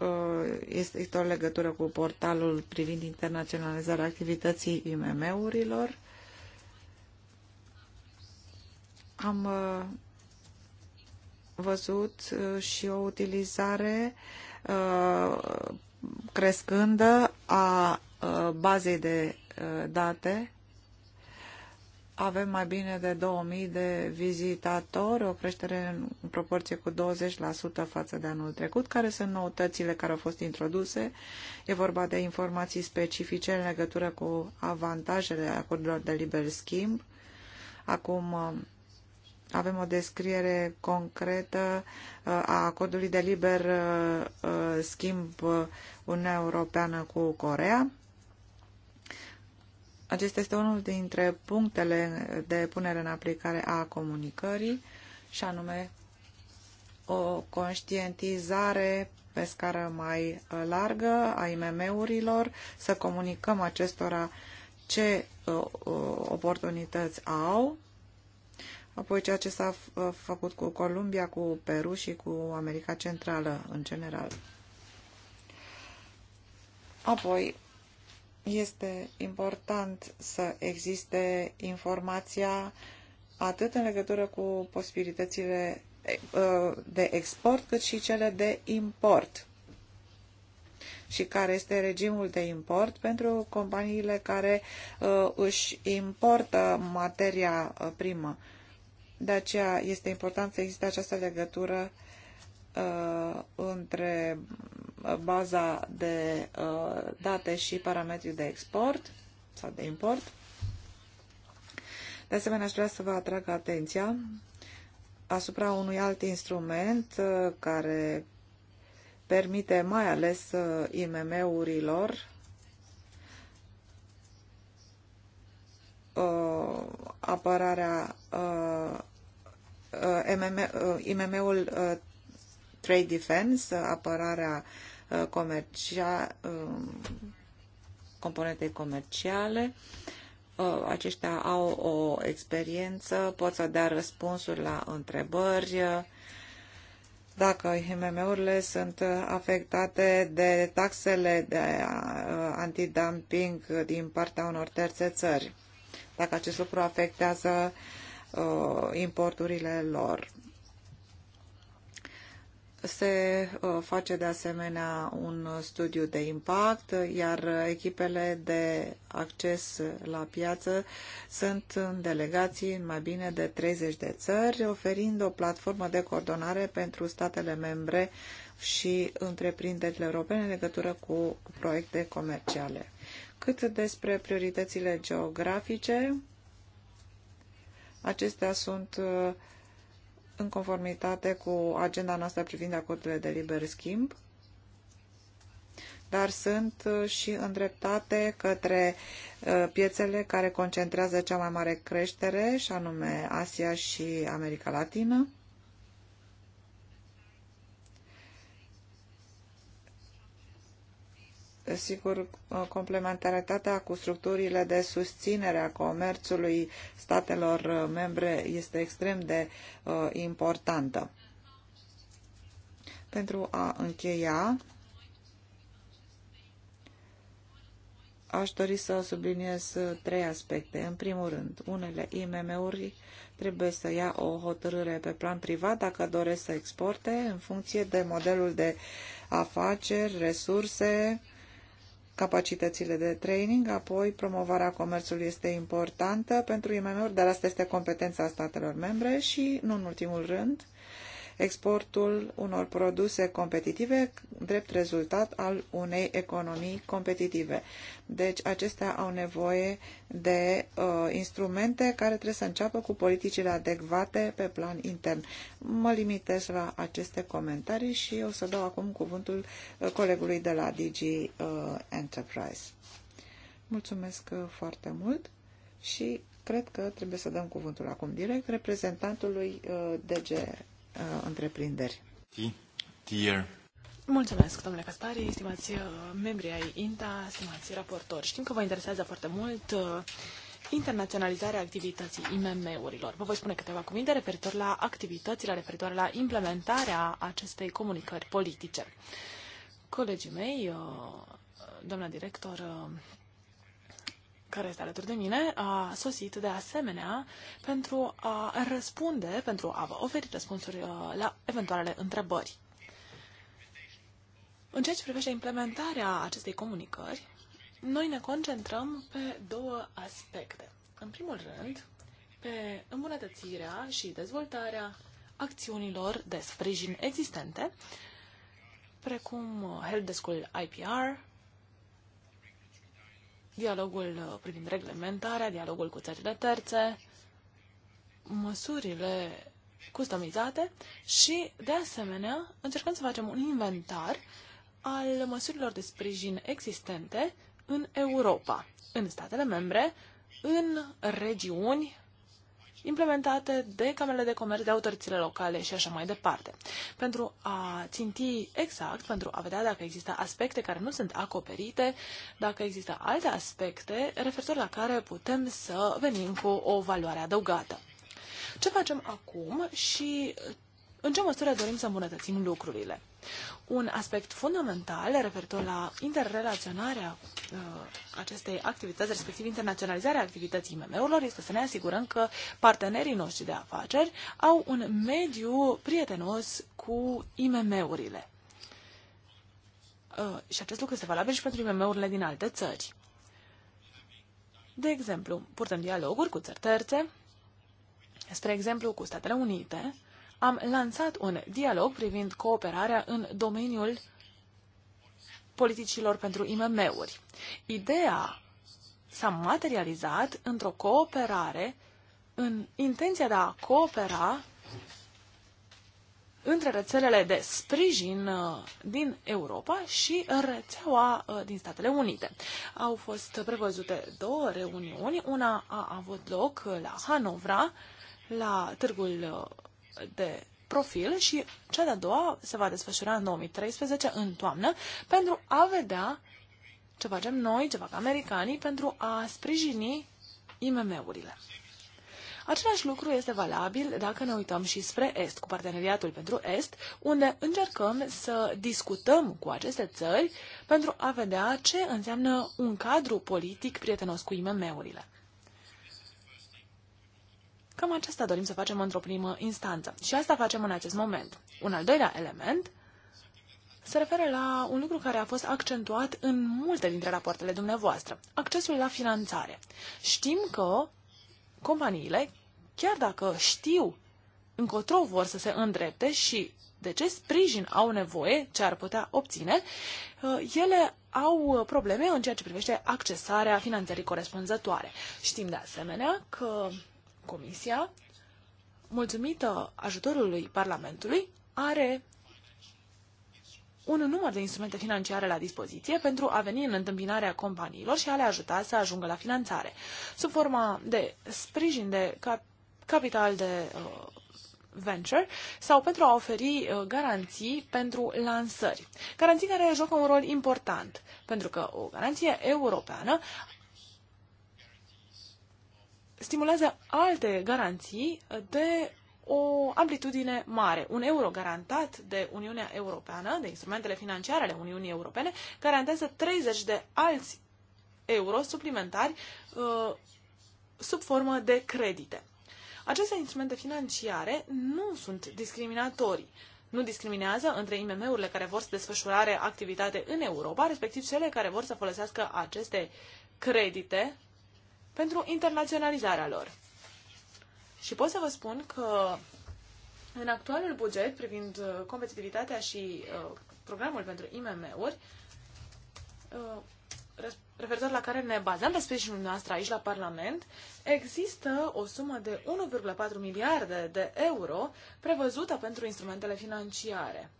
Uh, este o legătură cu portalul privind internaționalizarea activității IMM-urilor. Am uh, văzut uh, și o utilizare crescândă a bazei de date avem mai bine de 2000 de vizitatori, o creștere în proporție cu 20% față de anul trecut. Care sunt noutățile care au fost introduse? E vorba de informații specifice în legătură cu avantajele acordurilor de liber schimb. Acum uh, avem o descriere concretă uh, a acordului de liber uh, schimb Uniunea Europeană cu Corea acesta este unul dintre punctele de punere în aplicare a comunicării și anume o conștientizare pe scară mai uh, largă a IMM-urilor, să comunicăm acestora ce uh, uh, oportunități au, apoi ceea ce s-a făcut cu Columbia, cu Peru și cu America Centrală în general. Apoi, este important să existe informația atât în legătură cu posibilitățile eh, de export, cât și cele de import și care este regimul de import pentru companiile care uh, își importă materia eh, primă. De aceea este important să existe această legătură uh, între baza de uh, date și parametrii de export sau de import. De asemenea, aș vrea să vă atrag atenția asupra unui alt instrument uh, care permite mai ales uh, IMM-urilor apărarea IMM-ul Trade Defense, apărarea Uh, comercia, um, componente comerciale. Uh, aceștia au o experiență, pot să dea răspunsuri la întrebări, dacă IMM-urile sunt afectate de taxele de uh, antidumping din partea unor terțe țări, dacă acest lucru afectează uh, importurile lor. Se uh, face de asemenea un studiu de impact, iar echipele de acces la piață sunt în delegații în mai bine de 30 de țări, oferind o platformă de coordonare pentru statele membre și întreprinderile europene în legătură cu proiecte comerciale. Cât despre prioritățile geografice, acestea sunt uh, în conformitate cu agenda noastră privind acordurile de liber schimb, dar sunt uh, și îndreptate către uh, piețele care concentrează cea mai mare creștere, și anume Asia și America Latină. Sigur, complementaritatea cu structurile de susținere a comerțului statelor membre este extrem de uh, importantă. Pentru a încheia, aș dori să subliniez trei aspecte. În primul rând, unele IMM-uri trebuie să ia o hotărâre pe plan privat dacă doresc să exporte în funcție de modelul de afaceri, resurse, capacitățile de training, apoi promovarea comerțului este importantă pentru IMM-uri, dar asta este competența statelor membre și, nu în ultimul rând, exportul unor produse competitive drept rezultat al unei economii competitive. Deci acestea au nevoie de uh, instrumente care trebuie să înceapă cu politicile adecvate pe plan intern. Mă limitez la aceste comentarii și o să dau acum cuvântul uh, colegului de la DG uh, Enterprise. Mulțumesc uh, foarte mult și cred că trebuie să dăm cuvântul acum direct reprezentantului uh, DG uh, întreprinderi. Tier. Mulțumesc, domnule Caspari, stimați uh, membri ai INTA, stimați raportori. Știm că vă interesează foarte mult uh, internaționalizarea activității IMM-urilor. Vă voi spune câteva cuvinte referitor la activitățile referitoare la implementarea acestei comunicări politice. Colegii mei, uh, doamna director, uh, care este alături de mine, a sosit de asemenea pentru a răspunde, pentru a vă oferi răspunsuri uh, la eventualele întrebări. În ceea ce privește implementarea acestei comunicări, noi ne concentrăm pe două aspecte. În primul rând, pe îmbunătățirea și dezvoltarea acțiunilor de sprijin existente, precum Help ul IPR, dialogul uh, privind reglementarea, dialogul cu țările terțe, măsurile customizate și, de asemenea, încercăm să facem un inventar al măsurilor de sprijin existente în Europa, în statele membre, în regiuni implementate de camerele de comerț, de autoritățile locale și așa mai departe. Pentru a ținti exact, pentru a vedea dacă există aspecte care nu sunt acoperite, dacă există alte aspecte referitor la care putem să venim cu o valoare adăugată. Ce facem acum și în ce măsură dorim să îmbunătățim lucrurile. Un aspect fundamental referitor la interrelaționarea uh, acestei activități, respectiv internaționalizarea activității IMM-urilor, este să ne asigurăm că partenerii noștri de afaceri au un mediu prietenos cu IMM-urile. Uh, și acest lucru este valabil și pentru IMM-urile din alte țări. De exemplu, purtăm dialoguri cu țări terțe, spre exemplu cu Statele Unite, am lansat un dialog privind cooperarea în domeniul politicilor pentru IMM-uri. Ideea s-a materializat într-o cooperare, în intenția de a coopera între rețelele de sprijin uh, din Europa și rețeaua uh, din Statele Unite. Au fost prevăzute două reuniuni. Una a avut loc uh, la Hanovra, la Târgul de profil și cea de-a doua se va desfășura în 2013, în toamnă, pentru a vedea ce facem noi, ce fac americanii, pentru a sprijini IMM-urile. Același lucru este valabil dacă ne uităm și spre Est, cu parteneriatul pentru Est, unde încercăm să discutăm cu aceste țări pentru a vedea ce înseamnă un cadru politic prietenos cu IMM-urile. Cam aceasta dorim să facem într-o primă instanță. Și asta facem în acest moment. Un al doilea element se referă la un lucru care a fost accentuat în multe dintre rapoartele dumneavoastră, accesul la finanțare. Știm că companiile, chiar dacă știu încotro vor să se îndrepte și de ce sprijin au nevoie, ce ar putea obține, uh, ele au probleme în ceea ce privește accesarea finanțării corespunzătoare. Știm de asemenea că Comisia, mulțumită ajutorului Parlamentului, are un număr de instrumente financiare la dispoziție pentru a veni în întâmpinarea companiilor și a le ajuta să ajungă la finanțare, sub forma de sprijin de cap- capital de uh, venture sau pentru a oferi uh, garanții pentru lansări. Garanții care joacă un rol important, pentru că o garanție europeană stimulează alte garanții de o amplitudine mare. Un euro garantat de Uniunea Europeană, de instrumentele financiare ale Uniunii Europene, garantează 30 de alți euro suplimentari uh, sub formă de credite. Aceste instrumente financiare nu sunt discriminatorii. Nu discriminează între IMM-urile care vor să desfășurare activitate în Europa, respectiv cele care vor să folosească aceste credite pentru internaționalizarea lor. Și pot să vă spun că în actualul buget privind uh, competitivitatea și uh, programul pentru IMM-uri, uh, referitor la care ne bazăm pe sprijinul noastră aici la Parlament, există o sumă de 1,4 miliarde de euro prevăzută pentru instrumentele financiare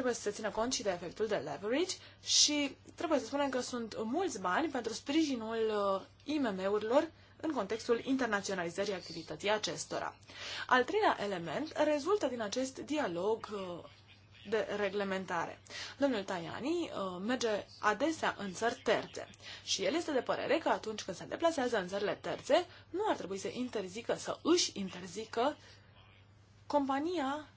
trebuie să se țină cont și de efectul de leverage și trebuie să spunem că sunt mulți bani pentru sprijinul uh, IMM-urilor în contextul internaționalizării activității acestora. Al treilea element rezultă din acest dialog uh, de reglementare. Domnul Tajani uh, merge adesea în țări terțe și el este de părere că atunci când se deplasează în țările terțe, nu ar trebui să interzică, să își interzică compania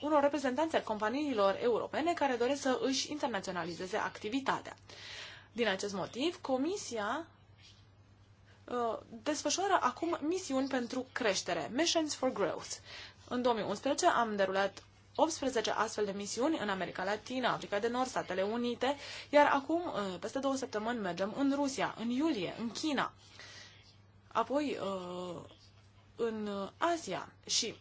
unor reprezentanți al companiilor europene care doresc să își internaționalizeze activitatea. Din acest motiv, Comisia uh, desfășoară acum misiuni pentru creștere, Missions for Growth. În 2011 am derulat 18 astfel de misiuni în America Latină, Africa de Nord, Statele Unite, iar acum, uh, peste două săptămâni, mergem în Rusia, în iulie, în China, apoi uh, în Asia și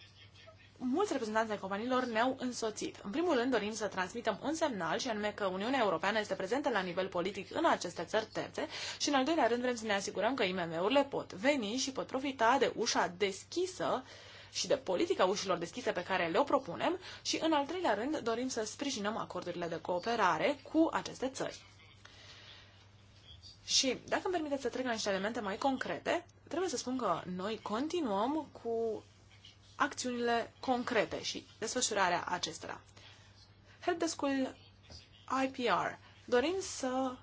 mulți reprezentanți ai companiilor ne-au însoțit. În primul rând, dorim să transmitem un semnal și anume că Uniunea Europeană este prezentă la nivel politic în aceste țări terțe și, în al doilea rând, vrem să ne asigurăm că IMM-urile pot veni și pot profita de ușa deschisă și de politica ușilor deschise pe care le-o propunem și, în al treilea rând, dorim să sprijinăm acordurile de cooperare cu aceste țări. Și, dacă îmi permiteți să trec la niște elemente mai concrete, trebuie să spun că noi continuăm cu acțiunile concrete și desfășurarea acestora. Helpdesk-ul IPR. Dorim să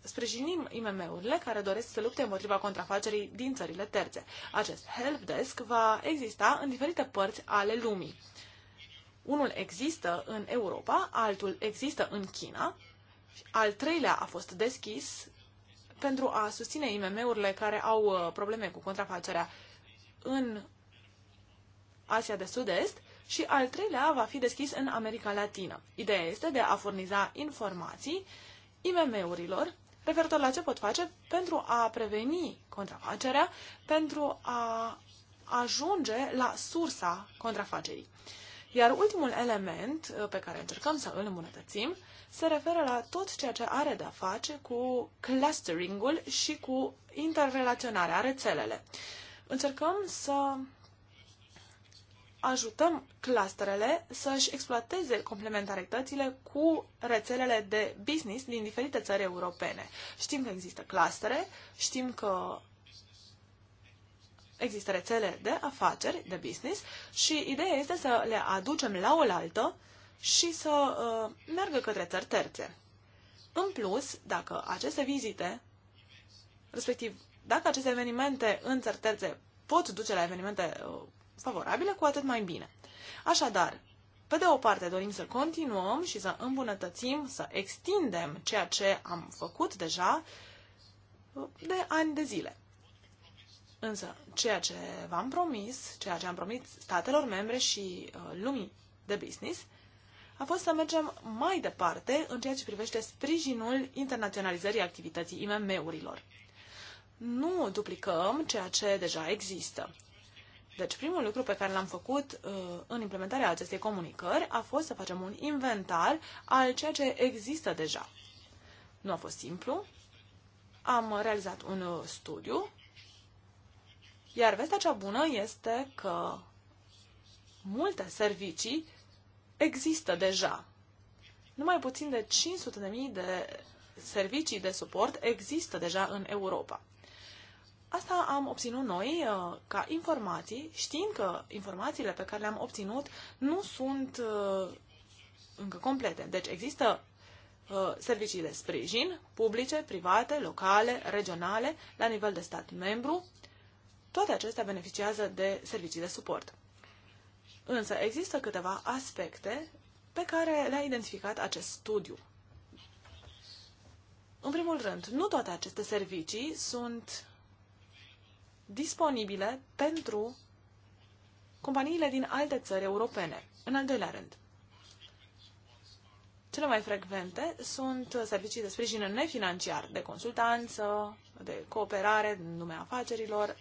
sprijinim IMM-urile care doresc să lupte împotriva contrafacerii din țările terțe. Acest helpdesk va exista în diferite părți ale lumii. Unul există în Europa, altul există în China, al treilea a fost deschis pentru a susține IMM-urile care au uh, probleme cu contrafacerea în Asia de Sud-Est și al treilea va fi deschis în America Latină. Ideea este de a furniza informații IMM-urilor referitor la ce pot face pentru a preveni contrafacerea, pentru a ajunge la sursa contrafacerii. Iar ultimul element uh, pe care încercăm să îl îmbunătățim se referă la tot ceea ce are de-a face cu clustering-ul și cu interrelaționarea, rețelele. Încercăm să ajutăm clusterele să-și exploateze complementaritățile cu rețelele de business din diferite țări europene. Știm că există clustere, știm că există rețele de afaceri, de business și ideea este să le aducem la oaltă și să uh, meargă către țări terțe. În plus, dacă aceste vizite, respectiv dacă aceste evenimente în țări terțe pot duce la evenimente uh, favorabile, cu atât mai bine. Așadar, pe de o parte dorim să continuăm și să îmbunătățim, să extindem ceea ce am făcut deja de ani de zile. Însă, ceea ce v-am promis, ceea ce am promis statelor membre și uh, lumii de business, a fost să mergem mai departe în ceea ce privește sprijinul internaționalizării activității IMM-urilor. Nu duplicăm ceea ce deja există. Deci primul lucru pe care l-am făcut uh, în implementarea acestei comunicări a fost să facem un inventar al ceea ce există deja. Nu a fost simplu. Am realizat un uh, studiu, iar vestea cea bună este că multe servicii există deja. Numai puțin de 500.000 de servicii de suport există deja în Europa. Asta am obținut noi uh, ca informații, știind că informațiile pe care le-am obținut nu sunt uh, încă complete. Deci există uh, servicii de sprijin, publice, private, locale, regionale, la nivel de stat membru. Toate acestea beneficiază de servicii de suport. Însă există câteva aspecte pe care le-a identificat acest studiu. În primul rând, nu toate aceste servicii sunt disponibile pentru companiile din alte țări europene. În al doilea rând, cele mai frecvente sunt servicii de sprijin nefinanciar, de consultanță, de cooperare în lumea afacerilor,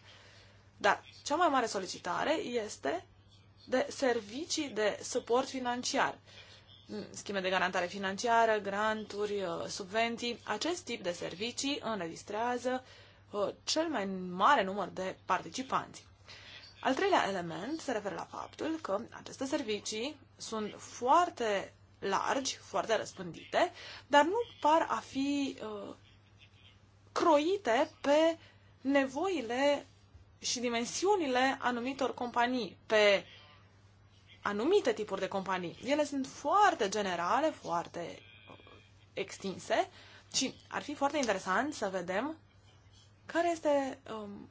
dar cea mai mare solicitare este de servicii de suport financiar, schime de garantare financiară, granturi, subvenții. Acest tip de servicii înregistrează Uh, cel mai mare număr de participanți. Al treilea element se referă la faptul că aceste servicii sunt foarte largi, foarte răspândite, dar nu par a fi uh, croite pe nevoile și dimensiunile anumitor companii, pe anumite tipuri de companii. Ele sunt foarte generale, foarte uh, extinse și ar fi foarte interesant să vedem care este um,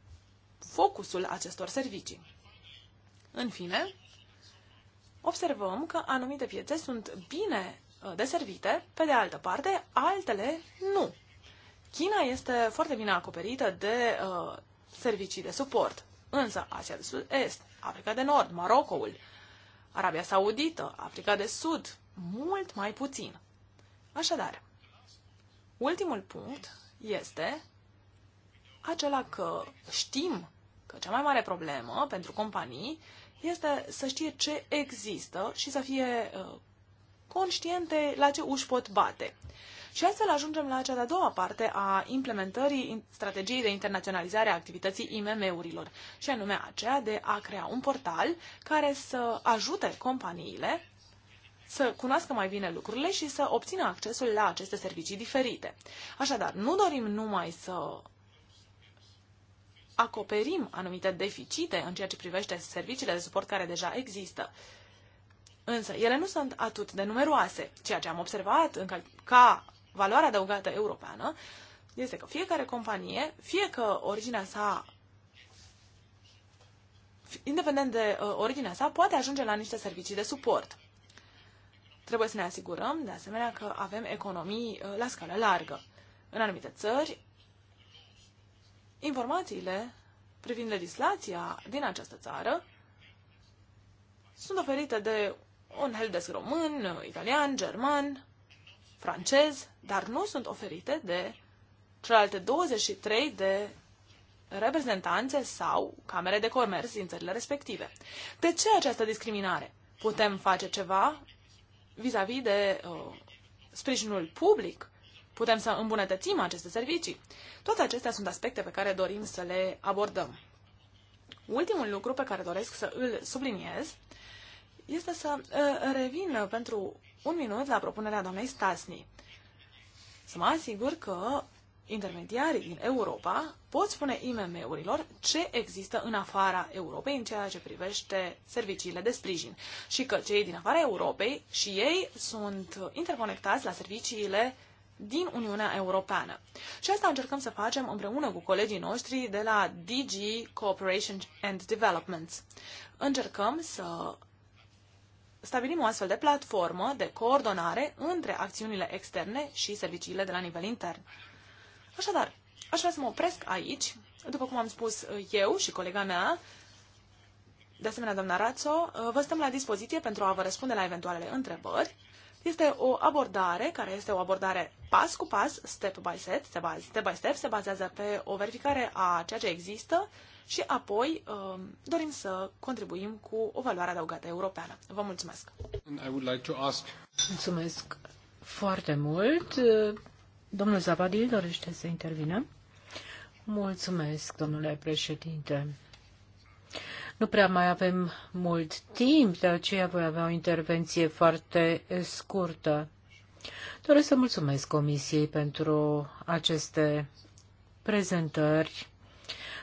focusul acestor servicii. În fine, observăm că anumite piețe sunt bine uh, deservite, pe de altă parte, altele nu. China este foarte bine acoperită de uh, servicii de suport, însă Asia de Sud-Est, Africa de Nord, Marocoul, Arabia Saudită, Africa de Sud, mult mai puțin. Așadar, ultimul punct este acela că știm că cea mai mare problemă pentru companii este să știe ce există și să fie uh, conștiente la ce uși pot bate. Și astfel ajungem la cea de-a doua parte a implementării strategiei de internaționalizare a activității IMM-urilor, și anume aceea de a crea un portal care să ajute companiile să cunoască mai bine lucrurile și să obțină accesul la aceste servicii diferite. Așadar, nu dorim numai să acoperim anumite deficite în ceea ce privește serviciile de suport care deja există. Însă, ele nu sunt atât de numeroase. Ceea ce am observat în cal- ca valoare adăugată europeană este că fiecare companie, fie că originea sa independent de uh, originea sa, poate ajunge la niște servicii de suport. Trebuie să ne asigurăm, de asemenea, că avem economii uh, la scară largă. În anumite țări, informațiile privind legislația din această țară sunt oferite de un helpdesk român, italian, german, francez, dar nu sunt oferite de celelalte 23 de reprezentanțe sau camere de comerț din țările respective. De ce această discriminare? Putem face ceva vis-a-vis -vis de uh, sprijinul public Putem să îmbunătățim aceste servicii. Toate acestea sunt aspecte pe care dorim să le abordăm. Ultimul lucru pe care doresc să îl subliniez este să uh, revin pentru un minut la propunerea doamnei Stasni. Să mă asigur că intermediarii din Europa pot spune IMM-urilor ce există în afara Europei în ceea ce privește serviciile de sprijin și că cei din afara Europei și ei sunt interconectați la serviciile din Uniunea Europeană. Și asta încercăm să facem împreună cu colegii noștri de la DG Cooperation and Development. Încercăm să stabilim o astfel de platformă de coordonare între acțiunile externe și serviciile de la nivel intern. Așadar, aș vrea să mă opresc aici. După cum am spus uh, eu și colega mea, de asemenea, doamna Rațo, uh, vă stăm la dispoziție pentru a vă răspunde la eventualele întrebări. Este o abordare care este o abordare pas cu pas, step by step, step by step, step se bazează pe o verificare a ceea ce există și apoi um, dorim să contribuim cu o valoare adăugată europeană. Vă mulțumesc! I would like to ask... Mulțumesc foarte mult! Domnul Zabadil dorește să intervină. Mulțumesc, domnule președinte. Nu prea mai avem mult timp, de aceea voi avea o intervenție foarte scurtă. Doresc să mulțumesc Comisiei pentru aceste prezentări,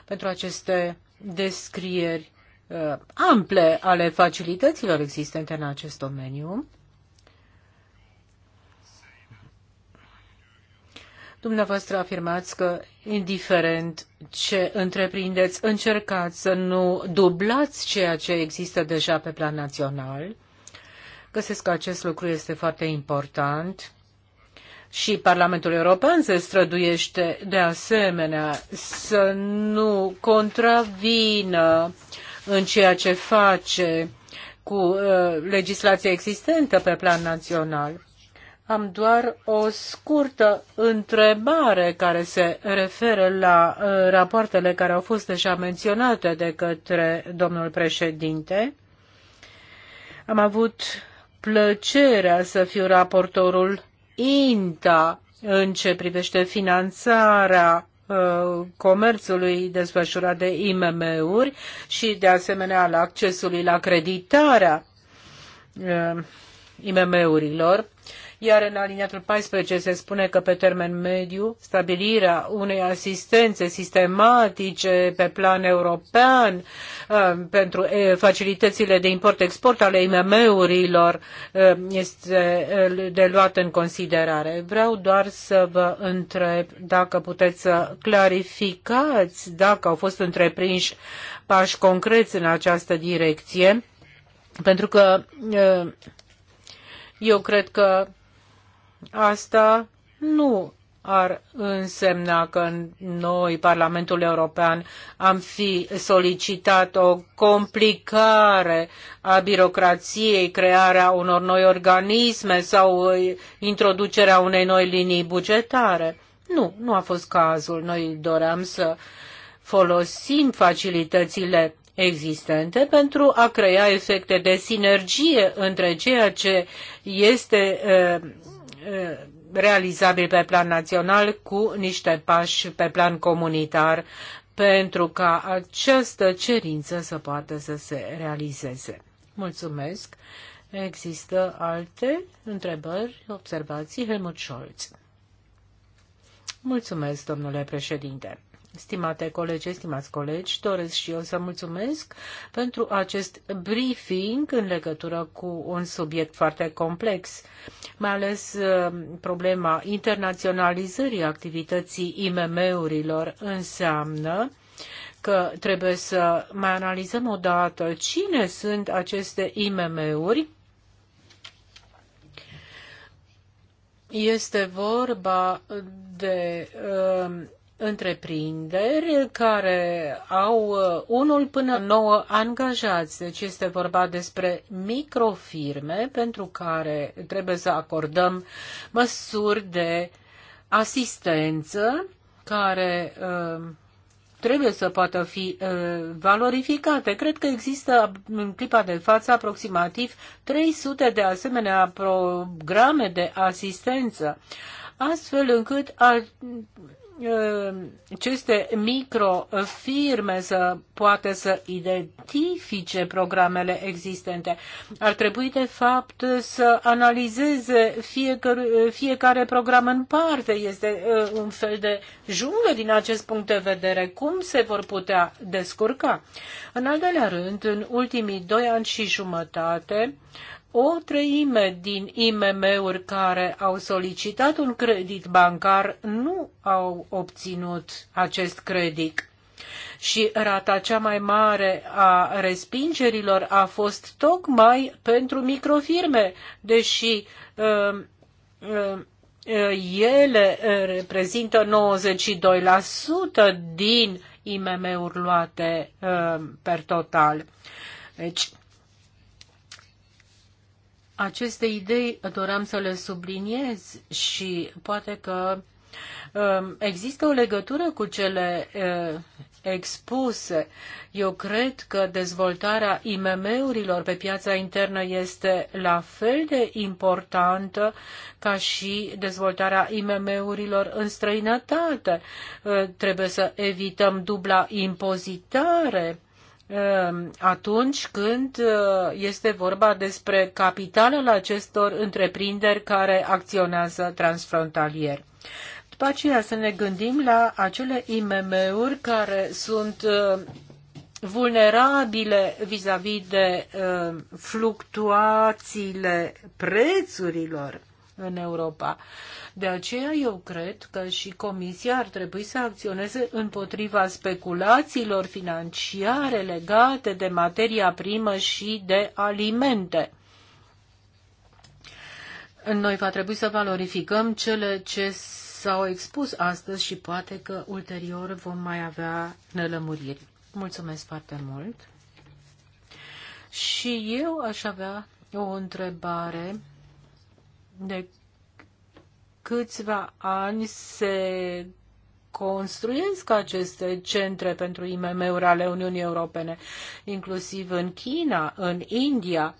pentru aceste descrieri uh, ample ale facilităților existente în acest domeniu. Dumneavoastră afirmați că, indiferent ce întreprindeți, încercați să nu dublați ceea ce există deja pe plan național. Găsesc că acest lucru este foarte important și Parlamentul European se străduiește de asemenea să nu contravină în ceea ce face cu uh, legislația existentă pe plan național. Am doar o scurtă întrebare care se referă la uh, rapoartele care au fost deja menționate de către domnul președinte. Am avut plăcerea să fiu raportorul INTA în ce privește finanțarea uh, comerțului desfășurat de IMM-uri și de asemenea al accesului la creditarea uh, IMM-urilor. Uh, iar în aliniatul 14 se spune că pe termen mediu stabilirea unei asistențe sistematice pe plan european um, pentru facilitățile de import-export ale IMM-urilor um, este uh, de luat în considerare. Vreau doar să vă întreb dacă puteți să clarificați dacă au fost întreprinși pași concreți în această direcție, pentru că uh, eu cred că Asta nu ar însemna că noi, Parlamentul European, am fi solicitat o complicare a birocrației, crearea unor noi organisme sau uh, introducerea unei noi linii bugetare. Nu, nu a fost cazul. Noi doream să folosim facilitățile existente pentru a crea efecte de sinergie între ceea ce este uh, Uh, realizabil pe plan național cu niște pași pe plan comunitar pentru ca această cerință să poată să se realizeze. Mulțumesc. Există alte întrebări, observații? Helmut Scholz. Mulțumesc, domnule președinte. Stimate colegi, stimați colegi, doresc și eu să mulțumesc pentru acest briefing în legătură cu un subiect foarte complex, mai ales uh, problema internaționalizării activității IMM-urilor înseamnă că trebuie să mai analizăm odată cine sunt aceste IMM-uri este vorba de uh, întreprinderi care au uh, unul până nouă angajați. Deci este vorba despre microfirme pentru care trebuie să acordăm măsuri de asistență care uh, trebuie să poată fi uh, valorificate. Cred că există în clipa de față aproximativ 300 de asemenea programe de asistență, astfel încât a, Uh, aceste microfirme să poată să identifice programele existente. Ar trebui, de fapt, să analizeze fiecare, fiecare program în parte. Este uh, un fel de junglă din acest punct de vedere. Cum se vor putea descurca? În al doilea rând, în ultimii doi ani și jumătate, uh, o treime din IMM-uri care au solicitat un credit bancar nu au obținut acest credit. Și rata cea mai mare a respingerilor a fost tocmai pentru microfirme, deși uh, uh, ele reprezintă 92% din IMM-uri luate uh, per total. Deci, aceste idei doream să le subliniez și poate că um, Există o legătură cu cele uh, expuse. Eu cred că dezvoltarea IMM-urilor pe piața internă este la fel de importantă ca și dezvoltarea IMM-urilor în străinătate. Uh, trebuie să evităm dubla impozitare Ehm, atunci când eh, este vorba despre capitalul acestor întreprinderi care acționează transfrontalier. După aceea să ne gândim la acele IMM-uri care sunt eh, vulnerabile vis-a-vis -vis de eh, fluctuațiile prețurilor în Europa. De aceea eu cred că și Comisia ar trebui să acționeze împotriva speculațiilor financiare legate de materia primă și de alimente. Noi va trebui să valorificăm cele ce s-au expus astăzi și poate că ulterior vom mai avea nelămuriri. Mulțumesc foarte mult! Și eu aș avea o întrebare de câțiva ani se construiesc aceste centre pentru IMM-uri ale Uniunii Europene, inclusiv în China, în India.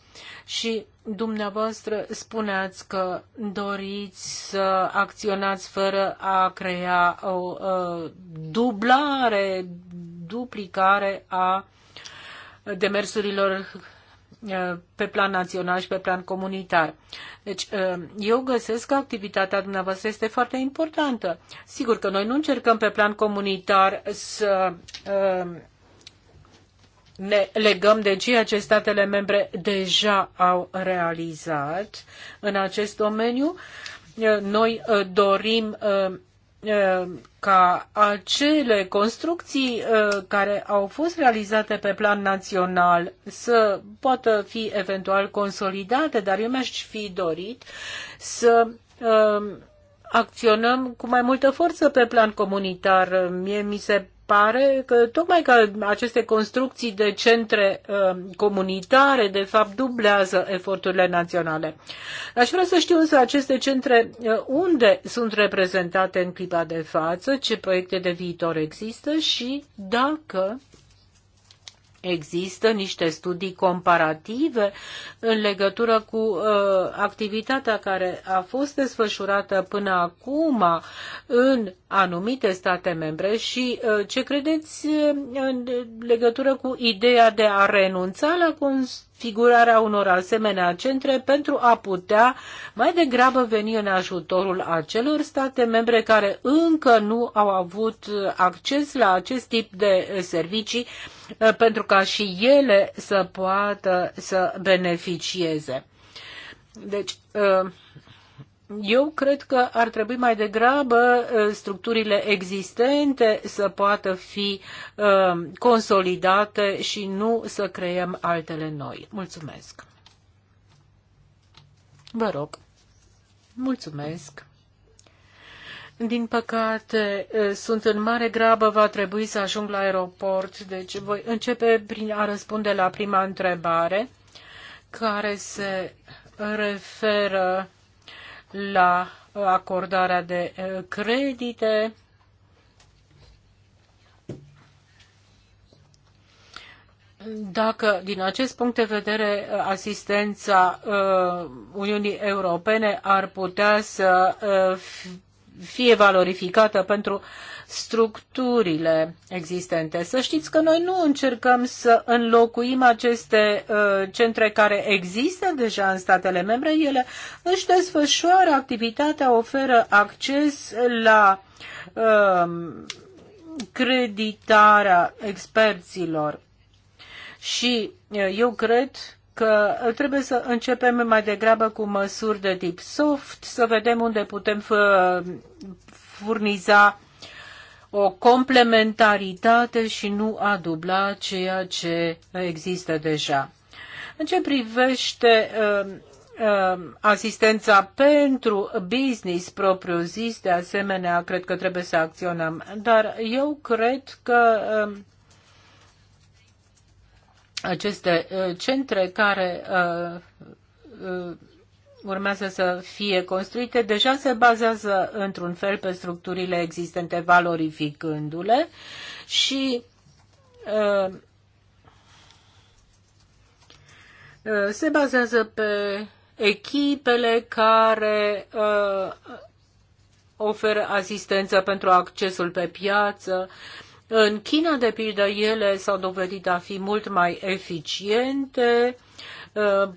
Și dumneavoastră spuneați că doriți să acționați fără a crea o, o dublare, duplicare a demersurilor pe plan național și pe plan comunitar. Deci, ă, eu găsesc că activitatea dumneavoastră este foarte importantă. Sigur că noi nu încercăm pe plan comunitar să ă, ne legăm de ceea ce statele membre deja au realizat în acest domeniu. Noi ă, dorim Uh, ca acele construcții uh, care au fost realizate pe plan național să poată fi eventual consolidate, dar eu mi-aș fi dorit să uh, acționăm cu mai multă forță pe plan comunitar. Mie mi se pare că tocmai că aceste construcții de centre uh, comunitare, de fapt, dublează eforturile naționale. Aș vrea să știu însă aceste centre uh, unde sunt reprezentate în clipa de față, ce proiecte de viitor există și dacă Există niște studii comparative în legătură cu uh, activitatea care a fost desfășurată până acum în anumite state membre și uh, ce credeți uh, în legătură cu ideea de a renunța la configurarea unor asemenea centre pentru a putea mai degrabă veni în ajutorul acelor state membre care încă nu au avut acces la acest tip de servicii Uh, pentru ca și ele să poată să beneficieze. Deci, uh, eu cred că ar trebui mai degrabă uh, structurile existente să poată fi consolidate și nu să creăm altele noi. Mulțumesc. Vă rog. Mulțumesc. Din păcate, sunt în mare grabă, va trebui să ajung la aeroport, deci voi începe prin a răspunde la prima întrebare, care se referă la acordarea de credite. Dacă, din acest punct de vedere, asistența uh, Uniunii Europene ar putea să uh, fie valorificată pentru structurile existente. Să știți că noi nu încercăm să înlocuim aceste uh, centre care există deja în statele membre. Ele își desfășoară activitatea, oferă acces la uh, creditarea experților. Și uh, eu cred că trebuie să începem mai degrabă cu măsuri de tip soft, să vedem unde putem furniza o complementaritate și nu a dubla ceea ce există deja. În ce privește uh, uh, asistența pentru business propriu-zis, de asemenea, cred că trebuie să acționăm. Dar eu cred că uh, aceste uh, centre care uh, uh, urmează să fie construite deja se bazează într-un fel pe structurile existente, valorificându-le și se bazează pe echipele care oferă asistență pentru accesul pe piață, în China, de pildă, ele s-au dovedit a fi mult mai eficiente, uh,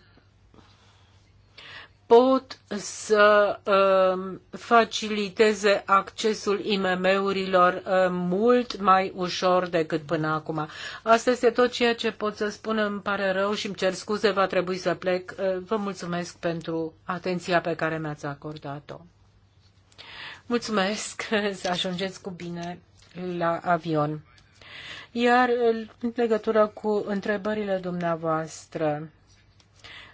pot să uh, faciliteze accesul IMM-urilor uh, mult mai ușor decât până acum. Asta este tot ceea ce pot să spun, îmi pare rău și îmi cer scuze, va trebui să plec. Vă mulțumesc pentru atenția pe care mi-ați acordat-o. Mulțumesc, [LAUGHS] să ajungeți cu bine la avion. Iar în legătură cu întrebările dumneavoastră,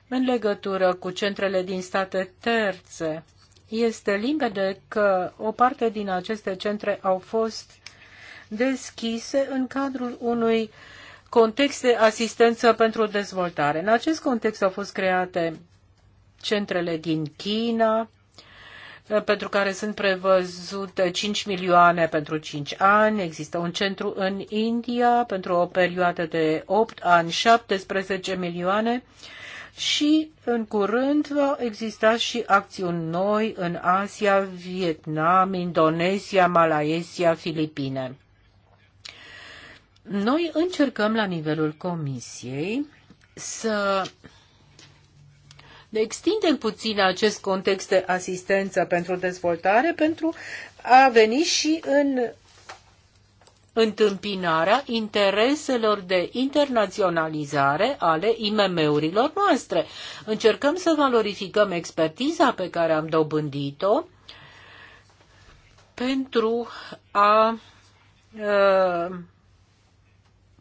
în legătură cu centrele din state terțe, este limpede că o parte din aceste centre au fost deschise în cadrul unui context de asistență pentru dezvoltare. În acest context au fost create centrele din China, Eh, pentru care sunt prevăzute 5 milioane pentru 5 ani. Există un centru în India pentru o perioadă de 8 ani, 17 milioane și în curând va exista și acțiuni noi în Asia, Vietnam, Indonezia, Malaezia, Filipine. Noi încercăm la nivelul Comisiei să de extindem puțin acest context de asistență pentru dezvoltare pentru a veni și în întâmpinarea intereselor de internaționalizare ale IMM-urilor noastre. Încercăm să valorificăm expertiza pe care am dobândit-o pentru a uh,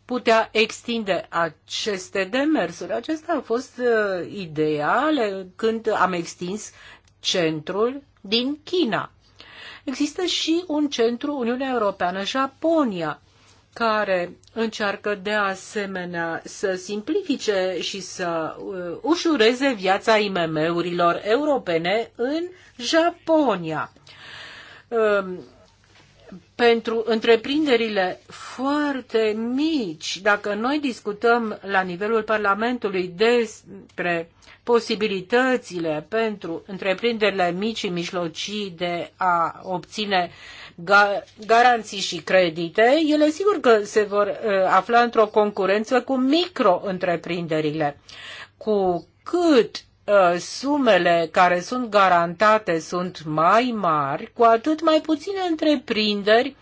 putea extinde aceste demersuri. Acesta a fost uh, ideea când am extins centrul din China. Există și un centru Uniunea Europeană-Japonia, care încearcă de asemenea să simplifice și să uh, ușureze viața IMM-urilor europene în Japonia. Uh, pentru întreprinderile foarte mici, dacă noi discutăm la nivelul Parlamentului despre posibilitățile pentru întreprinderile mici și mijlocii de a obține ga- garanții și credite, ele sigur că se vor uh, afla într-o concurență cu micro-întreprinderile. Cu cât Uh, sumele care sunt garantate sunt mai mari, cu atât mai puține întreprinderi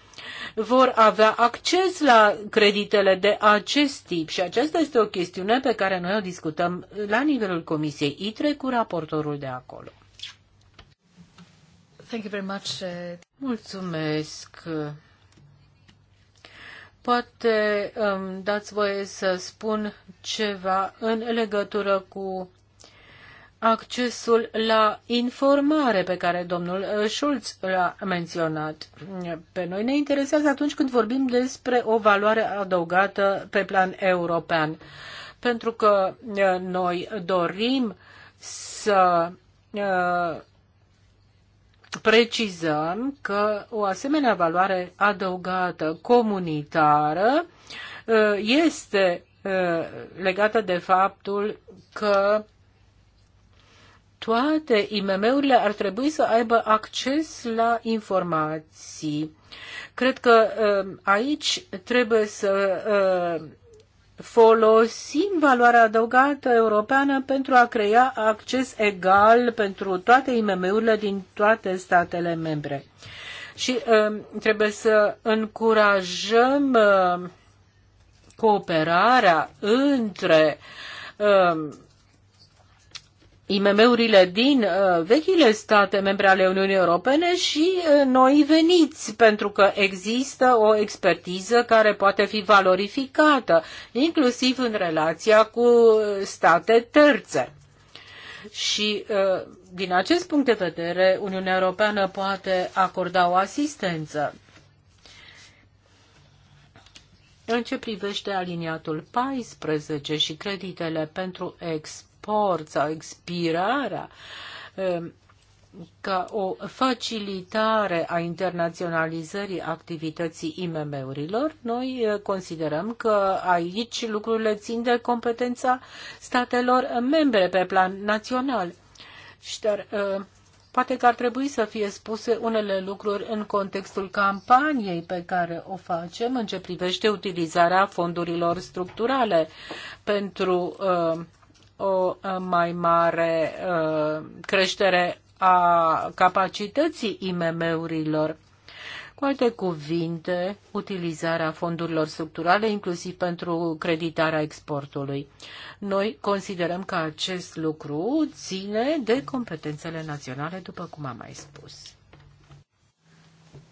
vor avea acces la creditele de acest tip și aceasta este o chestiune pe care noi o discutăm la nivelul Comisiei ITRE cu raportorul de acolo. Thank you very much. Uh, Mulțumesc. Poate um, dați voie să spun ceva în legătură cu accesul la informare pe care domnul uh, Schulz l-a menționat. Pe noi ne interesează atunci când vorbim despre o valoare adăugată pe plan european, pentru că uh, noi dorim să uh, precizăm că o asemenea valoare adăugată comunitară este legată de faptul că toate IMM-urile ar trebui să aibă acces la informații. Cred că uh, aici trebuie să uh, folosim valoarea adăugată europeană pentru a crea acces egal pentru toate IMM-urile din toate statele membre. Și uh, trebuie să încurajăm cooperarea între IMM-urile din uh, vechile state membre ale Uniunii Europene și uh, noi veniți, pentru că există o expertiză care poate fi valorificată, inclusiv în relația cu uh, state terțe. Și din acest punct de vedere, Uniunea Europeană poate acorda o asistență. În ce privește aliniatul 14 și creditele pentru export, transport sau expirarea um, ca o facilitare a internaționalizării activității IMM-urilor, noi uh, considerăm că aici lucrurile țin de competența statelor membre pe plan național. Și dar, uh, poate că ar trebui să fie spuse unele lucruri în contextul campaniei pe care o facem în ce privește utilizarea fondurilor structurale pentru uh, o mai mare creștere a capacității IMM-urilor. Cu alte cuvinte, utilizarea fondurilor structurale, inclusiv pentru creditarea exportului. Noi considerăm că acest lucru ține de competențele naționale, după cum am mai spus.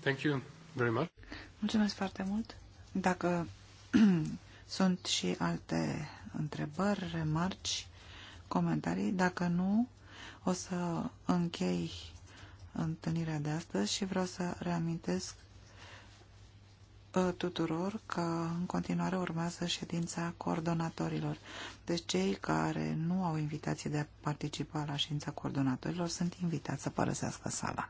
Thank you very much. Mulțumesc foarte mult. Dacă [CLEARS THROAT] sunt și alte întrebări, remarci, comentarii? Dacă nu, o să închei întâlnirea de astăzi și vreau să reamintesc uh, tuturor că în continuare urmează ședința coordonatorilor. Deci cei care nu au invitație de a participa la ședința coordonatorilor sunt invitați să părăsească sala.